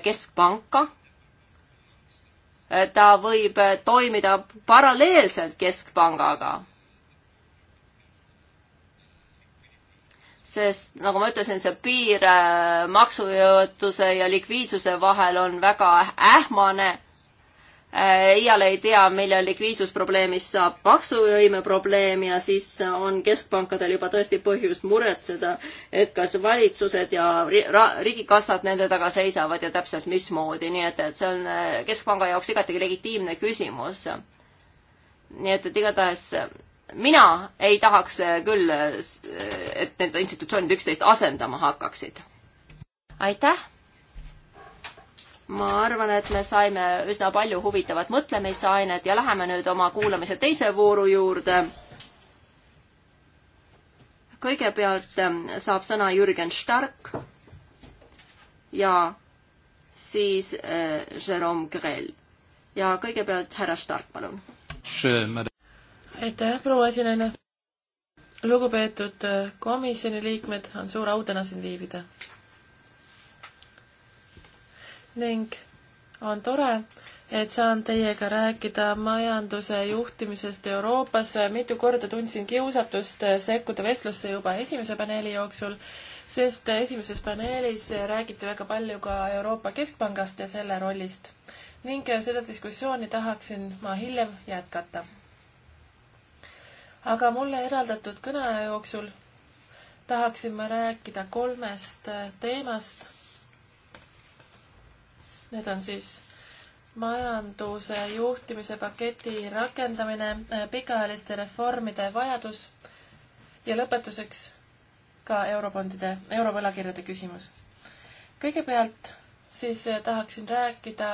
keskpanka. ta võib toimida paralleelselt keskpangaga sest nagu ma ütlesin, see piir äh, maksujõuetuse ja likviidsuse vahel on väga ähmane. Äh, iial ei tea, millal likviidsusprobleemist saab maksuvõime probleem ja siis on keskpankadel juba tõesti põhjust muretseda, et kas valitsused ja riigikassad nende taga seisavad ja täpselt mismoodi, nii et, et see on äh, keskpanga jaoks igategi legitiimne küsimus. nii et, et igatahes mina ei tahaks äh, küll, äh, et need institutsioonid üksteist asendama hakkaksid. aitäh! ma arvan, et me saime üsna palju huvitavat mõtlemisainet ja läheme nüüd oma kuulamise teise vooru juurde. kõigepealt ähm, saab sõna Jürgen Stark ja siis äh, Jerome Grell. ja kõigepealt härra Stark, palun aitäh, proua esinaine. lugupeetud äh, komisjoni liikmed, on suur au täna siin viibida. ning on tore, et saan teiega rääkida majanduse juhtimisest Euroopas. mitu korda tundsin kiusatust äh, sekkuda vestlusse juba esimese paneeli jooksul, sest esimeses paneelis räägiti väga palju ka Euroopa Keskpangast ja selle rollist. ning äh, seda diskussiooni tahaksin ma hiljem jätkata aga mulle eraldatud kõneaja jooksul tahaksin ma rääkida kolmest äh, teemast. Need on siis majanduse juhtimise paketi rakendamine, äh, pikaajaliste reformide vajadus ja lõpetuseks ka eurobondide, eurovõlakirjade küsimus. kõigepealt siis äh, tahaksin rääkida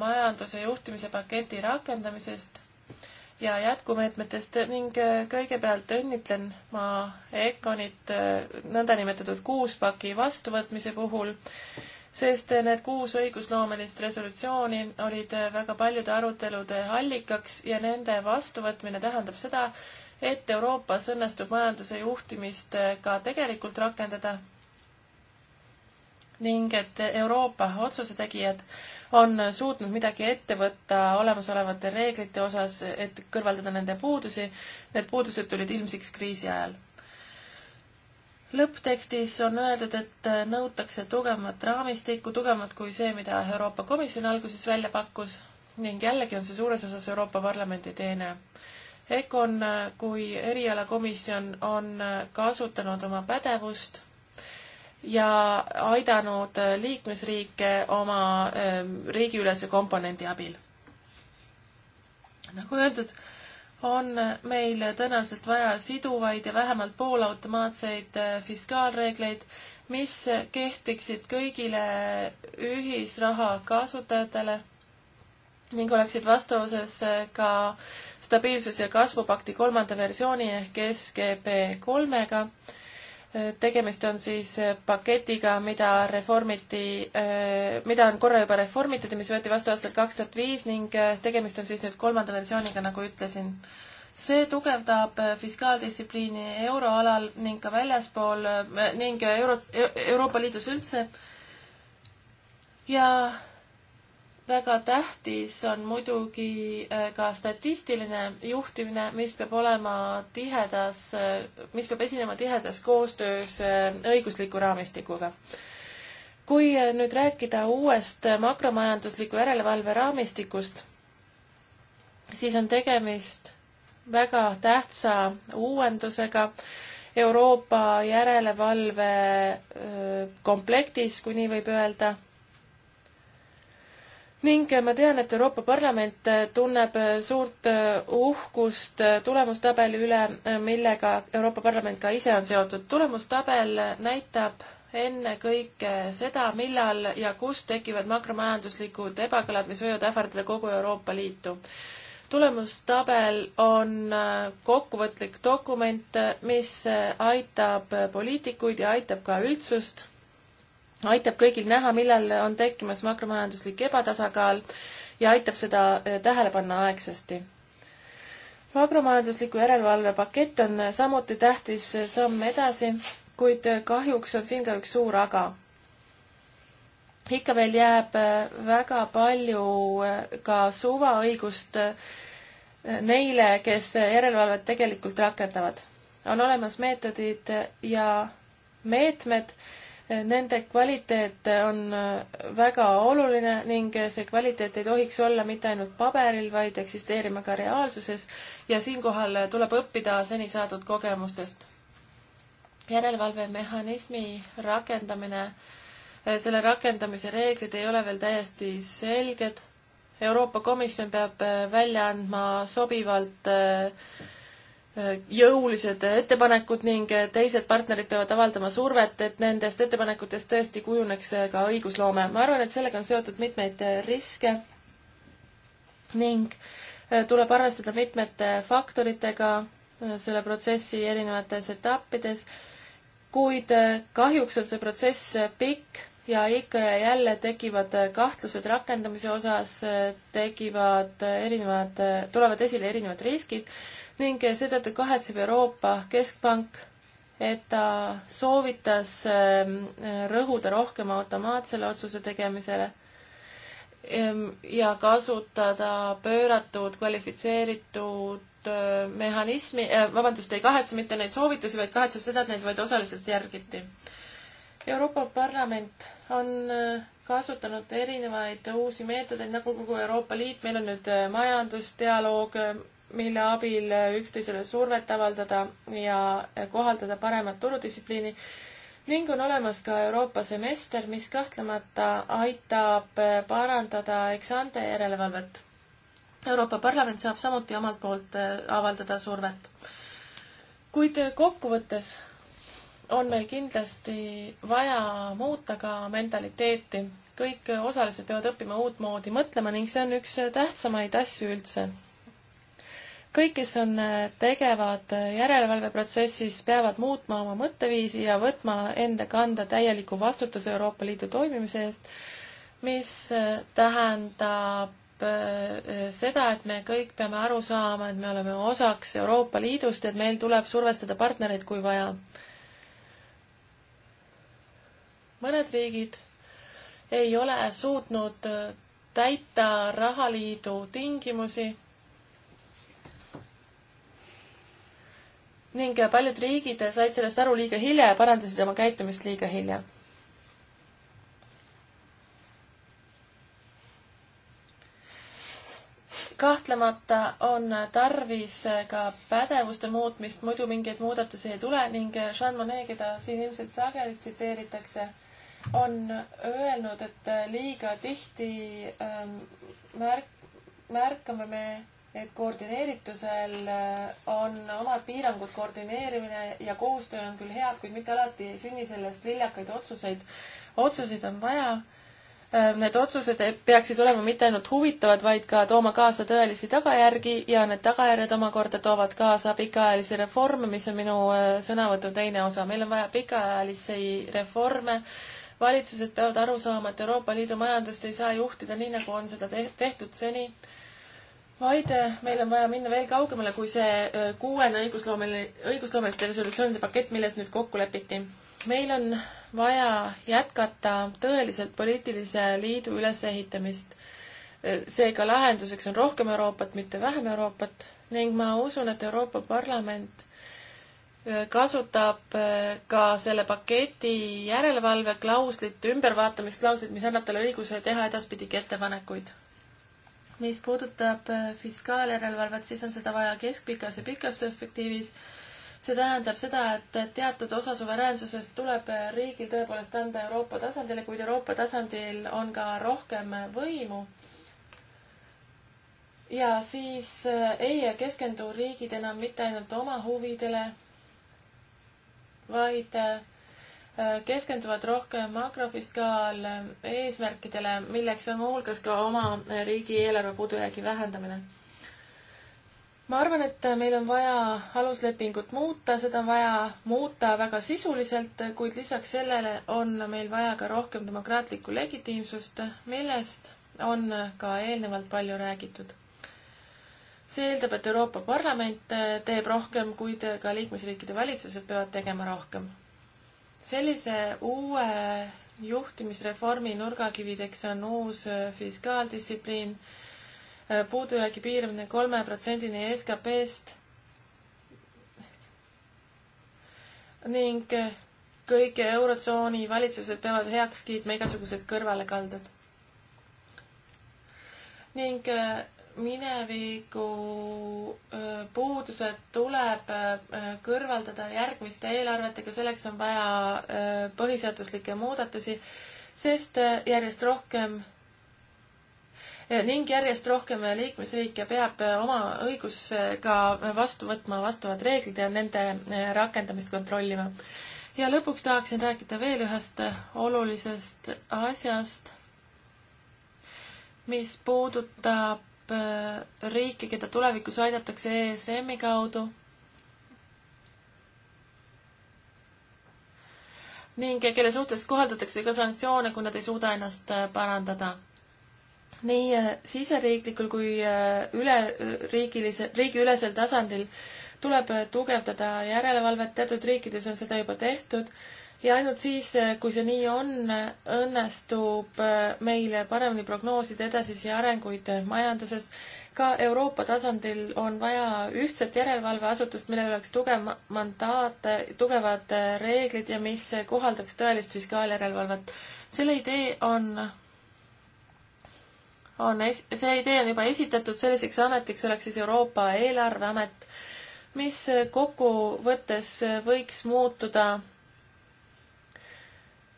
majanduse juhtimise paketi rakendamisest ja jätkumeetmetest ning äh, kõigepealt õnnitlen ma Econit äh, nõndanimetatud kuuspaki vastuvõtmise puhul, sest need kuus õigusloomelist resolutsiooni olid äh, väga paljude arutelude allikaks ja nende vastuvõtmine tähendab seda, et Euroopas õnnestub majanduse juhtimist ka tegelikult rakendada ning et Euroopa otsusetegijad on suutnud midagi ette võtta olemasolevate reeglite osas, et kõrvaldada nende puudusi. Need puudused tulid ilmsiks kriisi ajal. lõpptekstis on öeldud, et nõutakse tugevamat raamistikku, tugevamat kui see, mida Euroopa Komisjon alguses välja pakkus ning jällegi on see suures osas Euroopa Parlamendi teene EKON kui erialakomisjon on kasutanud oma pädevust ja aidanud liikmesriike oma ähm, riigiülese komponendi abil. nagu öeldud, on meil tõenäoliselt vaja siduvaid ja vähemalt poolautomaatseid äh, fiskaalreegleid, mis kehtiksid kõigile ühisraha kasutajatele ning oleksid vastavuses äh, ka stabiilsus- ja kasvupakti kolmanda versiooni ehk SGB kolmega, tegemist on siis äh, paketiga, mida reformiti, äh, mida on korra juba reformitud ja mis võeti vastu aastal kaks tuhat viis ning äh, tegemist on siis nüüd kolmanda versiooniga, nagu ütlesin. see tugevdab fiskaaldistsipliini euroalal ning ka väljaspool ning euro, Euroopa Liidus üldse ja väga tähtis on muidugi äh, ka statistiline juhtimine, mis peab olema tihedas, äh, mis peab esinema tihedas koostöös äh, õigusliku raamistikuga. kui nüüd rääkida uuest makromajandusliku järelevalve raamistikust, siis on tegemist väga tähtsa uuendusega Euroopa järelevalve komplektis, kui nii võib öelda ning ma tean, et Euroopa Parlament tunneb suurt äh, uhkust äh, tulemustabeli üle, äh, millega Euroopa Parlament ka ise on seotud. tulemustabel näitab ennekõike seda, millal ja kus tekivad makromajanduslikud ebakõlad, mis võivad ähvardada kogu Euroopa Liitu. tulemustabel on kokkuvõtlik dokument, mis aitab poliitikuid ja aitab ka üldsust aitab kõigil näha, millal on tekkimas makromajanduslik ebatasakaal ja aitab seda eh, tähele panna aegsasti. makromajandusliku järelevalve pakett on samuti tähtis samm edasi, kuid kahjuks on siin ka üks suur aga. ikka veel jääb eh, väga palju eh, ka suvaõigust neile, kes järelevalvet tegelikult rakendavad. on olemas meetodid ja meetmed, Nende kvaliteet on väga oluline ning see kvaliteet ei tohiks olla mitte ainult paberil, vaid eksisteerima ka reaalsuses ja siinkohal tuleb õppida seni saadud kogemustest. järelevalvemehhanismi rakendamine, selle rakendamise reeglid ei ole veel täiesti selged Euroopa Komisjon peab välja andma sobivalt äh, jõulised ettepanekud ning teised partnerid peavad avaldama survet, et nendest ettepanekutest tõesti kujuneks ka õigusloome. ma arvan, et sellega on seotud mitmeid riske ning äh, tuleb arvestada mitmete faktoritega äh, selle protsessi erinevates etappides, kuid äh, kahjuks on see protsess pikk ja ikka ja jälle tekivad kahtlused rakendamise osas, tekivad erinevad, tulevad esile erinevad riskid ning seetõttu kahetseb Euroopa Keskpank, et ta soovitas ähm, rõhuda rohkem automaatsele otsuse tegemisele ähm, ja kasutada pööratud kvalifitseeritud äh, mehhanismi, äh, vabandust, ei kahetse mitte neid soovitusi, vaid kahetseb seda, et neid vaid osaliselt järgiti. Euroopa Parlament on äh, kasutanud erinevaid uusi meetodeid, nagu kogu Euroopa Liit, meil on nüüd majandusdialoog, mille abil üksteisele survet avaldada ja kohaldada paremat turudistsipliini ning on olemas ka Euroopa semester, mis kahtlemata aitab parandada eksante järelevalvet. Euroopa Parlament saab samuti omalt poolt äh, avaldada survet. kuid äh, kokkuvõttes on meil kindlasti vaja muuta ka mentaliteeti. kõik osalised peavad õppima uutmoodi mõtlema ning see on üks äh, tähtsamaid asju üldse kõik, kes on äh, tegevad äh, järelevalveprotsessis, peavad muutma oma mõtteviisi ja võtma enda kanda täieliku vastutuse Euroopa Liidu toimimise eest, mis äh, tähendab seda, et me kõik peame aru saama, et me oleme osaks Euroopa Liidust, et meil tuleb survestada partnereid, kui vaja. mõned riigid ei ole suutnud täita rahaliidu tingimusi ning paljud riigid said sellest aru liiga hilja ja parandasid oma käitumist liiga hilja. kahtlemata on tarvis ka pädevuste muutmist, muidu mingeid muudatusi ei tule ning Jean Monnet, keda siin ilmselt sageli tsiteeritakse, on öelnud, et liiga tihti ähm, märk-, märkame me et koordineeritusel äh, on omad piirangud, koordineerimine ja koostöö on küll head, kuid mitte alati ei sünni sellest viljakaid otsuseid. otsuseid on vaja. Äh, need otsused peaksid olema mitte ainult huvitavad, vaid ka tooma kaasa tõelisi tagajärgi ja need tagajärjed omakorda toovad kaasa pikaajalisi reforme, mis on minu äh, sõnavõtu teine osa. meil on vaja pikaajalisi reforme valitsused peavad aru saama, et Euroopa Liidu majandust ei saa juhtida nii, nagu on seda tehtud seni vaid meil on vaja minna veel kaugemale kui see äh, kuuene õigusloomeline, õigusloomeliste resolutsioonide pakett, milles nüüd kokku lepiti. meil on vaja jätkata tõeliselt poliitilise liidu ülesehitamist. Äh, seega lahenduseks on rohkem Euroopat, mitte vähem Euroopat ning ma usun, et Euroopa Parlament äh, kasutab ka selle paketi järelevalveklauslit, ümbervaatamisklauslit, mis annab talle õiguse teha edaspidigi ettepanekuid mis puudutab äh, fiskaaljärelevalvet, siis on seda vaja keskpikas ja pikas perspektiivis. see tähendab seda, et teatud osa suveräänsusest tuleb äh, riigil tõepoolest anda Euroopa tasandile, kuid Euroopa tasandil on ka rohkem võimu. ja siis äh, ei keskendu riigid enam mitte ainult oma huvidele, vaid keskenduvad rohkem makrofiskaaleesmärkidele, milleks on muuhulgas ka oma riigieelarve puudujäägi vähendamine. ma arvan, et meil on vaja aluslepingut muuta, seda on vaja muuta väga sisuliselt, kuid lisaks sellele on meil vaja ka rohkem demokraatlikku legitiimsust, millest on ka eelnevalt palju räägitud. see eeldab, et Euroopa Parlament teeb rohkem, kuid ka liikmesriikide valitsused peavad tegema rohkem sellise uue juhtimisreformi nurgakivideks on uus äh, fiskaaldistsipliin, äh, puudujäägi piiramine kolme protsendini SKP-st ning äh, kõik Eurotsooni valitsused peavad heaks kiitma igasugused kõrvalekalded. ning mineviku puudused tuleb kõrvaldada järgmiste eelarvetega, selleks on vaja põhiseaduslikke muudatusi, sest järjest rohkem ning järjest rohkem liikmesriike peab oma õigusega vastu võtma vastavad reeglid ja nende rakendamist kontrollima. ja lõpuks tahaksin rääkida veel ühest olulisest asjast, mis puudutab Äh, riike, keda tulevikus aidatakse ESM-i kaudu. ning kelle suhtes kohaldatakse ka sanktsioone, kui nad ei suuda ennast äh, parandada. nii äh, siseriiklikul kui üleriigilise, riigiülesel tasandil tuleb tugevdada järelevalvet, teatud riikides on seda juba tehtud ja ainult siis, eh, kui see nii on, eh, õnnestub eh, meil paremini prognoosida edasisi arenguid majanduses. ka Euroopa tasandil on vaja ühtset järelevalveasutust, millel oleks tugev mandaat, tugevad reeglid ja mis kohaldaks tõelist fiskaaljärelevalvet. selle idee on on es-, see idee on juba esitatud, selliseks ametiks oleks siis Euroopa Eelarveamet, mis kokkuvõttes võiks muutuda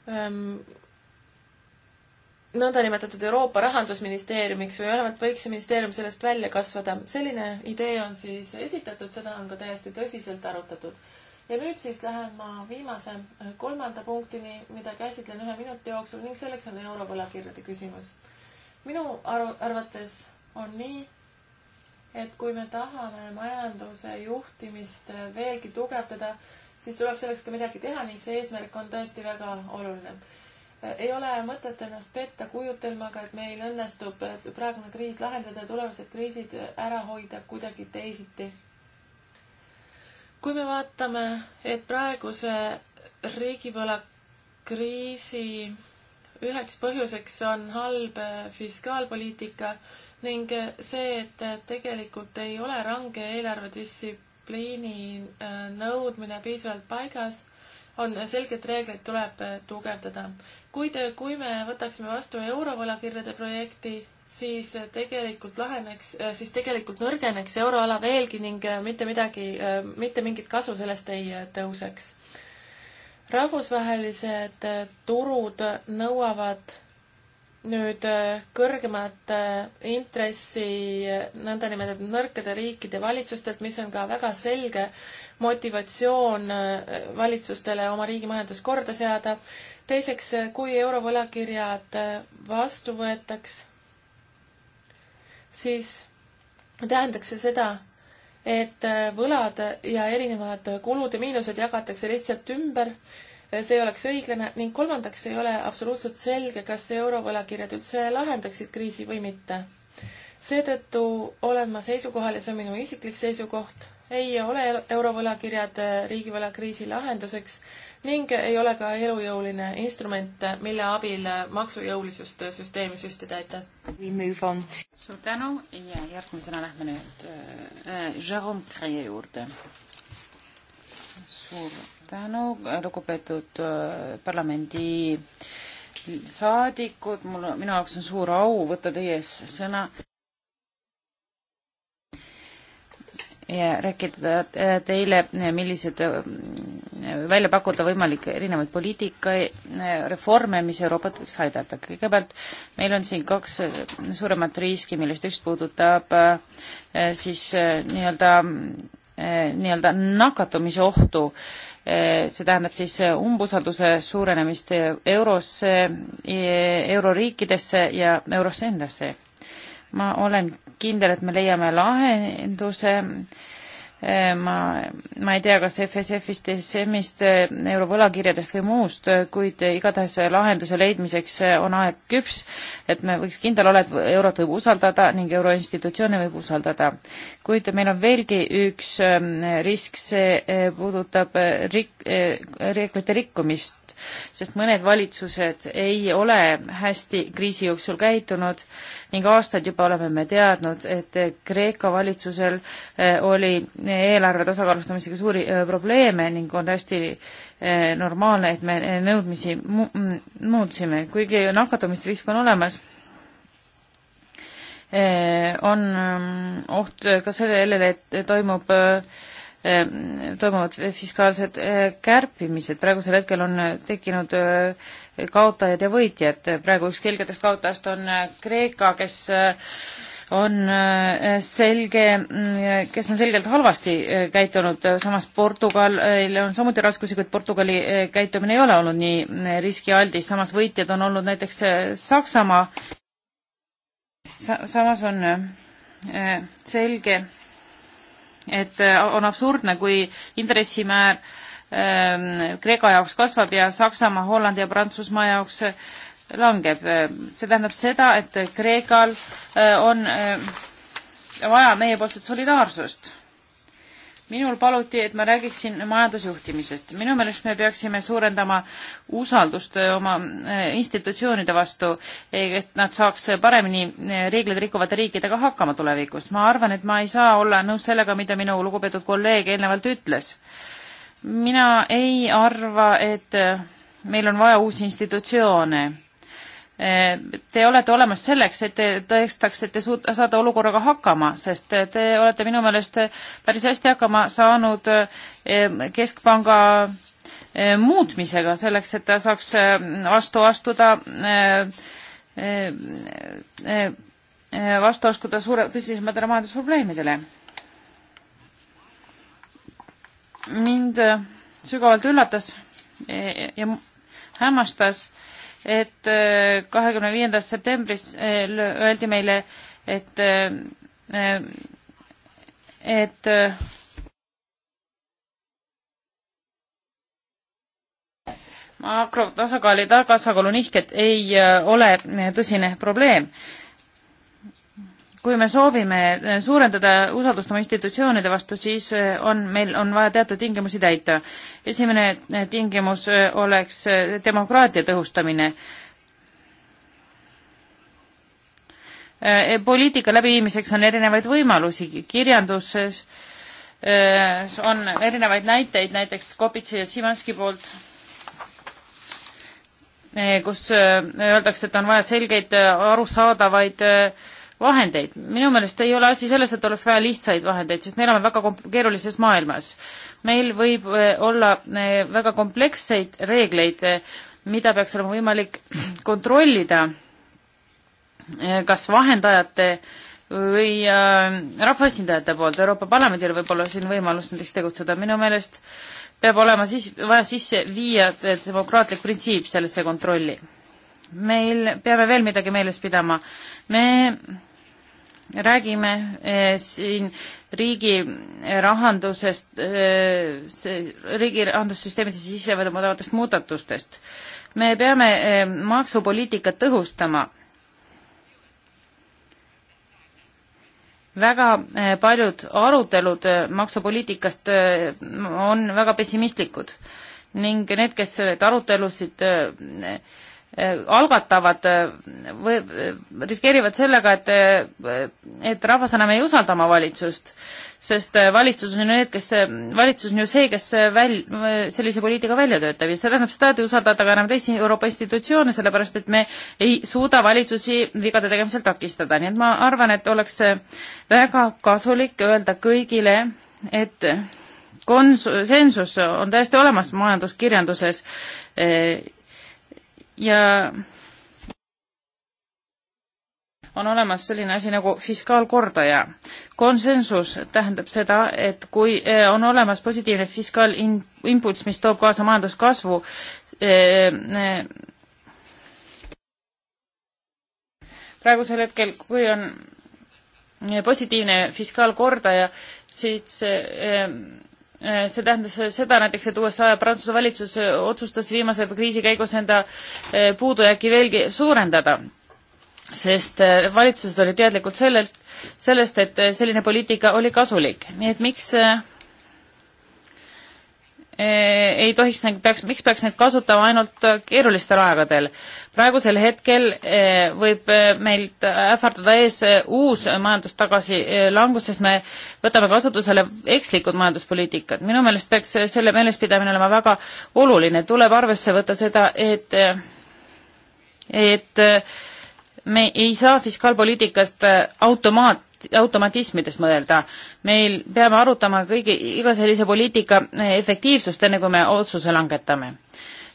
Ehm, nõndanimetatud Euroopa rahandusministeeriumiks või vähemalt võiks see ministeerium sellest välja kasvada. selline idee on siis esitatud, seda on ka täiesti tõsiselt arutatud. ja nüüd siis lähen ma viimase, eh, kolmanda punktini, mida käsitlen ühe minuti jooksul ning selleks on eurovõlakirjade küsimus. minu aru, arvates on nii, et kui me tahame majanduse juhtimist veelgi tugevdada, siis tuleb selleks ka midagi teha ning see eesmärk on tõesti väga oluline. Äh, ei ole mõtet ennast petta kujutelmaga, et meil õnnestub äh, praegune kriis lahendada ja tulevased kriisid äh, ära hoida kuidagi teisiti. kui me vaatame, et praeguse riigivõlakriisi üheks põhjuseks on halb fiskaalpoliitika ning see, et tegelikult ei ole range eelarvedistsipliin distsipliini äh, nõudmine piisavalt paigas, on selged reeglid, tuleb äh, tugevdada. kuid kui me võtaksime vastu eurovõlakirjade projekti, siis tegelikult laheneks, äh, siis tegelikult nõrgeneks euroala veelgi ning mitte midagi, mitte mingit kasu sellest ei tõuseks. rahvusvahelised turud nõuavad nüüd äh, kõrgemad äh, intressi äh, nõndanimetatud nõrkade riikide valitsustelt, mis on ka väga selge motivatsioon valitsustele oma riigi majandus korda seada. teiseks, kui eurovõlakirjad vastu võetaks, siis tähendaks see seda, et võlad ja erinevad kulud ja miinused jagatakse lihtsalt ümber see oleks õiglane ning kolmandaks ei ole absoluutselt selge, kas eurovõlakirjad üldse lahendaksid kriisi või mitte. seetõttu olen ma seisukohal ja see on minu isiklik seisukoht, ei ole eurovõlakirjad riigivõlakriisi lahenduseks ning ei ole ka elujõuline instrument, mille abil maksujõulisust süsteemi süstida, aitäh! suur tänu ja järgmisena lähme nüüd äh, äh Jerome Creye juurde. suur tänu, lugupeetud äh, parlamendi saadikud, mul, minu jaoks on suur au võtta teie ees sõna ja rääkida äh, teile, äh, millised välja pakkuda võimalikke erinevaid poliitikareforme, mis Euroopat võiks aidata. kõigepealt meil on siin kaks suuremat riski, millest üks puudutab siis nii-öelda nii-öelda nakatumise ohtu äh, Eh, see tähendab siis eh, umbusalduse suurenemist eurosse, eh, euroriikidesse ja eurosse endasse. ma olen kindel, et me leiame lahenduse äh, Eh, ma, ma ei tea, kas FSF-ist, ESM-ist, eh, eurovõlakirjadest või muust, eh, kuid igatahes lahenduse leidmiseks on aeg küps, et me võiks kindel olla, et eurot võib usaldada ning euroinstitutsioone võib usaldada. kuid meil on veelgi üks risk, see puudutab rik-, reeglite rikkumist, sest mõned valitsused ei ole hästi kriisi jooksul käitunud ning aastaid juba oleme me teadnud, et Kreeka valitsusel eh, oli eelarve tasakaalustamisega suuri eh, probleeme ning on täiesti eh, normaalne, et me nõudmisi mu-, mm, muutsime, kuigi nakatumisrisk on olemas on mm, oht ka sellele, et toimub, toimuvad fiskaalsed kärpimised, praegusel hetkel on tekkinud kaotajad ja võitjad. praegu üks kelgetest kaotajast on äh, Kreeka, kes äh, on äh, selge, mm, kes on selgelt halvasti käitunud, samas Portugalil on samuti raskusi, kuid Portugali käitumine ei ole olnud nii riskialdis, samas võitjad on olnud näiteks Saksamaa Sa. samas on selge, et on absurdne, kui intressimäär äh, Ehm, Kreeka jaoks kasvab ja Saksamaa, Hollandi ja Prantsusmaa jaoks eh, langeb. Ehm, see tähendab seda, et Kreekal eh, on eh, vaja meiepoolset solidaarsust. minul paluti, et ma räägiksin majandusjuhtimisest. minu meelest me peaksime suurendama usaldust oma institutsioonide vastu, et nad saaks paremini reegleid rikkuvate riikidega hakkama tulevikus. ma arvan, et ma ei saa olla nõus sellega, mida minu lugupeetud kolleeg eelnevalt ütles mina ei arva, et äh, meil on vaja uusi institutsioone. Äh, te olete olemas selleks, et te tõestaks, et te suud-, saate olukorraga hakkama, sest äh, te olete minu meelest päris hästi hakkama saanud Keskpanga muutmisega, selleks et ta saaks vastu astuda vastu astuda suure, tõsisematele majandusprobleemidele mind sügavalt üllatas e, ja hämmastas, et e, kahekümne viiendast septembrist e, öeldi meile, et, et makrotasakaali tasakaalu nihked ei ole tõsine probleem kui me soovime äh, suurendada usaldust oma institutsioonide vastu, siis äh, on, meil on vaja teatud tingimusi täita. esimene äh, tingimus oleks demokraatia tõhustamine. E, poliitika läbiviimiseks on erinevaid võimalusi, kirjanduses on erinevaid näiteid, näiteks Kopitsi ja Simanski poolt, kus öeldakse, et on vaja selgeid arusaadavaid äh, vahendeid. minu meelest ei ole asi selles, et oleks vaja lihtsaid vahendeid, sest me elame väga keerulises maailmas. meil võib eh, olla eh, väga kompleksseid reegleid, eh, mida peaks olema võimalik <clears throat> kontrollida kas vahendajate või rahvaesindajate poolt, Euroopa Parlamendil võib olla siin võimalus näiteks tegutseda, minu meelest peab olema siis, vaja sisse viia demokraatlik printsiip sellesse kontrolli meil, peame veel midagi meeles pidama. me räägime eh, siin riigi eh, rahandusest, eh, riigi rahandussüsteemidesse sisse võetavatest muudatustest. me peame maksupoliitikat tõhustama väga paljud arutelud maksupoliitikast on väga pessimistlikud ning need, kes arutelusid algatavad või riskeerivad sellega, et, et rahvas enam ei usalda oma valitsust, sest valitsus on ju need, kes, valitsus on ju see, kes väl-, sellise poliitika välja töötab ja see tähendab seda, et ei usaldata ka enam teisi Euroopa institutsioone, sellepärast et me ei suuda valitsusi vigade tegemisel takistada, nii et ma arvan, et oleks väga kasulik öelda kõigile, et kons-, sensus on täiesti olemas majanduskirjanduses eh, ja on olemas selline asi nagu fiskaalkordaja. konsensus tähendab seda, et kui eh, on olemas positiivne fiskaalimpuls, mis toob kaasa majanduskasvu, eh, eh, praegusel hetkel, kui on positiivne fiskaalkordaja, siis Äh, see tähendas seda näiteks, et USA ja Prantsuse valitsus äh, otsustas viimase kriisi käigus enda äh, puudujääki veelgi suurendada, sest valitsused olid teadlikud sellelt, sellest, et selline poliitika oli kasulik, nii et miks Eh, ei tohiks, peaks, miks peaks neid kasutama ainult äh, keerulistel aegadel? praegusel hetkel eh, võib eh, meilt ähvardada ees uus majandus tagasi langus, sest me võtame kasutusele ekslikud majanduspoliitikad. minu meelest peaks selle meelespidamine olema väga oluline, tuleb arvesse võtta seda, et, et me ei saa fiskaalpoliitikast automaat, automatismidest mõelda. meil peame arutama kõigi, iga sellise poliitika eh, efektiivsust, enne kui me otsuse langetame.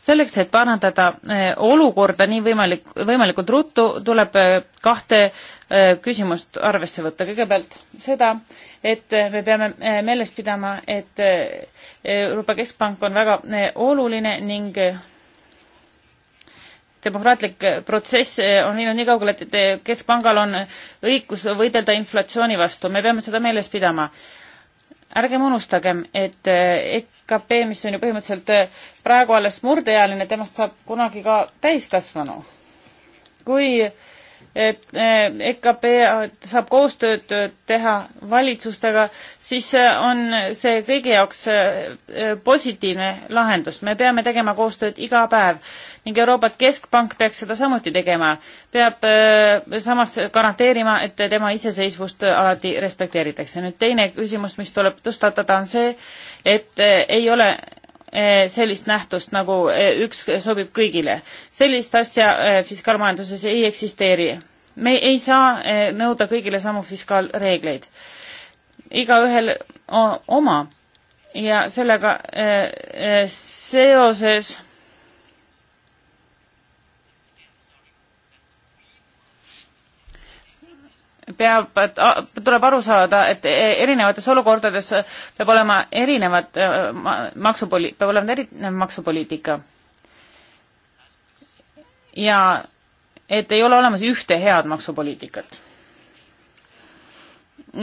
selleks, et parandada eh, olukorda nii võimalik, võimalikult ruttu, tuleb eh, kahte küsimust arvesse võtta. kõigepealt seda, et me peame meeles pidama, et Euroopa Keskpank on väga oluline ning demokraatlik eh, protsess eh, on viinud nii kaugele, et keskpangal on õigus võidelda inflatsiooni vastu, me peame seda meeles pidama. ärgem unustagem, et EKP, eh, e mis on ju põhimõtteliselt praegu alles murdeealine, temast saab kunagi ka täiskasvanu. kui äh, et EKP eh, e saab koostööd teha valitsustega, siis eh, on see kõigi jaoks eh, positiivne lahendus. me peame tegema koostööd iga päev ning Euroopa Keskpank peaks seda samuti tegema. peab samas garanteerima, et tema iseseisvust alati respekteeritakse. nüüd teine küsimus, mis tuleb tõstatada, on see, et ei ole Eh, sellist nähtust nagu eh, üks sobib kõigile. sellist asja eh, fiskaalmajanduses ei eksisteeri. me ei saa nõuda kõigile samu fiskaalreegleid. igaühel oma ja sellega seoses peab, tuleb aru saada, et e, erinevates olukordades peab olema erinevad e, maksupoli-, peab olema erinev maksupoliitika. ja et ei ole olemas ühte head maksupoliitikat.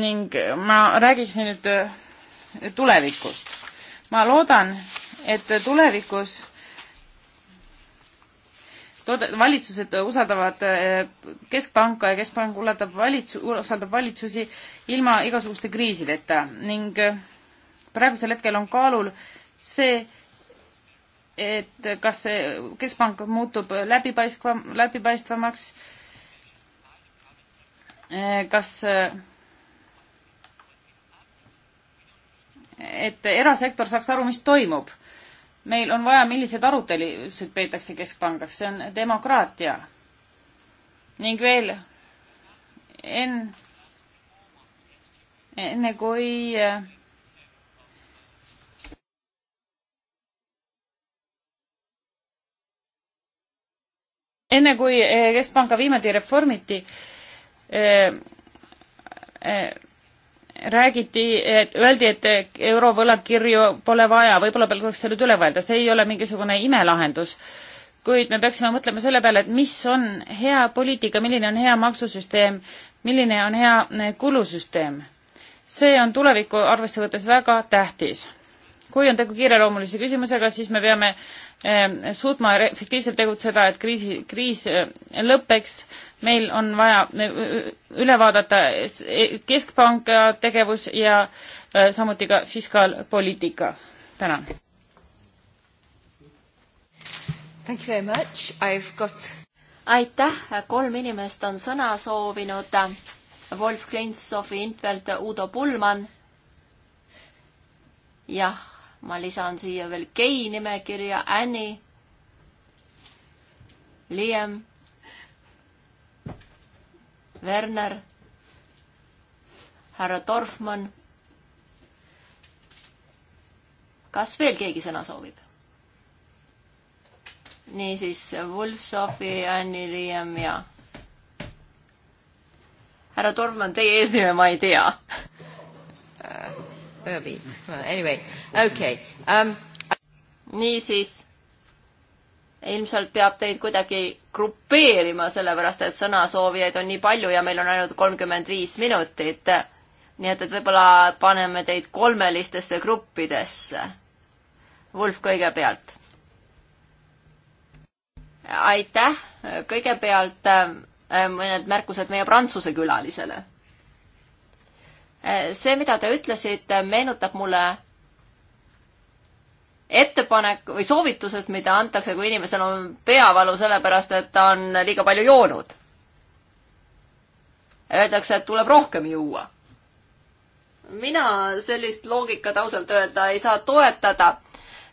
ning ma räägiksin nüüd e, tulevikust. ma loodan, et tulevikus valitsused usaldavad eh, keskpanka ja keskpank usaldab valitsu-, usaldab valitsusi ilma igasuguste kriisideta ning eh, praegusel hetkel on kaalul see, et kas see keskpank muutub läbipaistva, läbipaistvamaks, eh, kas et erasektor saaks aru, mis toimub meil on vaja, milliseid arutelusid peetakse Keskpangas, see on demokraatia. ning veel en-, enne kui enne kui eh, Keskpanka viimati reformiti, eh, eh, räägiti, et öeldi, et eurovõlakirju pole vaja, võib-olla tuleks see nüüd üle mõelda, see ei ole mingisugune imelahendus. kuid me peaksime mõtlema selle peale, et mis on hea poliitika, milline on hea maksusüsteem, milline on hea eh, kulusüsteem. see on tulevikku arvesse võttes väga tähtis. kui on tegu kiireloomulise küsimusega, siis me peame Ähm, suutma efektiivselt tegutseda, et kriisi, kriis äh, lõpeks. meil on vaja üle vaadata e, keskpanga tegevus ja äh, samuti ka fiskaalpoliitika. tänan. Got... aitäh, kolm inimest on sõna soovinud. Wolf Klint, Sofi Intvelt, Udo Pullmann. jah ma lisan siia veel Kei nimekirja, Annie, Liam, Werner, härra Dorfmann. kas veel keegi sõna soovib? niisiis, Wolf, Sofi, Anni, Liam ja härra Dorfmann, teie eesnime ma ei tea <laughs> Kirby. Well, anyway, okay um,. niisiis, ilmselt peab teid kuidagi grupeerima, sellepärast et sõnasoovijaid on nii palju ja meil on ainult kolmkümmend viis minutit. nii et, et võib-olla paneme teid kolmelistesse gruppidesse. Wolf kõigepealt. aitäh, kõigepealt ähm, mõned märkused meie Prantsuse külalisele see, mida te ütlesite, meenutab mulle ettepanek või soovitusest, mida antakse, kui inimesel on peavalu sellepärast, et ta on liiga palju joonud. Öeldakse, et tuleb rohkem juua. mina sellist loogikat ausalt öelda ei saa toetada.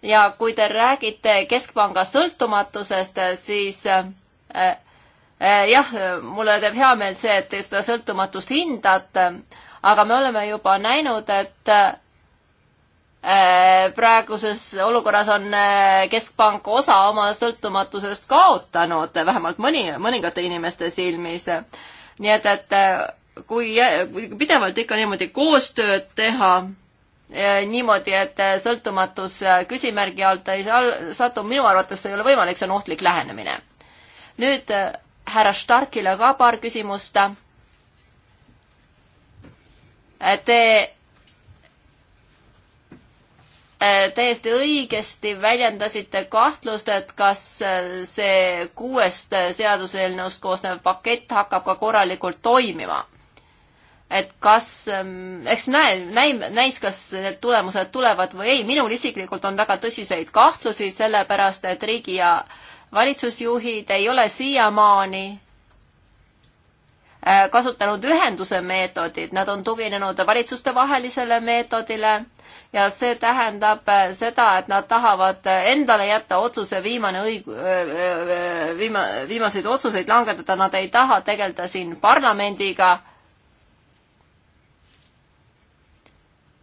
ja kui te räägite Keskpanga sõltumatusest, siis eh, eh, jah, mulle teeb hea meel see, et te seda sõltumatust hindate, aga me oleme juba näinud, et äh, praeguses olukorras on äh, Keskpank osa oma sõltumatusest kaotanud, vähemalt mõni, mõningate inimeste silmis. nii et, et äh, kui pidevalt ikka niimoodi koostööd teha, niimoodi, et sõltumatus küsimärgi alt ei satu, minu arvates see ei ole võimalik, see on ohtlik lähenemine. nüüd härra Starkile ka paar küsimust. Te äh, täiesti õigesti väljendasite kahtlust, et kas äh, see kuuest äh, seaduseelnõust koosnev pakett hakkab ka korralikult toimima. et kas, ähm, eks näe, näi-, näis, kas need tulemused tulevad või ei, minul isiklikult on väga tõsiseid kahtlusi, sellepärast et riigi ja valitsusjuhid ei ole siiamaani Äh, kasutanud ühenduse meetodit, nad on tuginenud valitsustevahelisele meetodile ja see tähendab äh, seda, et nad tahavad äh, endale jätta otsuse viimane õig-, viima-, viimaseid otsuseid langetada, nad ei taha tegeleda siin parlamendiga.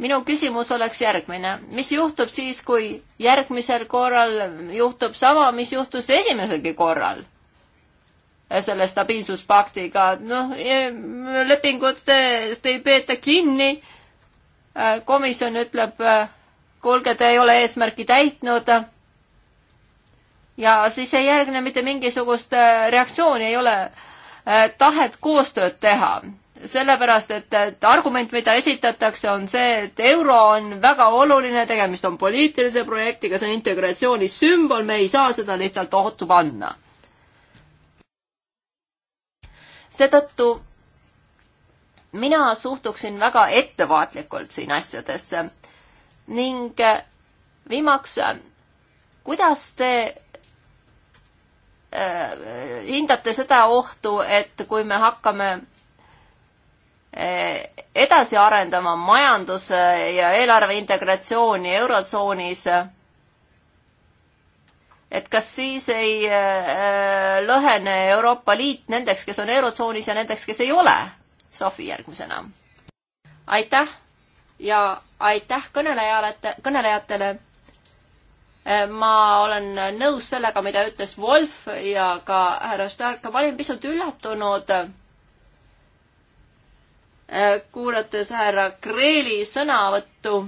minu küsimus oleks järgmine, mis juhtub siis, kui järgmisel korral juhtub sama, mis juhtus esimeselgi korral? selle stabiilsuspaktiga, noh, e, lepingutest ei peeta kinni. Äh, komisjon ütleb, äh, kuulge, te ei ole eesmärki täitnud. ja siis ei järgne mitte mingisugust äh, reaktsiooni, ei ole tahet koostööd teha sellepärast, et, et argument, mida esitatakse, on see, et euro on väga oluline, tegemist on poliitilise projektiga, see on integratsiooni sümbol, me ei saa seda lihtsalt ohtu panna. seetõttu mina suhtuksin väga ettevaatlikult siin asjadesse ning äh, viimaks, äh, kuidas te äh, hindate seda ohtu, et kui me hakkame äh, edasi arendama majanduse ja eelarve integratsiooni Eurotsoonis äh,, et kas siis ei äh, lõhene Euroopa Liit nendeks, kes on Eurotsoonis ja nendeks, kes ei ole? Sofi järgmisena. aitäh ja aitäh kõnelejale, kõnelejatele. Äh, ma olen nõus sellega, mida ütles Wolf ja ka härra Stark, ma olin pisut üllatunud äh, kuulates härra Kreeli sõnavõttu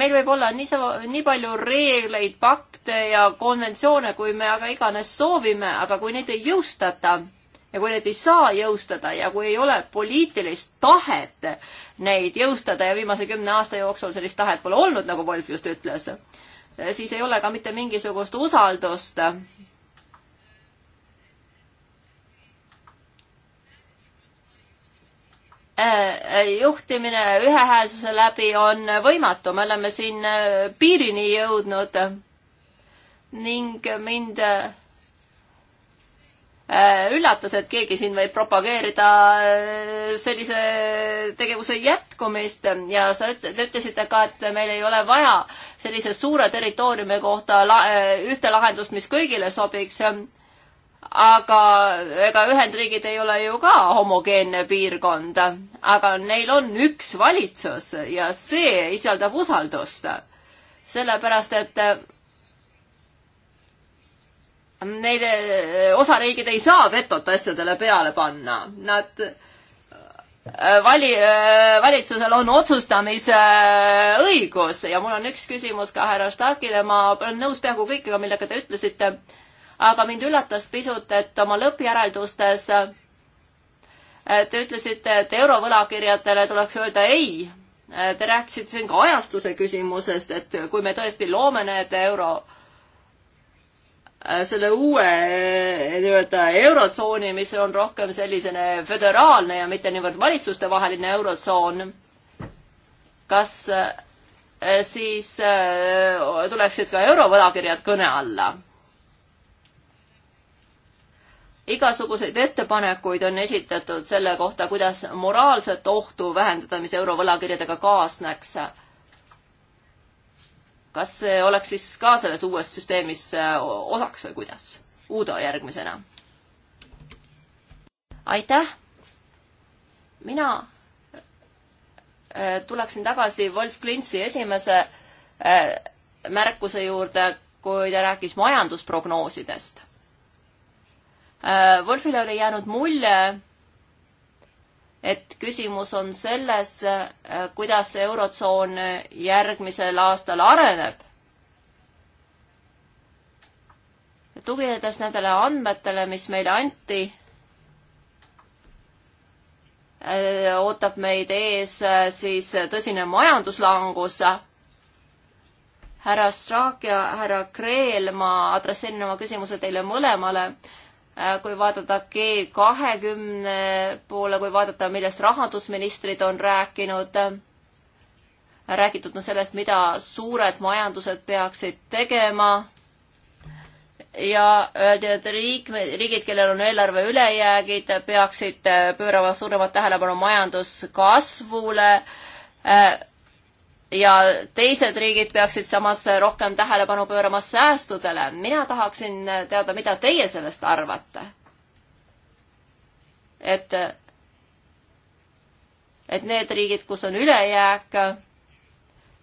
meil võib olla niisama, nii palju reegleid, pakte ja konventsioone, kui me aga iganes soovime, aga kui neid ei jõustata ja kui neid ei saa jõustada ja kui ei ole poliitilist tahet neid jõustada ja viimase kümne aasta jooksul sellist tahet pole olnud, nagu Wolf just ütles, siis ei ole ka mitte mingisugust usaldust Äh, äh, juhtimine ühehäälsuse läbi on võimatu, me oleme siin äh, piirini jõudnud ning mind üllatas, et keegi siin võib propageerida sellise tegevuse jätkumist ja sa üt-, te ütlesite ka, et meil ei ole vaja sellise suure territooriumi kohta la-, ühte lahendust, mis kõigile sobiks aga ega Ühendriigid ei ole ju ka homogeenne piirkond, aga neil on üks valitsus ja see isaldab usaldust. sellepärast, et äh, neile, äh, osariigid ei saa vetot asjadele peale panna, nad äh, vali-, valitsusel on otsustamise õigus ja mul on üks küsimus ka härra Starkile, ma olen nõus peaaegu kõikidega, millega te ütlesite aga mind üllatas pisut, et oma lõppjäreldustes äh, te ütlesite, et eurovõlakirjadele tuleks öelda ei. Äh, te rääkisite siin ka ajastuse küsimusest, et kui me tõesti loome need euro äh, selle uue nii-öelda eurotsooni, mis on rohkem sellisene föderaalne ja mitte niivõrd valitsustevaheline eurotsoon. kas siis tuleksid ka eurovõlakirjad kõne alla? igasuguseid ettepanekuid on esitatud selle kohta, kuidas moraalset ohtu vähendada, mis eurovõlakirjadega kaasneks. kas see oleks siis ka selles uues süsteemis äh, osaks või kuidas? Uudo järgmisena. aitäh. mina äh, tuleksin tagasi Wolf Klintsi esimese äh, märkuse juurde, kui ta rääkis majandusprognoosidest Äh, Wolfile oli jäänud mulje, et küsimus on selles, äh, kuidas Eurotsoon järgmisel aastal areneb. tuginedes nendele andmetele, mis meile anti, äh, ootab meid ees siis tõsine majanduslangus härra Straak ja härra Kreel, ma adresseerin oma küsimuse teile mõlemale. Äh, kui vaadata G kahekümne poole, kui vaadata, millest rahandusministrid on rääkinud, äh, räägitud on sellest, mida suured majandused peaksid tegema ja öeldi, et riik, riigid, kellel on eelarve ülejäägid, peaksid äh, pöörama suuremat tähelepanu majanduskasvule äh,, ja teised riigid peaksid samas rohkem tähelepanu pöörama säästudele. mina tahaksin teada, mida teie sellest arvate? et, et need riigid, kus on ülejääk,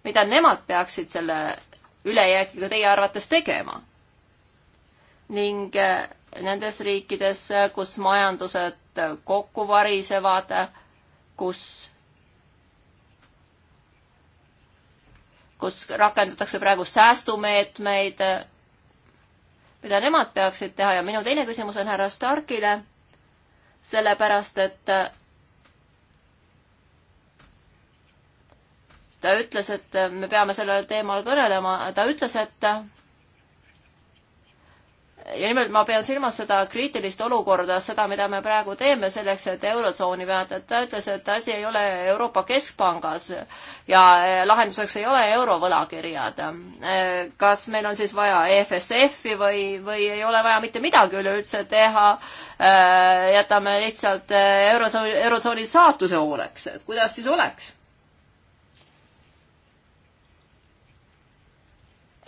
mida nemad peaksid selle ülejäägiga teie arvates tegema? ning eh, nendes riikides, kus majandused kokku varisevad, kus kus rakendatakse praegu säästumeetmeid, mida nemad peaksid teha ja minu teine küsimus on härra Starkile, sellepärast et ta ütles, et me peame sellel teemal kõnelema, ta ütles, et ja nimelt ma pean silmas seda kriitilist olukorda, seda, mida me praegu teeme selleks, et eurotsooni veada, et ta ütles, et asi ei ole Euroopa Keskpangas ja eh, lahenduseks ei ole eurovõlakirjad. Eh, kas meil on siis vaja EFSF-i või, või ei ole vaja mitte midagi üleüldse teha, eh, jätame lihtsalt eurotsooni, eurotsooni saatuse hooleks, et kuidas siis oleks?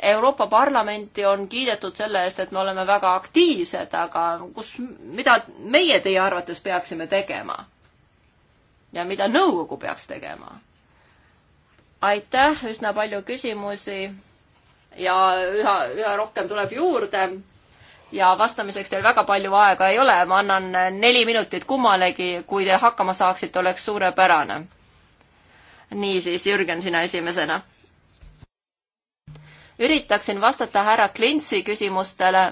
Euroopa Parlamenti on kiidetud selle eest, et me oleme väga aktiivsed, aga kus, mida meie teie arvates peaksime tegema? ja mida nõukogu peaks tegema? aitäh, üsna palju küsimusi ja üha, üha rohkem tuleb juurde ja vastamiseks teil väga palju aega ei ole, ma annan neli minutit kummalegi, kui te hakkama saaksite, oleks suurepärane. niisiis, Jürgen, sina esimesena üritaksin vastata härra Klintsi küsimustele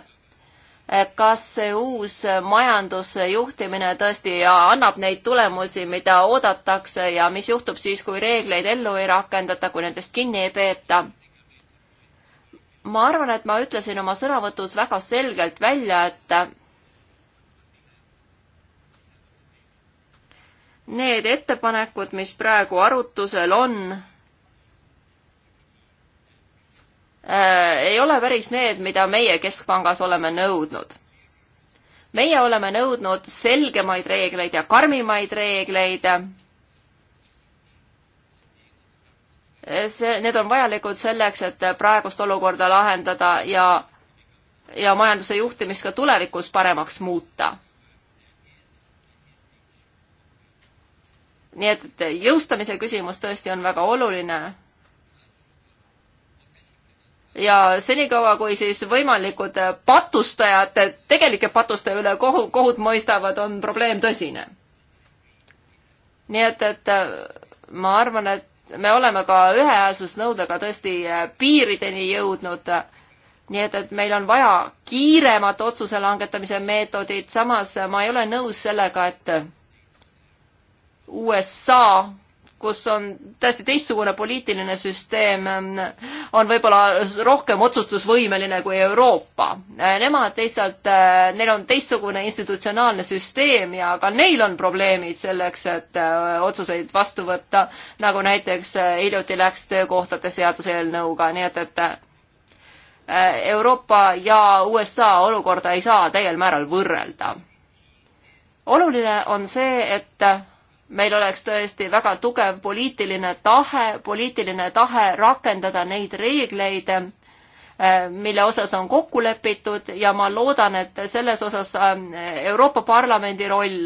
kas see uus majandusjuhtimine tõesti annab neid tulemusi, mida oodatakse ja mis juhtub siis, kui reegleid ellu ei rakendata, kui nendest kinni ei peeta? ma arvan, et ma ütlesin oma sõnavõtus väga selgelt välja, et need ettepanekud, mis praegu arutusel on, Äh, ei ole päris need, mida meie Keskpangas oleme nõudnud. meie oleme nõudnud selgemaid reegleid ja karmimaid reegleid. Äh, see, need on vajalikud selleks, et praegust olukorda lahendada ja, ja majanduse juhtimist ka tulevikus paremaks muuta nii et, et jõustamise küsimus tõesti on väga oluline ja senikaua, kui siis võimalikud patustajad, tegelike patustaja üle kohu, kohut mõistavad, on probleem tõsine. nii et, et äh, ma arvan, et me oleme ka ühehäälsusnõudega tõesti äh, piirideni jõudnud. nii et, et meil on vaja kiiremat otsuse langetamise meetodit, samas ma ei ole nõus sellega, et USA kus on täiesti teistsugune poliitiline süsteem, on võib-olla rohkem otsustusvõimeline kui Euroopa. Nemad lihtsalt, neil on teistsugune institutsionaalne süsteem ja ka neil on probleemid selleks, et äh, otsuseid vastu võtta, nagu näiteks äh, hiljuti läks töökohtade seaduseelnõuga, nii et, et äh, Euroopa ja USA olukorda ei saa täiel määral võrrelda. oluline on see, et meil oleks tõesti väga tugev poliitiline tahe, poliitiline tahe rakendada neid reegleid, äh, mille osas on kokku lepitud ja ma loodan, et selles osas äh, Euroopa Parlamendi roll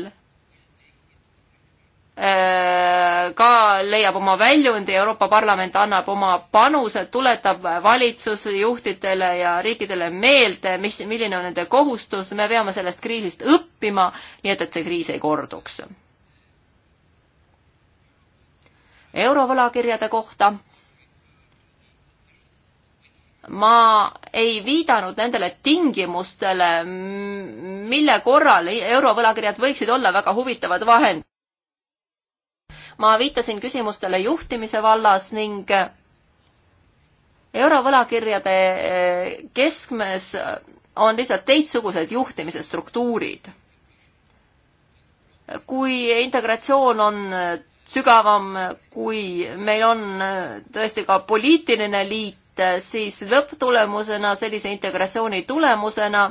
äh, ka leiab oma väljundi, Euroopa Parlament annab oma panuse, tuletab valitsusjuhtidele ja riikidele meelde, mis, milline on nende kohustus, me peame sellest kriisist õppima, nii et, et see kriis ei korduks eurovõlakirjade kohta. ma ei viidanud nendele tingimustele, mille korral eurovõlakirjad võiksid olla väga huvitavad vahendid. ma viitasin küsimustele juhtimise vallas ning eurovõlakirjade eh, keskmes on lihtsalt teistsugused juhtimise struktuurid. kui integratsioon on sügavam, kui meil on äh, tõesti ka poliitiline liit, äh, siis lõpptulemusena, sellise integratsiooni tulemusena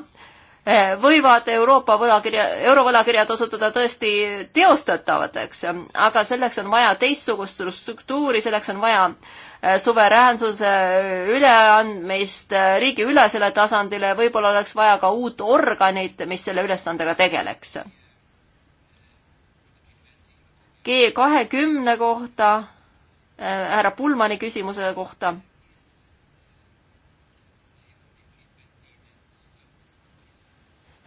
äh, võivad Euroopa võlakirja, eurovõlakirjad osutuda tõesti teostatavateks, aga selleks on vaja teistsugust struktuuri, selleks on vaja suveräänsuse üleandmist riigi ülesele tasandile, võib-olla oleks vaja ka uut organit, mis selle ülesandega tegeleks G kahekümne kohta, äh, härra Pulmani küsimuse kohta.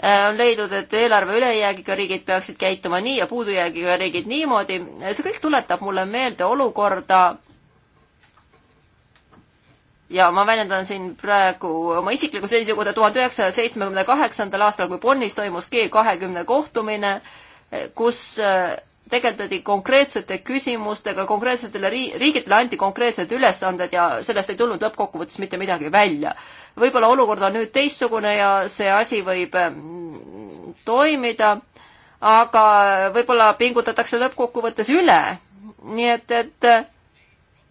Äh, on leidnud, et eelarve ülejäägiga riigid peaksid käituma nii ja puudujäägiga riigid niimoodi. see kõik tuletab mulle meelde olukorda, ja ma väljendan siin praegu oma isiklikku seisukohta tuhande üheksasaja seitsmekümne kaheksandal aastal, kui Bonnis toimus G kahekümne kohtumine, kus äh, tegeldati konkreetsete küsimustega, konkreetsetele riik, riigitele anti konkreetsed ülesanded ja sellest ei tulnud lõppkokkuvõttes mitte midagi välja. võib-olla olukord on nüüd teistsugune ja see asi võib mm, toimida, aga võib-olla pingutatakse lõppkokkuvõttes üle, nii et, et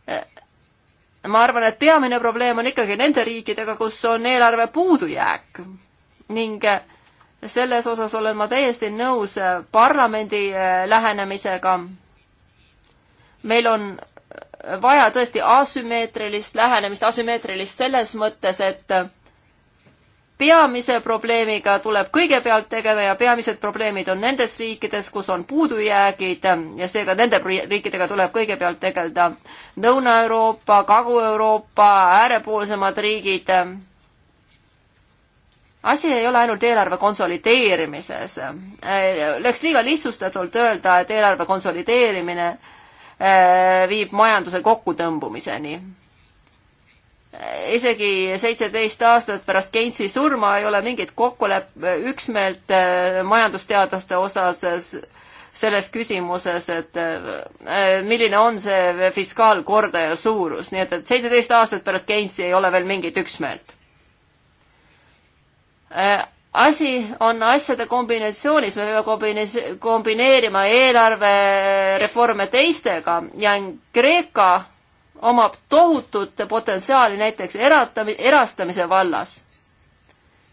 eh, ma arvan, et peamine probleem on ikkagi nende riikidega, kus on eelarve puudujääk ning äh, selles osas olen ma täiesti nõus äh, parlamendi äh, lähenemisega. meil on äh, vaja tõesti asümmeetrilist lähenemist, asümmeetrilist selles mõttes, et peamise probleemiga tuleb kõigepealt tegeleda ja peamised probleemid on nendes riikides, kus on puudujäägid ja seega nende riikidega tuleb kõigepealt tegeleda. Lõuna-Euroopa, Kagu-Euroopa, äärepoolsemad riigid asi ei ole ainult eelarve konsolideerimises. Äh, läks liiga lihtsustatult öelda, et eelarve konsolideerimine äh, viib majanduse kokkutõmbumiseni. Äh, isegi seitseteist aastat pärast Keinsi surma ei ole mingit kokkuleppe, üksmeelt majandusteadlaste osas selles küsimuses, et milline on see fiskaalkordaja suurus, nii et, et seitseteist aastat pärast Keinsi ei ole veel mingit üksmeelt Äh, asi on asjade kombinatsioonis, me peame kombineerima eelarvereforme äh, teistega ja Kreeka omab tohutut potentsiaali näiteks eratami-, erastamise vallas.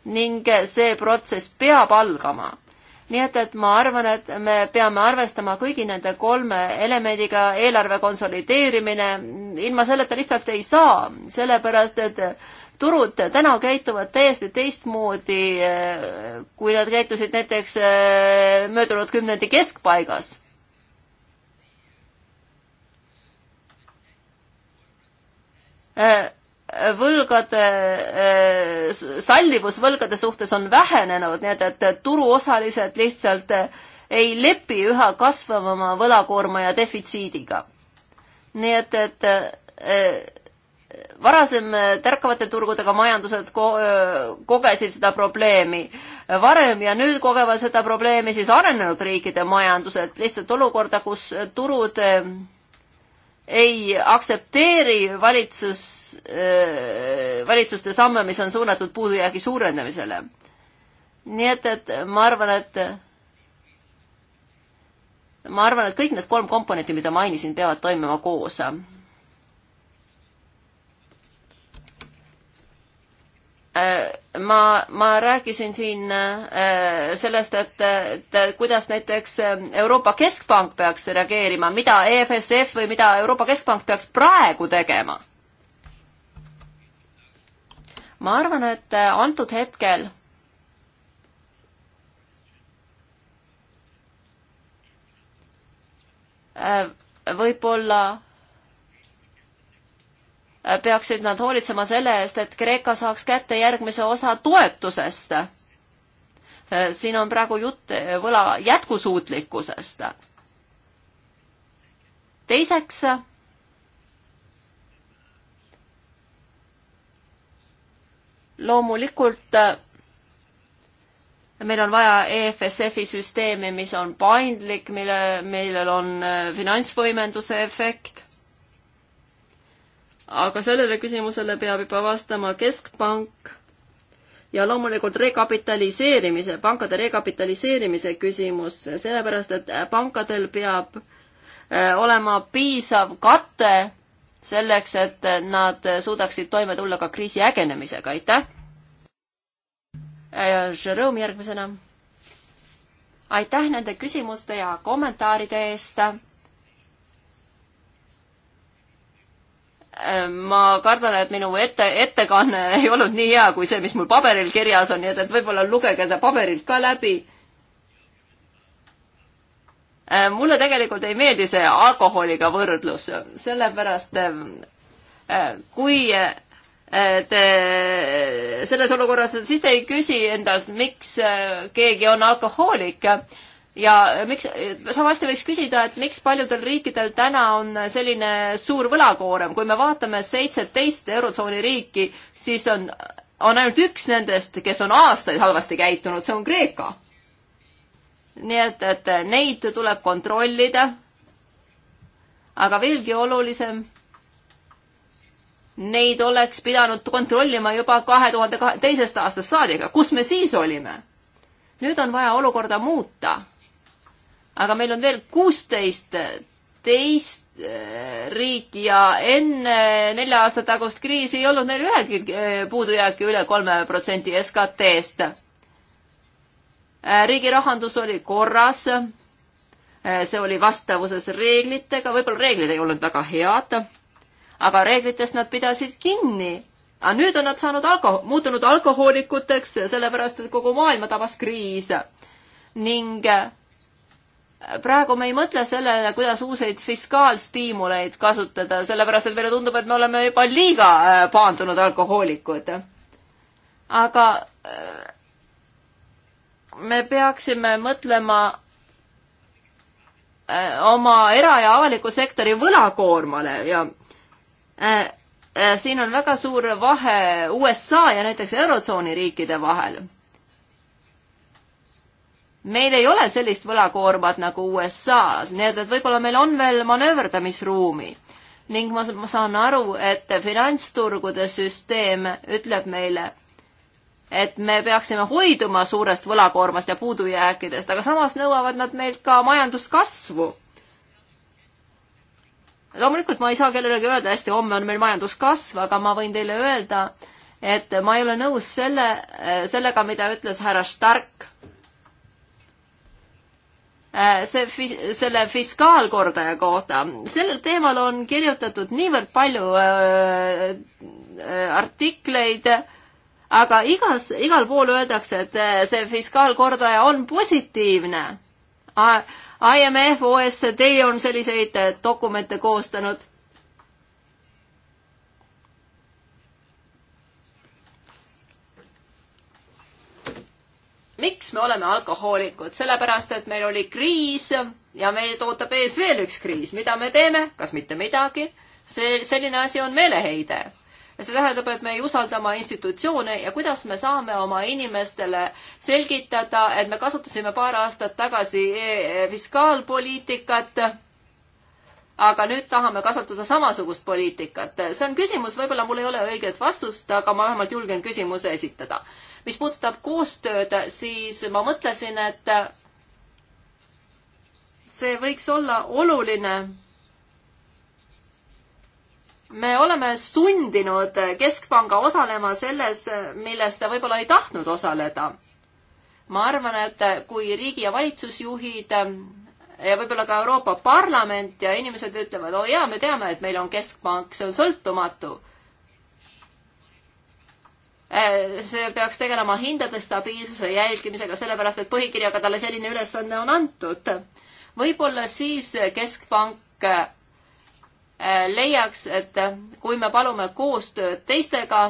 ning see protsess peab algama nii et, et ma arvan, et me peame arvestama kõigi nende kolme elemendiga, eelarve konsolideerimine, ilma selleta lihtsalt ei saa, sellepärast et turud täna käituvad täiesti teistmoodi, eh, kui nad käitusid näiteks eh, möödunud kümnendi keskpaigas. Eh, võlgade, sallivus võlgade suhtes on vähenenud, nii et, et turuosalised lihtsalt ei lepi üha kasvavama võlakoorma ja defitsiidiga. nii et, et varasem äh, tärkavate turgudega majandused ko äh, kogesid seda probleemi varem ja nüüd kogevad seda probleemi siis arenenud riikide majandused, lihtsalt olukorda, kus turud äh, ei aktsepteeri valitsus, valitsuste samme, mis on suunatud puudujäägi suurendamisele. nii et, et ma arvan, et ma arvan, et kõik need kolm komponenti, mida mainisin, peavad toimima koos Äh, ma, ma rääkisin siin äh, sellest, et, et kuidas näiteks äh, Euroopa Keskpank peaks reageerima, mida EFSF või mida Euroopa Keskpank peaks praegu tegema? ma arvan, et antud hetkel võib-olla peaksid nad hoolitsema selle eest, et Kreeka saaks kätte järgmise osa toetusest. siin on praegu jutt võla jätkusuutlikkusest. teiseks loomulikult meil on vaja EFSF-i süsteemi, mis on paindlik, mille, millel on äh, finantsvõimenduse efekt aga sellele küsimusele peab juba vastama Keskpank ja loomulikult rekapitaliseerimise, pankade rekapitaliseerimise küsimus, sellepärast et pankadel peab äh, olema piisav kate selleks, et nad suudaksid toime tulla ka kriisi ägenemisega, aitäh! Äh, Jerome järgmisena. aitäh nende küsimuste ja kommentaaride eest Ehm, ma kardan, et minu ette, ettekanne <laughs> ei olnud nii hea kui see, mis mul paberil kirjas on, nii et, et võib-olla lugege ta paberilt ka läbi. Ehm, mulle tegelikult ei meeldi see alkoholiga võrdlus, sellepärast ehm, kui et eh, selles olukorras, siis te ei küsi endalt, miks eh, keegi on alkohoolik ja miks, samasti võiks küsida, et miks paljudel riikidel täna on selline suur võlakoorem, kui me vaatame seitseteist Eurotsooni riiki, siis on, on ainult üks nendest, kes on aastaid halvasti käitunud, see on Kreeka. nii et, et neid tuleb kontrollida. aga veelgi olulisem, neid oleks pidanud kontrollima juba kahe tuhande kahe, teisest aastast saadik, kus me siis olime? nüüd on vaja olukorda muuta aga meil on veel kuusteist teist äh, riiki ja enne nelja aasta tagust kriisi ei olnud neil ühelgi äh, puudujääki üle kolme protsendi SKT-st. Äh, riigi rahandus oli korras, see oli vastavuses reeglitega, võib-olla reeglid ei olnud väga head, aga reeglitest nad pidasid kinni aga nüüd on nad saanud alko-, muutunud alkohoolikuteks, sellepärast et kogu maailma tabas kriis. ning praegu me ei mõtle sellele, kuidas uuseid fiskaalstiimuleid kasutada, sellepärast et meile tundub, et me oleme juba liiga äh, paandunud alkohoolikud. aga äh, me peaksime mõtlema äh, oma era- ja avaliku sektori võlakoormale ja äh, äh, siin on väga suur vahe USA ja näiteks Eurotsooni riikide vahel meil ei ole sellist võlakoormat nagu USA-s, nii et, et võib-olla meil on veel manööverdamisruumi. ning ma, ma saan aru, et finantsturgude süsteem ütleb meile, et me peaksime hoiduma suurest võlakoormast ja puudujääkidest, aga samas nõuavad nad meilt ka majanduskasvu. loomulikult ma ei saa kellelegi öelda, hästi, homme on meil majanduskasv, aga ma võin teile öelda, et ma ei ole nõus selle, sellega, mida ütles härra Stark Äh, see fis-, selle fiskaalkordaja kohta, sellel teemal on kirjutatud niivõrd palju äh, artikleid, aga igas, igal pool öeldakse, et äh, see fiskaalkordaja on positiivne. IMF, OSCD on selliseid äh, dokumente koostanud miks me oleme alkohoolikud? sellepärast, et meil oli kriis ja meid ootab ees veel üks kriis. mida me teeme? kas mitte midagi? see, selline asi on meeleheide. ja see tähendab, et me ei usalda oma institutsioone ja kuidas me saame oma inimestele selgitada, et me kasutasime paar aastat tagasi e, e, fiskaalpoliitikat, aga nüüd tahame kasutada samasugust poliitikat. see on küsimus, võib-olla mul ei ole õiget vastust, aga ma vähemalt julgen küsimuse esitada mis puudutab koostööd, siis ma mõtlesin, et see võiks olla oluline. me oleme sundinud Keskpanga osalema selles, milles ta võib-olla ei tahtnud osaleda. ma arvan, et kui riigi- ja valitsusjuhid ja võib-olla ka Euroopa Parlament ja inimesed ütlevad, oo oh jaa, me teame, et meil on keskpank, see on sõltumatu Äh, see peaks tegelema hindade stabiilsuse jälgimisega, sellepärast et põhikirjaga talle selline ülesanne on antud. võib-olla siis Keskpank äh, leiaks, et kui me palume koostööd teistega,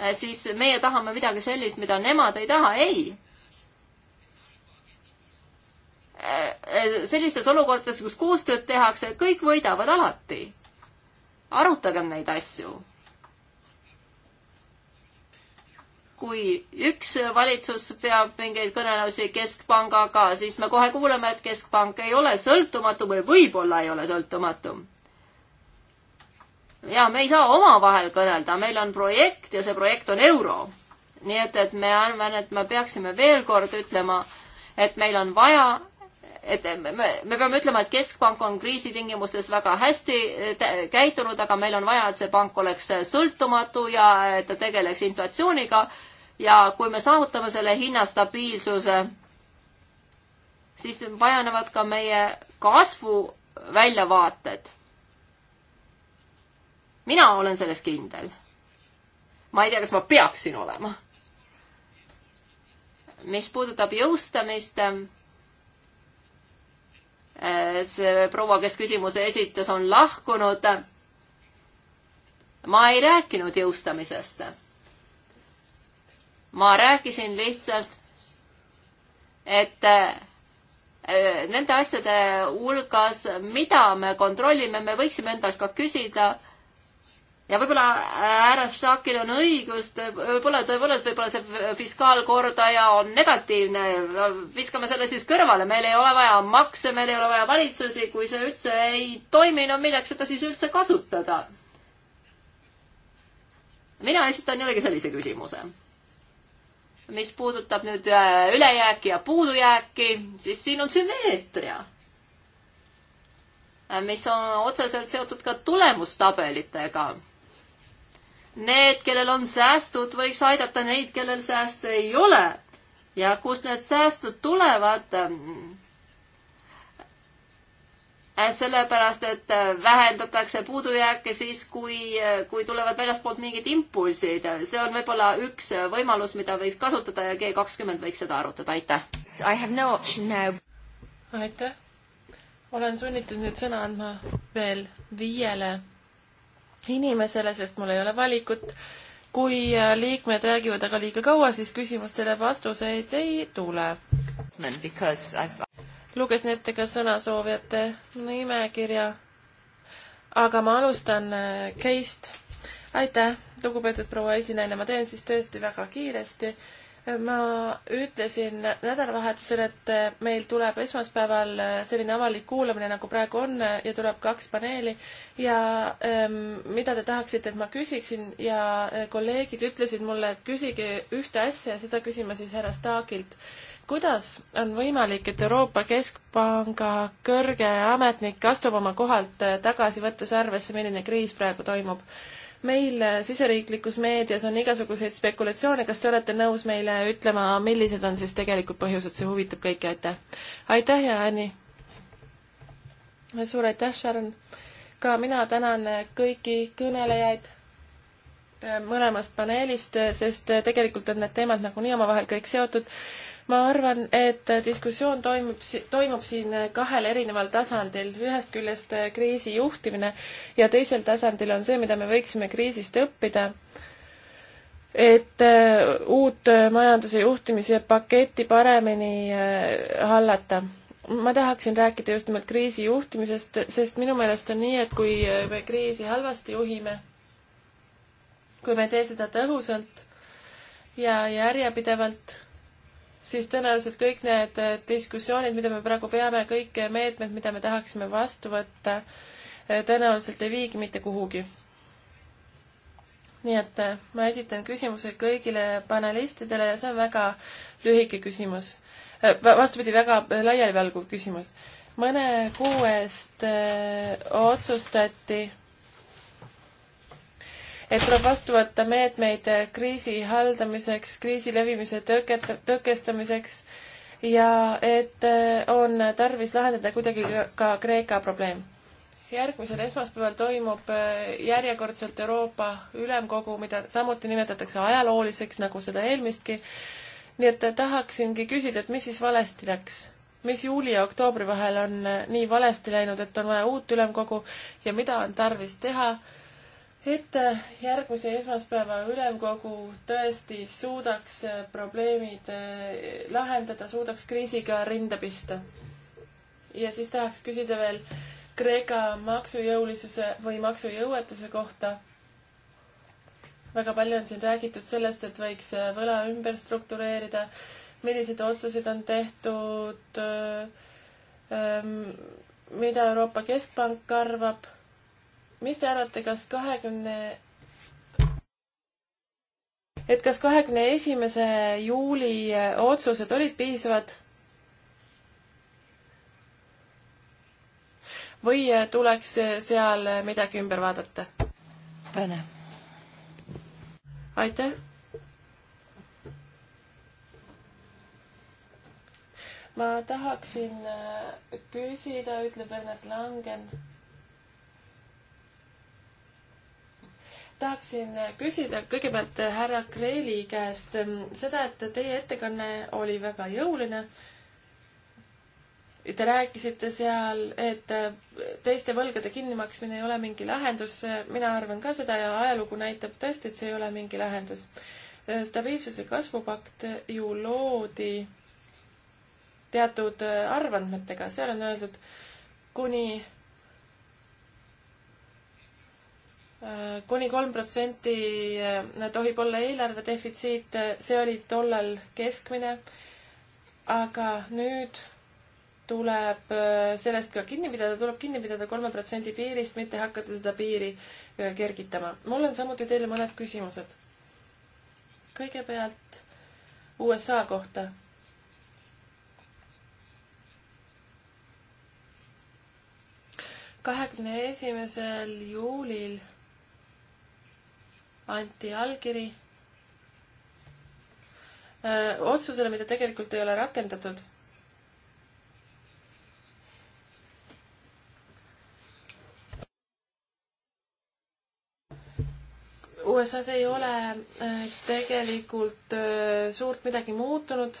äh, siis meie tahame midagi sellist, mida nemad ei taha, ei. sellistes olukordades, kus koostööd tehakse, kõik võidavad alati. arutagem neid asju kui üks valitsus peab mingeid kõnelusi keskpangaga, siis me kohe kuuleme, et keskpank ei ole sõltumatu või võib-olla ei ole sõltumatu. ja me ei saa omavahel kõnelda, meil on projekt ja see projekt on euro. nii et, et me arvan, et me peaksime veel kord ütlema, et meil on vaja et me, me peame ütlema, et keskpank on kriisitingimustes väga hästi käitunud, aga meil on vaja, et see pank oleks sõltumatu ja et ta tegeleks inflatsiooniga ja kui me saavutame selle hinnastabiilsuse, siis vajanevad ka meie kasvu väljavaated. mina olen selles kindel. ma ei tea, kas ma peaksin olema. mis puudutab jõustamist, eh, see proua, kes küsimuse esitas, on lahkunud. ma ei rääkinud jõustamisest ma rääkisin lihtsalt, et eh, nende asjade hulgas, mida me kontrollime, me võiksime endalt ka küsida ja võib-olla eh, härra Šakil on õigust, võib-olla tõepoolest, võib-olla see fiskaalkordaja on negatiivne, viskame selle siis kõrvale, meil ei ole vaja makse, meil ei ole vaja valitsusi, kui see üldse ei toimi, no milleks seda siis üldse kasutada? mina esitan jällegi sellise küsimuse mis puudutab nüüd äh, ülejääki ja puudujääki, siis siin on sümmeetria, äh, mis on otseselt seotud ka tulemustabelitega. Need, kellel on säästud, võiks aidata neid, kellel sääste ei ole ja kust need säästud tulevad, Äh, sellepärast et äh, vähendatakse puudujääke siis, kui, äh, kui tulevad väljaspoolt mingid impulsid. see on võib-olla üks võimalus, mida võiks kasutada ja G kakskümmend võiks seda arutada, aitäh. I have no option now. aitäh. olen sunnitud nüüd sõna andma veel viiele inimesele, sest mul ei ole valikut. kui liikmed räägivad aga liiga kaua, siis küsimustele vastuseid ei tule. Because I've lugesin ette ka sõnasoovijate nimekirja, aga ma alustan Keist. Äh, aitäh, lugupeetud proua esinaine, ma teen siis tõesti väga kiiresti äh, ma ütlesin nädalavahetusel, et äh, meil tuleb esmaspäeval selline avalik kuulamine, nagu praegu on ja tuleb kaks paneeli ja ähm, mida te tahaksite, et ma küsiksin ja kolleegid ütlesid mulle, et küsige ühte asja ja seda küsin ma siis härra Staagilt kuidas on võimalik, et Euroopa Keskpanga kõrge ametnik astub oma kohalt äh, tagasi, võttes arvesse, milline kriis praegu toimub? meil äh, siseriiklikus meedias on igasuguseid spekulatsioone, kas te olete nõus meile ütlema, millised on siis tegelikud põhjused, see huvitab kõiki, aitäh! aitäh ja Anni! suur aitäh, Sharon! ka mina tänan äh, kõiki kõnelejaid mõlemast paneelist, sest tegelikult on need teemad nagunii omavahel kõik seotud ma arvan, et diskussioon toimub, toimub siin kahel erineval tasandil. ühest küljest äh, kriisi juhtimine ja teisel tasandil on see, mida me võiksime kriisist õppida, et äh, uut äh, majanduse juhtimise paketti paremini hallata ma tahaksin rääkida just nimelt kriisi juhtimisest, sest minu meelest on nii, et kui me kriisi halvasti juhime, kui me ei tee seda tõhusalt ja järjepidevalt siis tõenäoliselt kõik need äh, diskussioonid, mida me praegu peame, kõik meetmed, mida me tahaksime vastu võtta, äh, tõenäoliselt ei viigi mitte kuhugi. nii et äh, ma esitan küsimuse kõigile panelistidele ja see on väga lühike küsimus. vastupidi, väga laialivalguv küsimus. mõne kuu eest öö, otsustati et tuleb vastu võtta meetmeid kriisi haldamiseks, kriisi levimise tõket-, tõkestamiseks ja et eh, on tarvis lahendada kuidagi ka Kreeka probleem. järgmisel esmaspäeval toimub eh, järjekordselt Euroopa Ülemkogu, mida samuti nimetatakse ajalooliseks, nagu seda eelmistki, nii et tahaksingi küsida, et mis siis valesti läks? mis juuli ja oktoobri vahel on eh, nii valesti läinud, et on vaja uut ülemkogu ja mida on tarvis teha et järgmise esmaspäeva ülemkogu tõesti suudaks probleemid eh, lahendada, suudaks kriisiga rinda pista. ja siis tahaks küsida veel Kreeka maksujõulisuse või maksujõuetuse kohta. väga palju on siin räägitud sellest, et võiks võla ümber struktureerida, millised otsused on tehtud, eh, ehm, mida Euroopa Keskpank arvab mis te arvate, kas kahekümne 20 et kas kahekümne esimese juuli otsused olid piisavad? või tuleks seal midagi ümber vaadata? Vene. aitäh. ma tahaksin äh, küsida, ütleb Bernard Langen tahaksin küsida kõigepealt härra Kreeli käest ähm, seda, et teie ettekanne oli väga jõuline. Te rääkisite seal, et äh, teiste võlgade kinnimaksmine ei ole mingi lahendus. mina arvan ka seda ja ajalugu näitab tõesti, et see ei ole mingi lahendus. Äh, stabiilsuse kasvupakt ju loodi teatud äh, arvandmetega, seal on öeldud kuni kuni kolm protsenti äh, tohib olla eelarve defitsiit, äh, see oli tollal keskmine. aga nüüd tuleb äh, sellest ka kinni pidada, tuleb kinni pidada kolme protsendi piirist, mitte hakata seda piiri kergitama. mul on samuti teile mõned küsimused. kõigepealt USA kohta. kahekümne esimesel juulil anti allkiri öö, otsusele, mida tegelikult ei ole rakendatud. USA-s ei ole öö, tegelikult öö, suurt midagi muutunud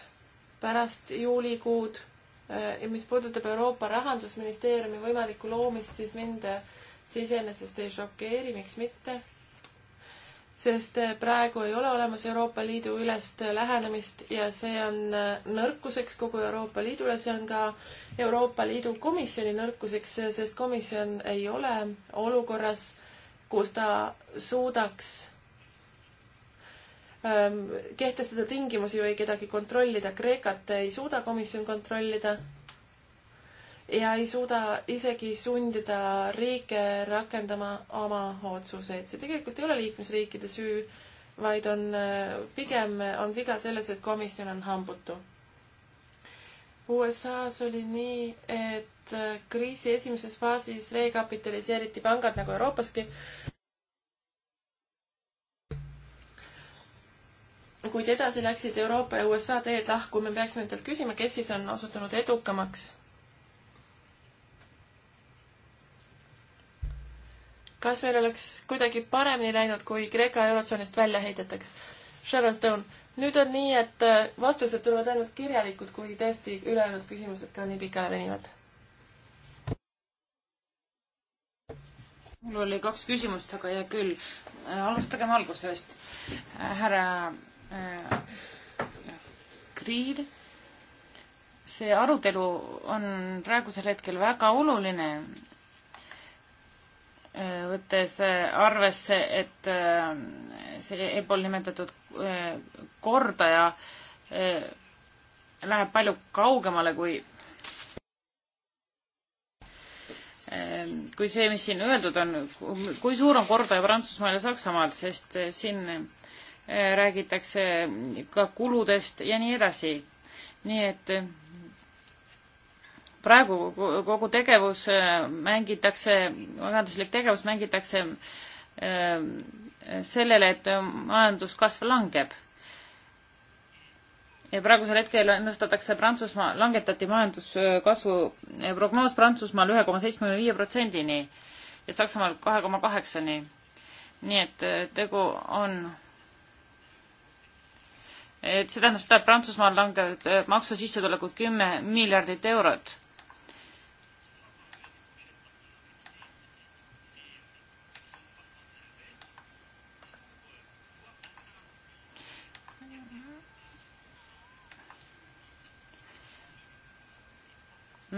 pärast juulikuud ja mis puudutab Euroopa Rahandusministeeriumi võimalikku loomist, siis mind see iseenesest ei šokeeri, miks mitte sest eh, praegu ei ole olemas Euroopa Liidu ülest eh, lähenemist ja see on eh, nõrkuseks kogu Euroopa Liidule, see on ka Euroopa Liidu komisjoni nõrkuseks, sest komisjon ei ole olukorras, kus ta suudaks ehm, kehtestada tingimusi või kedagi kontrollida. Kreekat ei suuda komisjon kontrollida ja ei suuda isegi sundida riike rakendama oma otsuseid. see tegelikult ei ole liikmesriikide süü, vaid on äh, pigem, äh, on viga selles, et komisjon on hambutu. USA-s oli nii, et äh, kriisi esimeses faasis rekapitaliseeriti pangad nagu Euroopaski. kuid edasi läksid Euroopa ja USA teed lahku, me peaksime endalt küsima, kes siis on osutunud edukamaks kas meil oleks kuidagi paremini läinud, kui Kreeka eurotsoonist välja heidetaks? Sharon Stone, nüüd on nii, et äh, vastused tulevad ainult kirjalikud, kui tõesti ülejäänud küsimused ka nii pikale venivad. mul oli kaks küsimust, aga hea küll. Äh, alustagem algusest. Äh, härra äh, Kriil see arutelu on praegusel hetkel väga oluline Äh, võttes äh, arvesse, et äh, see eespool nimetatud kordaja läheb palju kaugemale kui, kui see, mis siin öeldud on, kui suur on kordaja Prantsusmaal ja Saksamaal, sest siin räägitakse ka kuludest ja nii edasi. nii et praegu kogu tegevus äh, mängitakse, majanduslik tegevus mängitakse ähm, sellele, et majanduskasv langeb. ja praegusel hetkel ennustatakse Prantsusmaa, langetati majanduskasvu äh, prognoos Prantsusmaal ühe koma seitsmekümne viie protsendini ja Saksamaal kahe koma kaheksani. nii et äh, tegu on et see tähendab seda, et Prantsusmaal langevad maksusissetulekud kümme miljardit eurot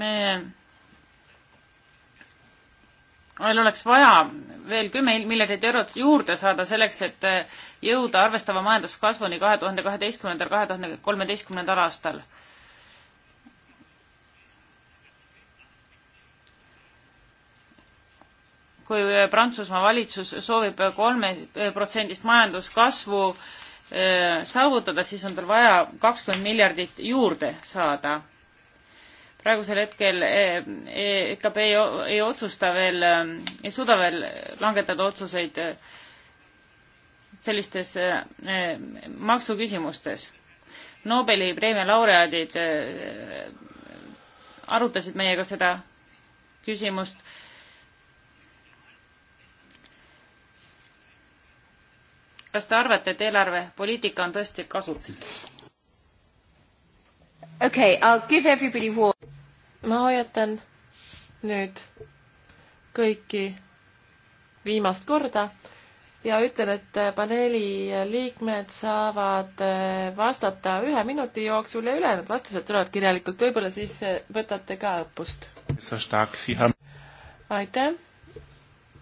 me, meil oleks vaja veel kümme miljardit eurot juurde saada selleks, et eh, jõuda arvestava majanduskasvuni kahe tuhande kaheteistkümnendal, kahe tuhande kolmeteistkümnendal aastal. kui eh, Prantsusmaa valitsus soovib kolmeprotsendist majanduskasvu eh, saavutada, siis on tal vaja kakskümmend miljardit juurde saada praegusel hetkel eh, eh, EKP ei, ei otsusta veel, eh, ei suuda veel langetada otsuseid sellistes maksuküsimustes. Nobeli preemia laureaadid arutasid meiega seda küsimust kas te arvate, et eelarvepoliitika on tõesti kasulik? Okay, I'll give everybody warning ma hoiatan nüüd kõiki viimast korda ja ütlen, et paneeli liikmed saavad eh, vastata ühe minuti jooksul ja ülejäänud vastused tulevad kirjalikult, võib-olla siis eh, võtate ka õppust. aitäh,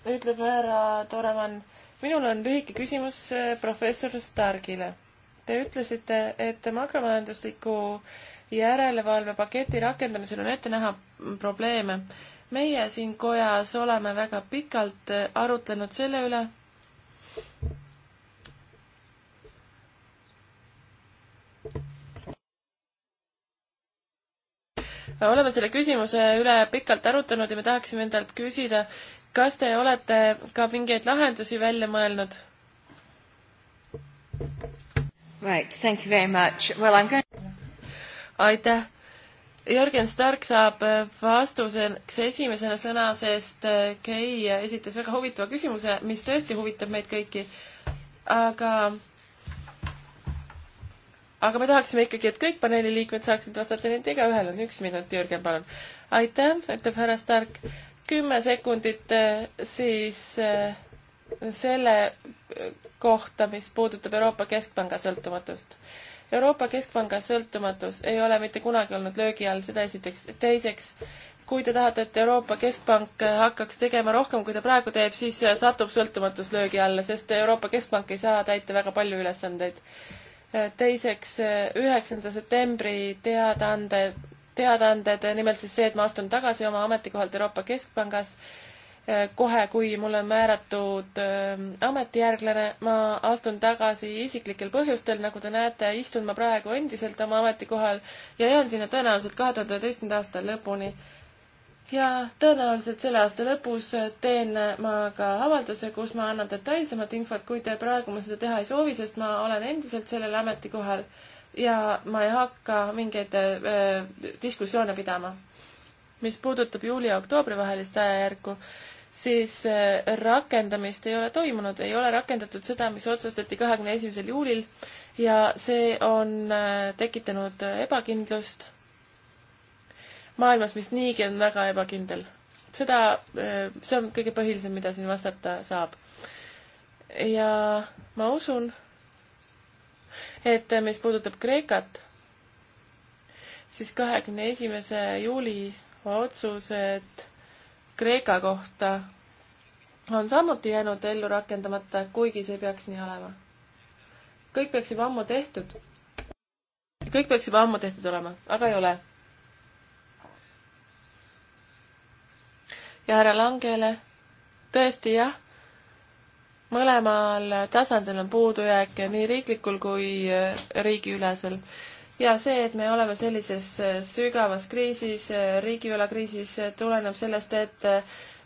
ütleb härra Toreman. minul on lühike küsimus eh, professor Stargile. Te ütlesite, et makromajandusliku järelevalvepaketi rakendamisel on ette näha probleeme. meie siin kojas oleme väga pikalt äh, arutlenud selle üle, oleme selle küsimuse üle pikalt arutanud ja me tahaksime endalt küsida, kas te olete ka mingeid lahendusi välja mõelnud? Right, thank you very much. Well, I'm going aitäh! Jörgen Stark saab äh, vastuseks esimesena sõna, sest äh, Kei esitas väga huvitava küsimuse, mis tõesti huvitab meid kõiki. aga, aga me tahaksime ikkagi, et kõik paneeli liikmed saaksid vastata, nii et igaühel on üks minut, Jürgen, palun. aitäh, ütleb härra Stark. kümme sekundit, äh, siis äh, selle kohta, mis puudutab Euroopa Keskpanga sõltumatust. Euroopa Keskpanga sõltumatus ei ole mitte kunagi olnud löögi all, seda esiteks. teiseks, kui te tahate, et Euroopa Keskpank hakkaks tegema rohkem, kui ta praegu teeb, siis satub sõltumatus löögi alla, sest Euroopa Keskpank ei saa täita väga palju ülesandeid. teiseks, üheksanda septembri teadaande, teadaanded, nimelt siis see, et ma astun tagasi oma ametikohalt Euroopa Keskpangas Eh, kohe, kui mulle on määratud eh, ametijärglane, ma astun tagasi isiklikel põhjustel, nagu te näete, istun ma praegu endiselt oma ametikohal ja jään sinna tõenäoliselt kahe tuhande üheteistkümnenda aasta lõpuni. ja tõenäoliselt selle aasta lõpus teen ma ka avalduse, kus ma annan detailsemat infot, kuid praegu ma seda teha ei soovi, sest ma olen endiselt sellel ametikohal ja ma ei hakka mingeid eh, diskussioone pidama mis puudutab juuli ja oktoobri vahelist ajajärku, siis äh, rakendamist ei ole toimunud, ei ole rakendatud seda, mis otsustati kahekümne esimesel juulil ja see on äh, tekitanud äh, ebakindlust maailmas, mis niigi on väga ebakindel. seda, see on kõige põhilisem, mida siin vastata saab. ja ma usun, et mis puudutab Kreekat, siis kahekümne esimese juuli otsused Kreeka kohta on samuti jäänud ellu rakendamata, kuigi see ei peaks nii olema. kõik peaks juba ammu tehtud. kõik peaks juba ammu tehtud olema, aga ei ole. ja härra Langele, tõesti jah, mõlemal tasandil on puudujääke, nii riiklikul kui riigiülesel ja see, et me oleme sellises äh, sügavas kriisis, äh, riigivõlakriisis, äh, tuleneb sellest, et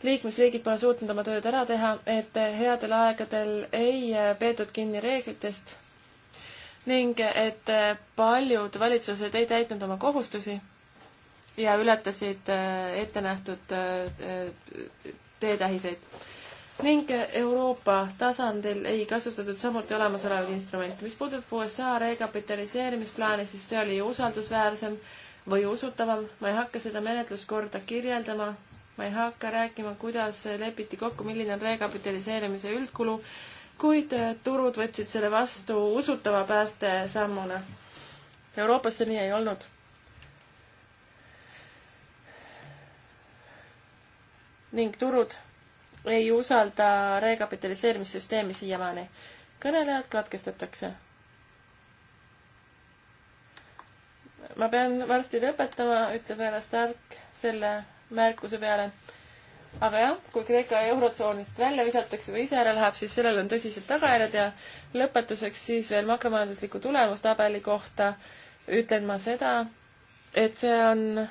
liikmesriigid pole suutnud oma tööd ära teha, et headel aegadel ei peetud kinni reeglitest ning et paljud valitsused ei täitnud oma kohustusi ja ületasid ettenähtud teetähiseid ning Euroopa tasandil ei kasutatud samuti olemasolevaid instrumente. mis puudutab USA rekapitaliseerimisplaani, siis see oli usaldusväärsem või usutavam, ma ei hakka seda menetluskorda kirjeldama, ma ei hakka rääkima, kuidas lepiti kokku, milline on rekapitaliseerimise üldkulu, kuid turud võtsid selle vastu usutava päästesammuna. Euroopas see nii ei olnud ning turud ei usalda rekapitaliseerimissüsteemi siiamaani. kõnelejad katkestatakse. ma pean varsti lõpetama, ütleb härra Stark selle märkuse peale. aga jah, kui Kreeka eurotsoonist välja visatakse või ise ära läheb, siis sellel on tõsised tagajärjed ja lõpetuseks siis veel makromajandusliku tulemustabeli kohta ütlen ma seda, et see on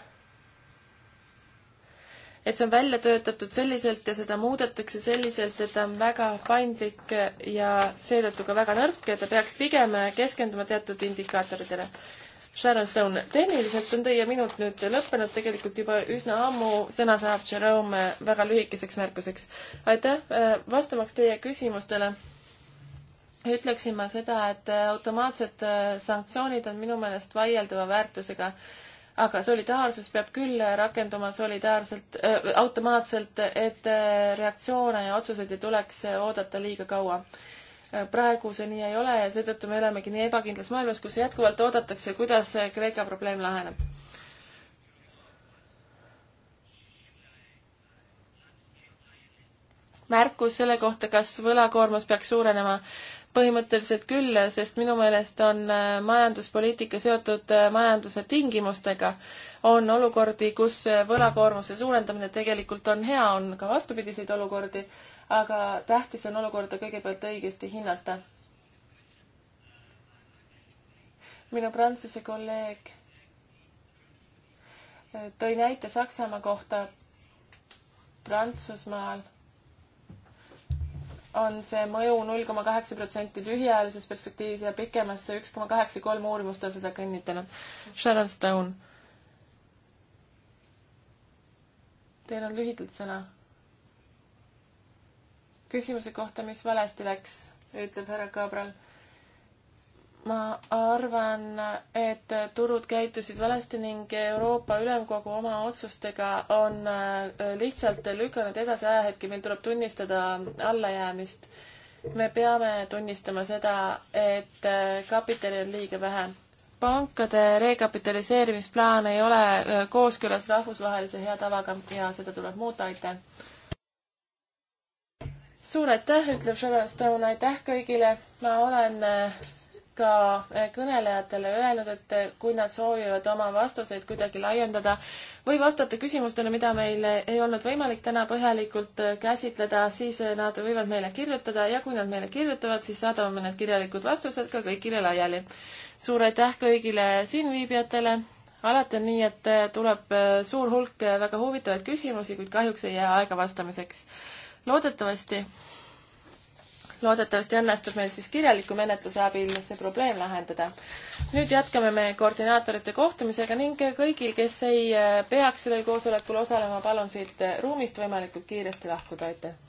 et see on välja töötatud selliselt ja seda muudetakse selliselt, et ta on väga paindlik ja seetõttu ka väga nõrk ja ta peaks pigem keskenduma teatud indikaatoritele. Sharon Stone, tehniliselt on teie minut nüüd lõppenud, tegelikult juba üsna ammu sõna saab Jerome väga lühikeseks märkuseks. aitäh, vastamaks teie küsimustele ütleksin ma seda, et automaatsed sanktsioonid on minu meelest vaieldava väärtusega aga solidaarsus peab küll rakenduma solidaarselt äh,, automaatselt, et äh, reaktsioone ja otsuseid ei tuleks äh, oodata liiga kaua. Äh, praegu see nii ei ole ja seetõttu me elamegi nii ebakindlas maailmas, kus jätkuvalt oodatakse, kuidas Kreeka probleem laheneb. märkus selle kohta, kas võlakoormus peaks suurenema põhimõtteliselt küll, sest minu meelest on äh, majanduspoliitika seotud äh, majanduse tingimustega. on olukordi, kus äh, võlakoormuse suurendamine tegelikult on hea, on ka vastupidiseid olukordi, aga tähtis on olukorda kõigepealt õigesti hinnata. minu prantsuse kolleeg tõi näite Saksamaa kohta Prantsusmaal on see mõju null koma kaheksa protsenti lühiajalises perspektiivis ja pikemas üks koma kaheksa kolm uurimust on seda kinnitanud. Sharon Stone. Teil on lühidalt sõna. küsimuse kohta, mis valesti läks, ütleb härra Kabral ma arvan, et turud käitusid valesti ning Euroopa Ülemkogu oma otsustega on äh, lihtsalt lükanud edasi ajahetki, mil tuleb tunnistada allajäämist. me peame tunnistama seda, et äh, kapitali on liiga vähe. pankade rekapitaliseerimisplaan ei ole äh, kooskõlas rahvusvahelise hea tavaga ja seda tuleb muuta, aitäh! suur aitäh, ütleb Sharon Stone, aitäh kõigile, ma olen ka eh, kõnelejatele öelnud, et eh, kui nad soovivad oma vastuseid kuidagi laiendada või vastata küsimustele, mida meil ei olnud võimalik täna põhjalikult eh, käsitleda, siis nad võivad meile kirjutada ja kui nad meile kirjutavad, siis saadame need kirjalikud vastused ka kõigile laiali. suur aitäh kõigile siinviibijatele, alati on nii, et tuleb suur hulk väga huvitavaid küsimusi, kuid kahjuks ei jää aega vastamiseks. loodetavasti loodetavasti õnnestub meil siis kirjaliku menetluse abil see probleem lahendada. nüüd jätkame me koordinaatorite kohtumisega ning kõigil, kes ei eh, peaks sellel koosolekul osalema, palun siit ruumist võimalikult kiiresti lahkuda, aitäh!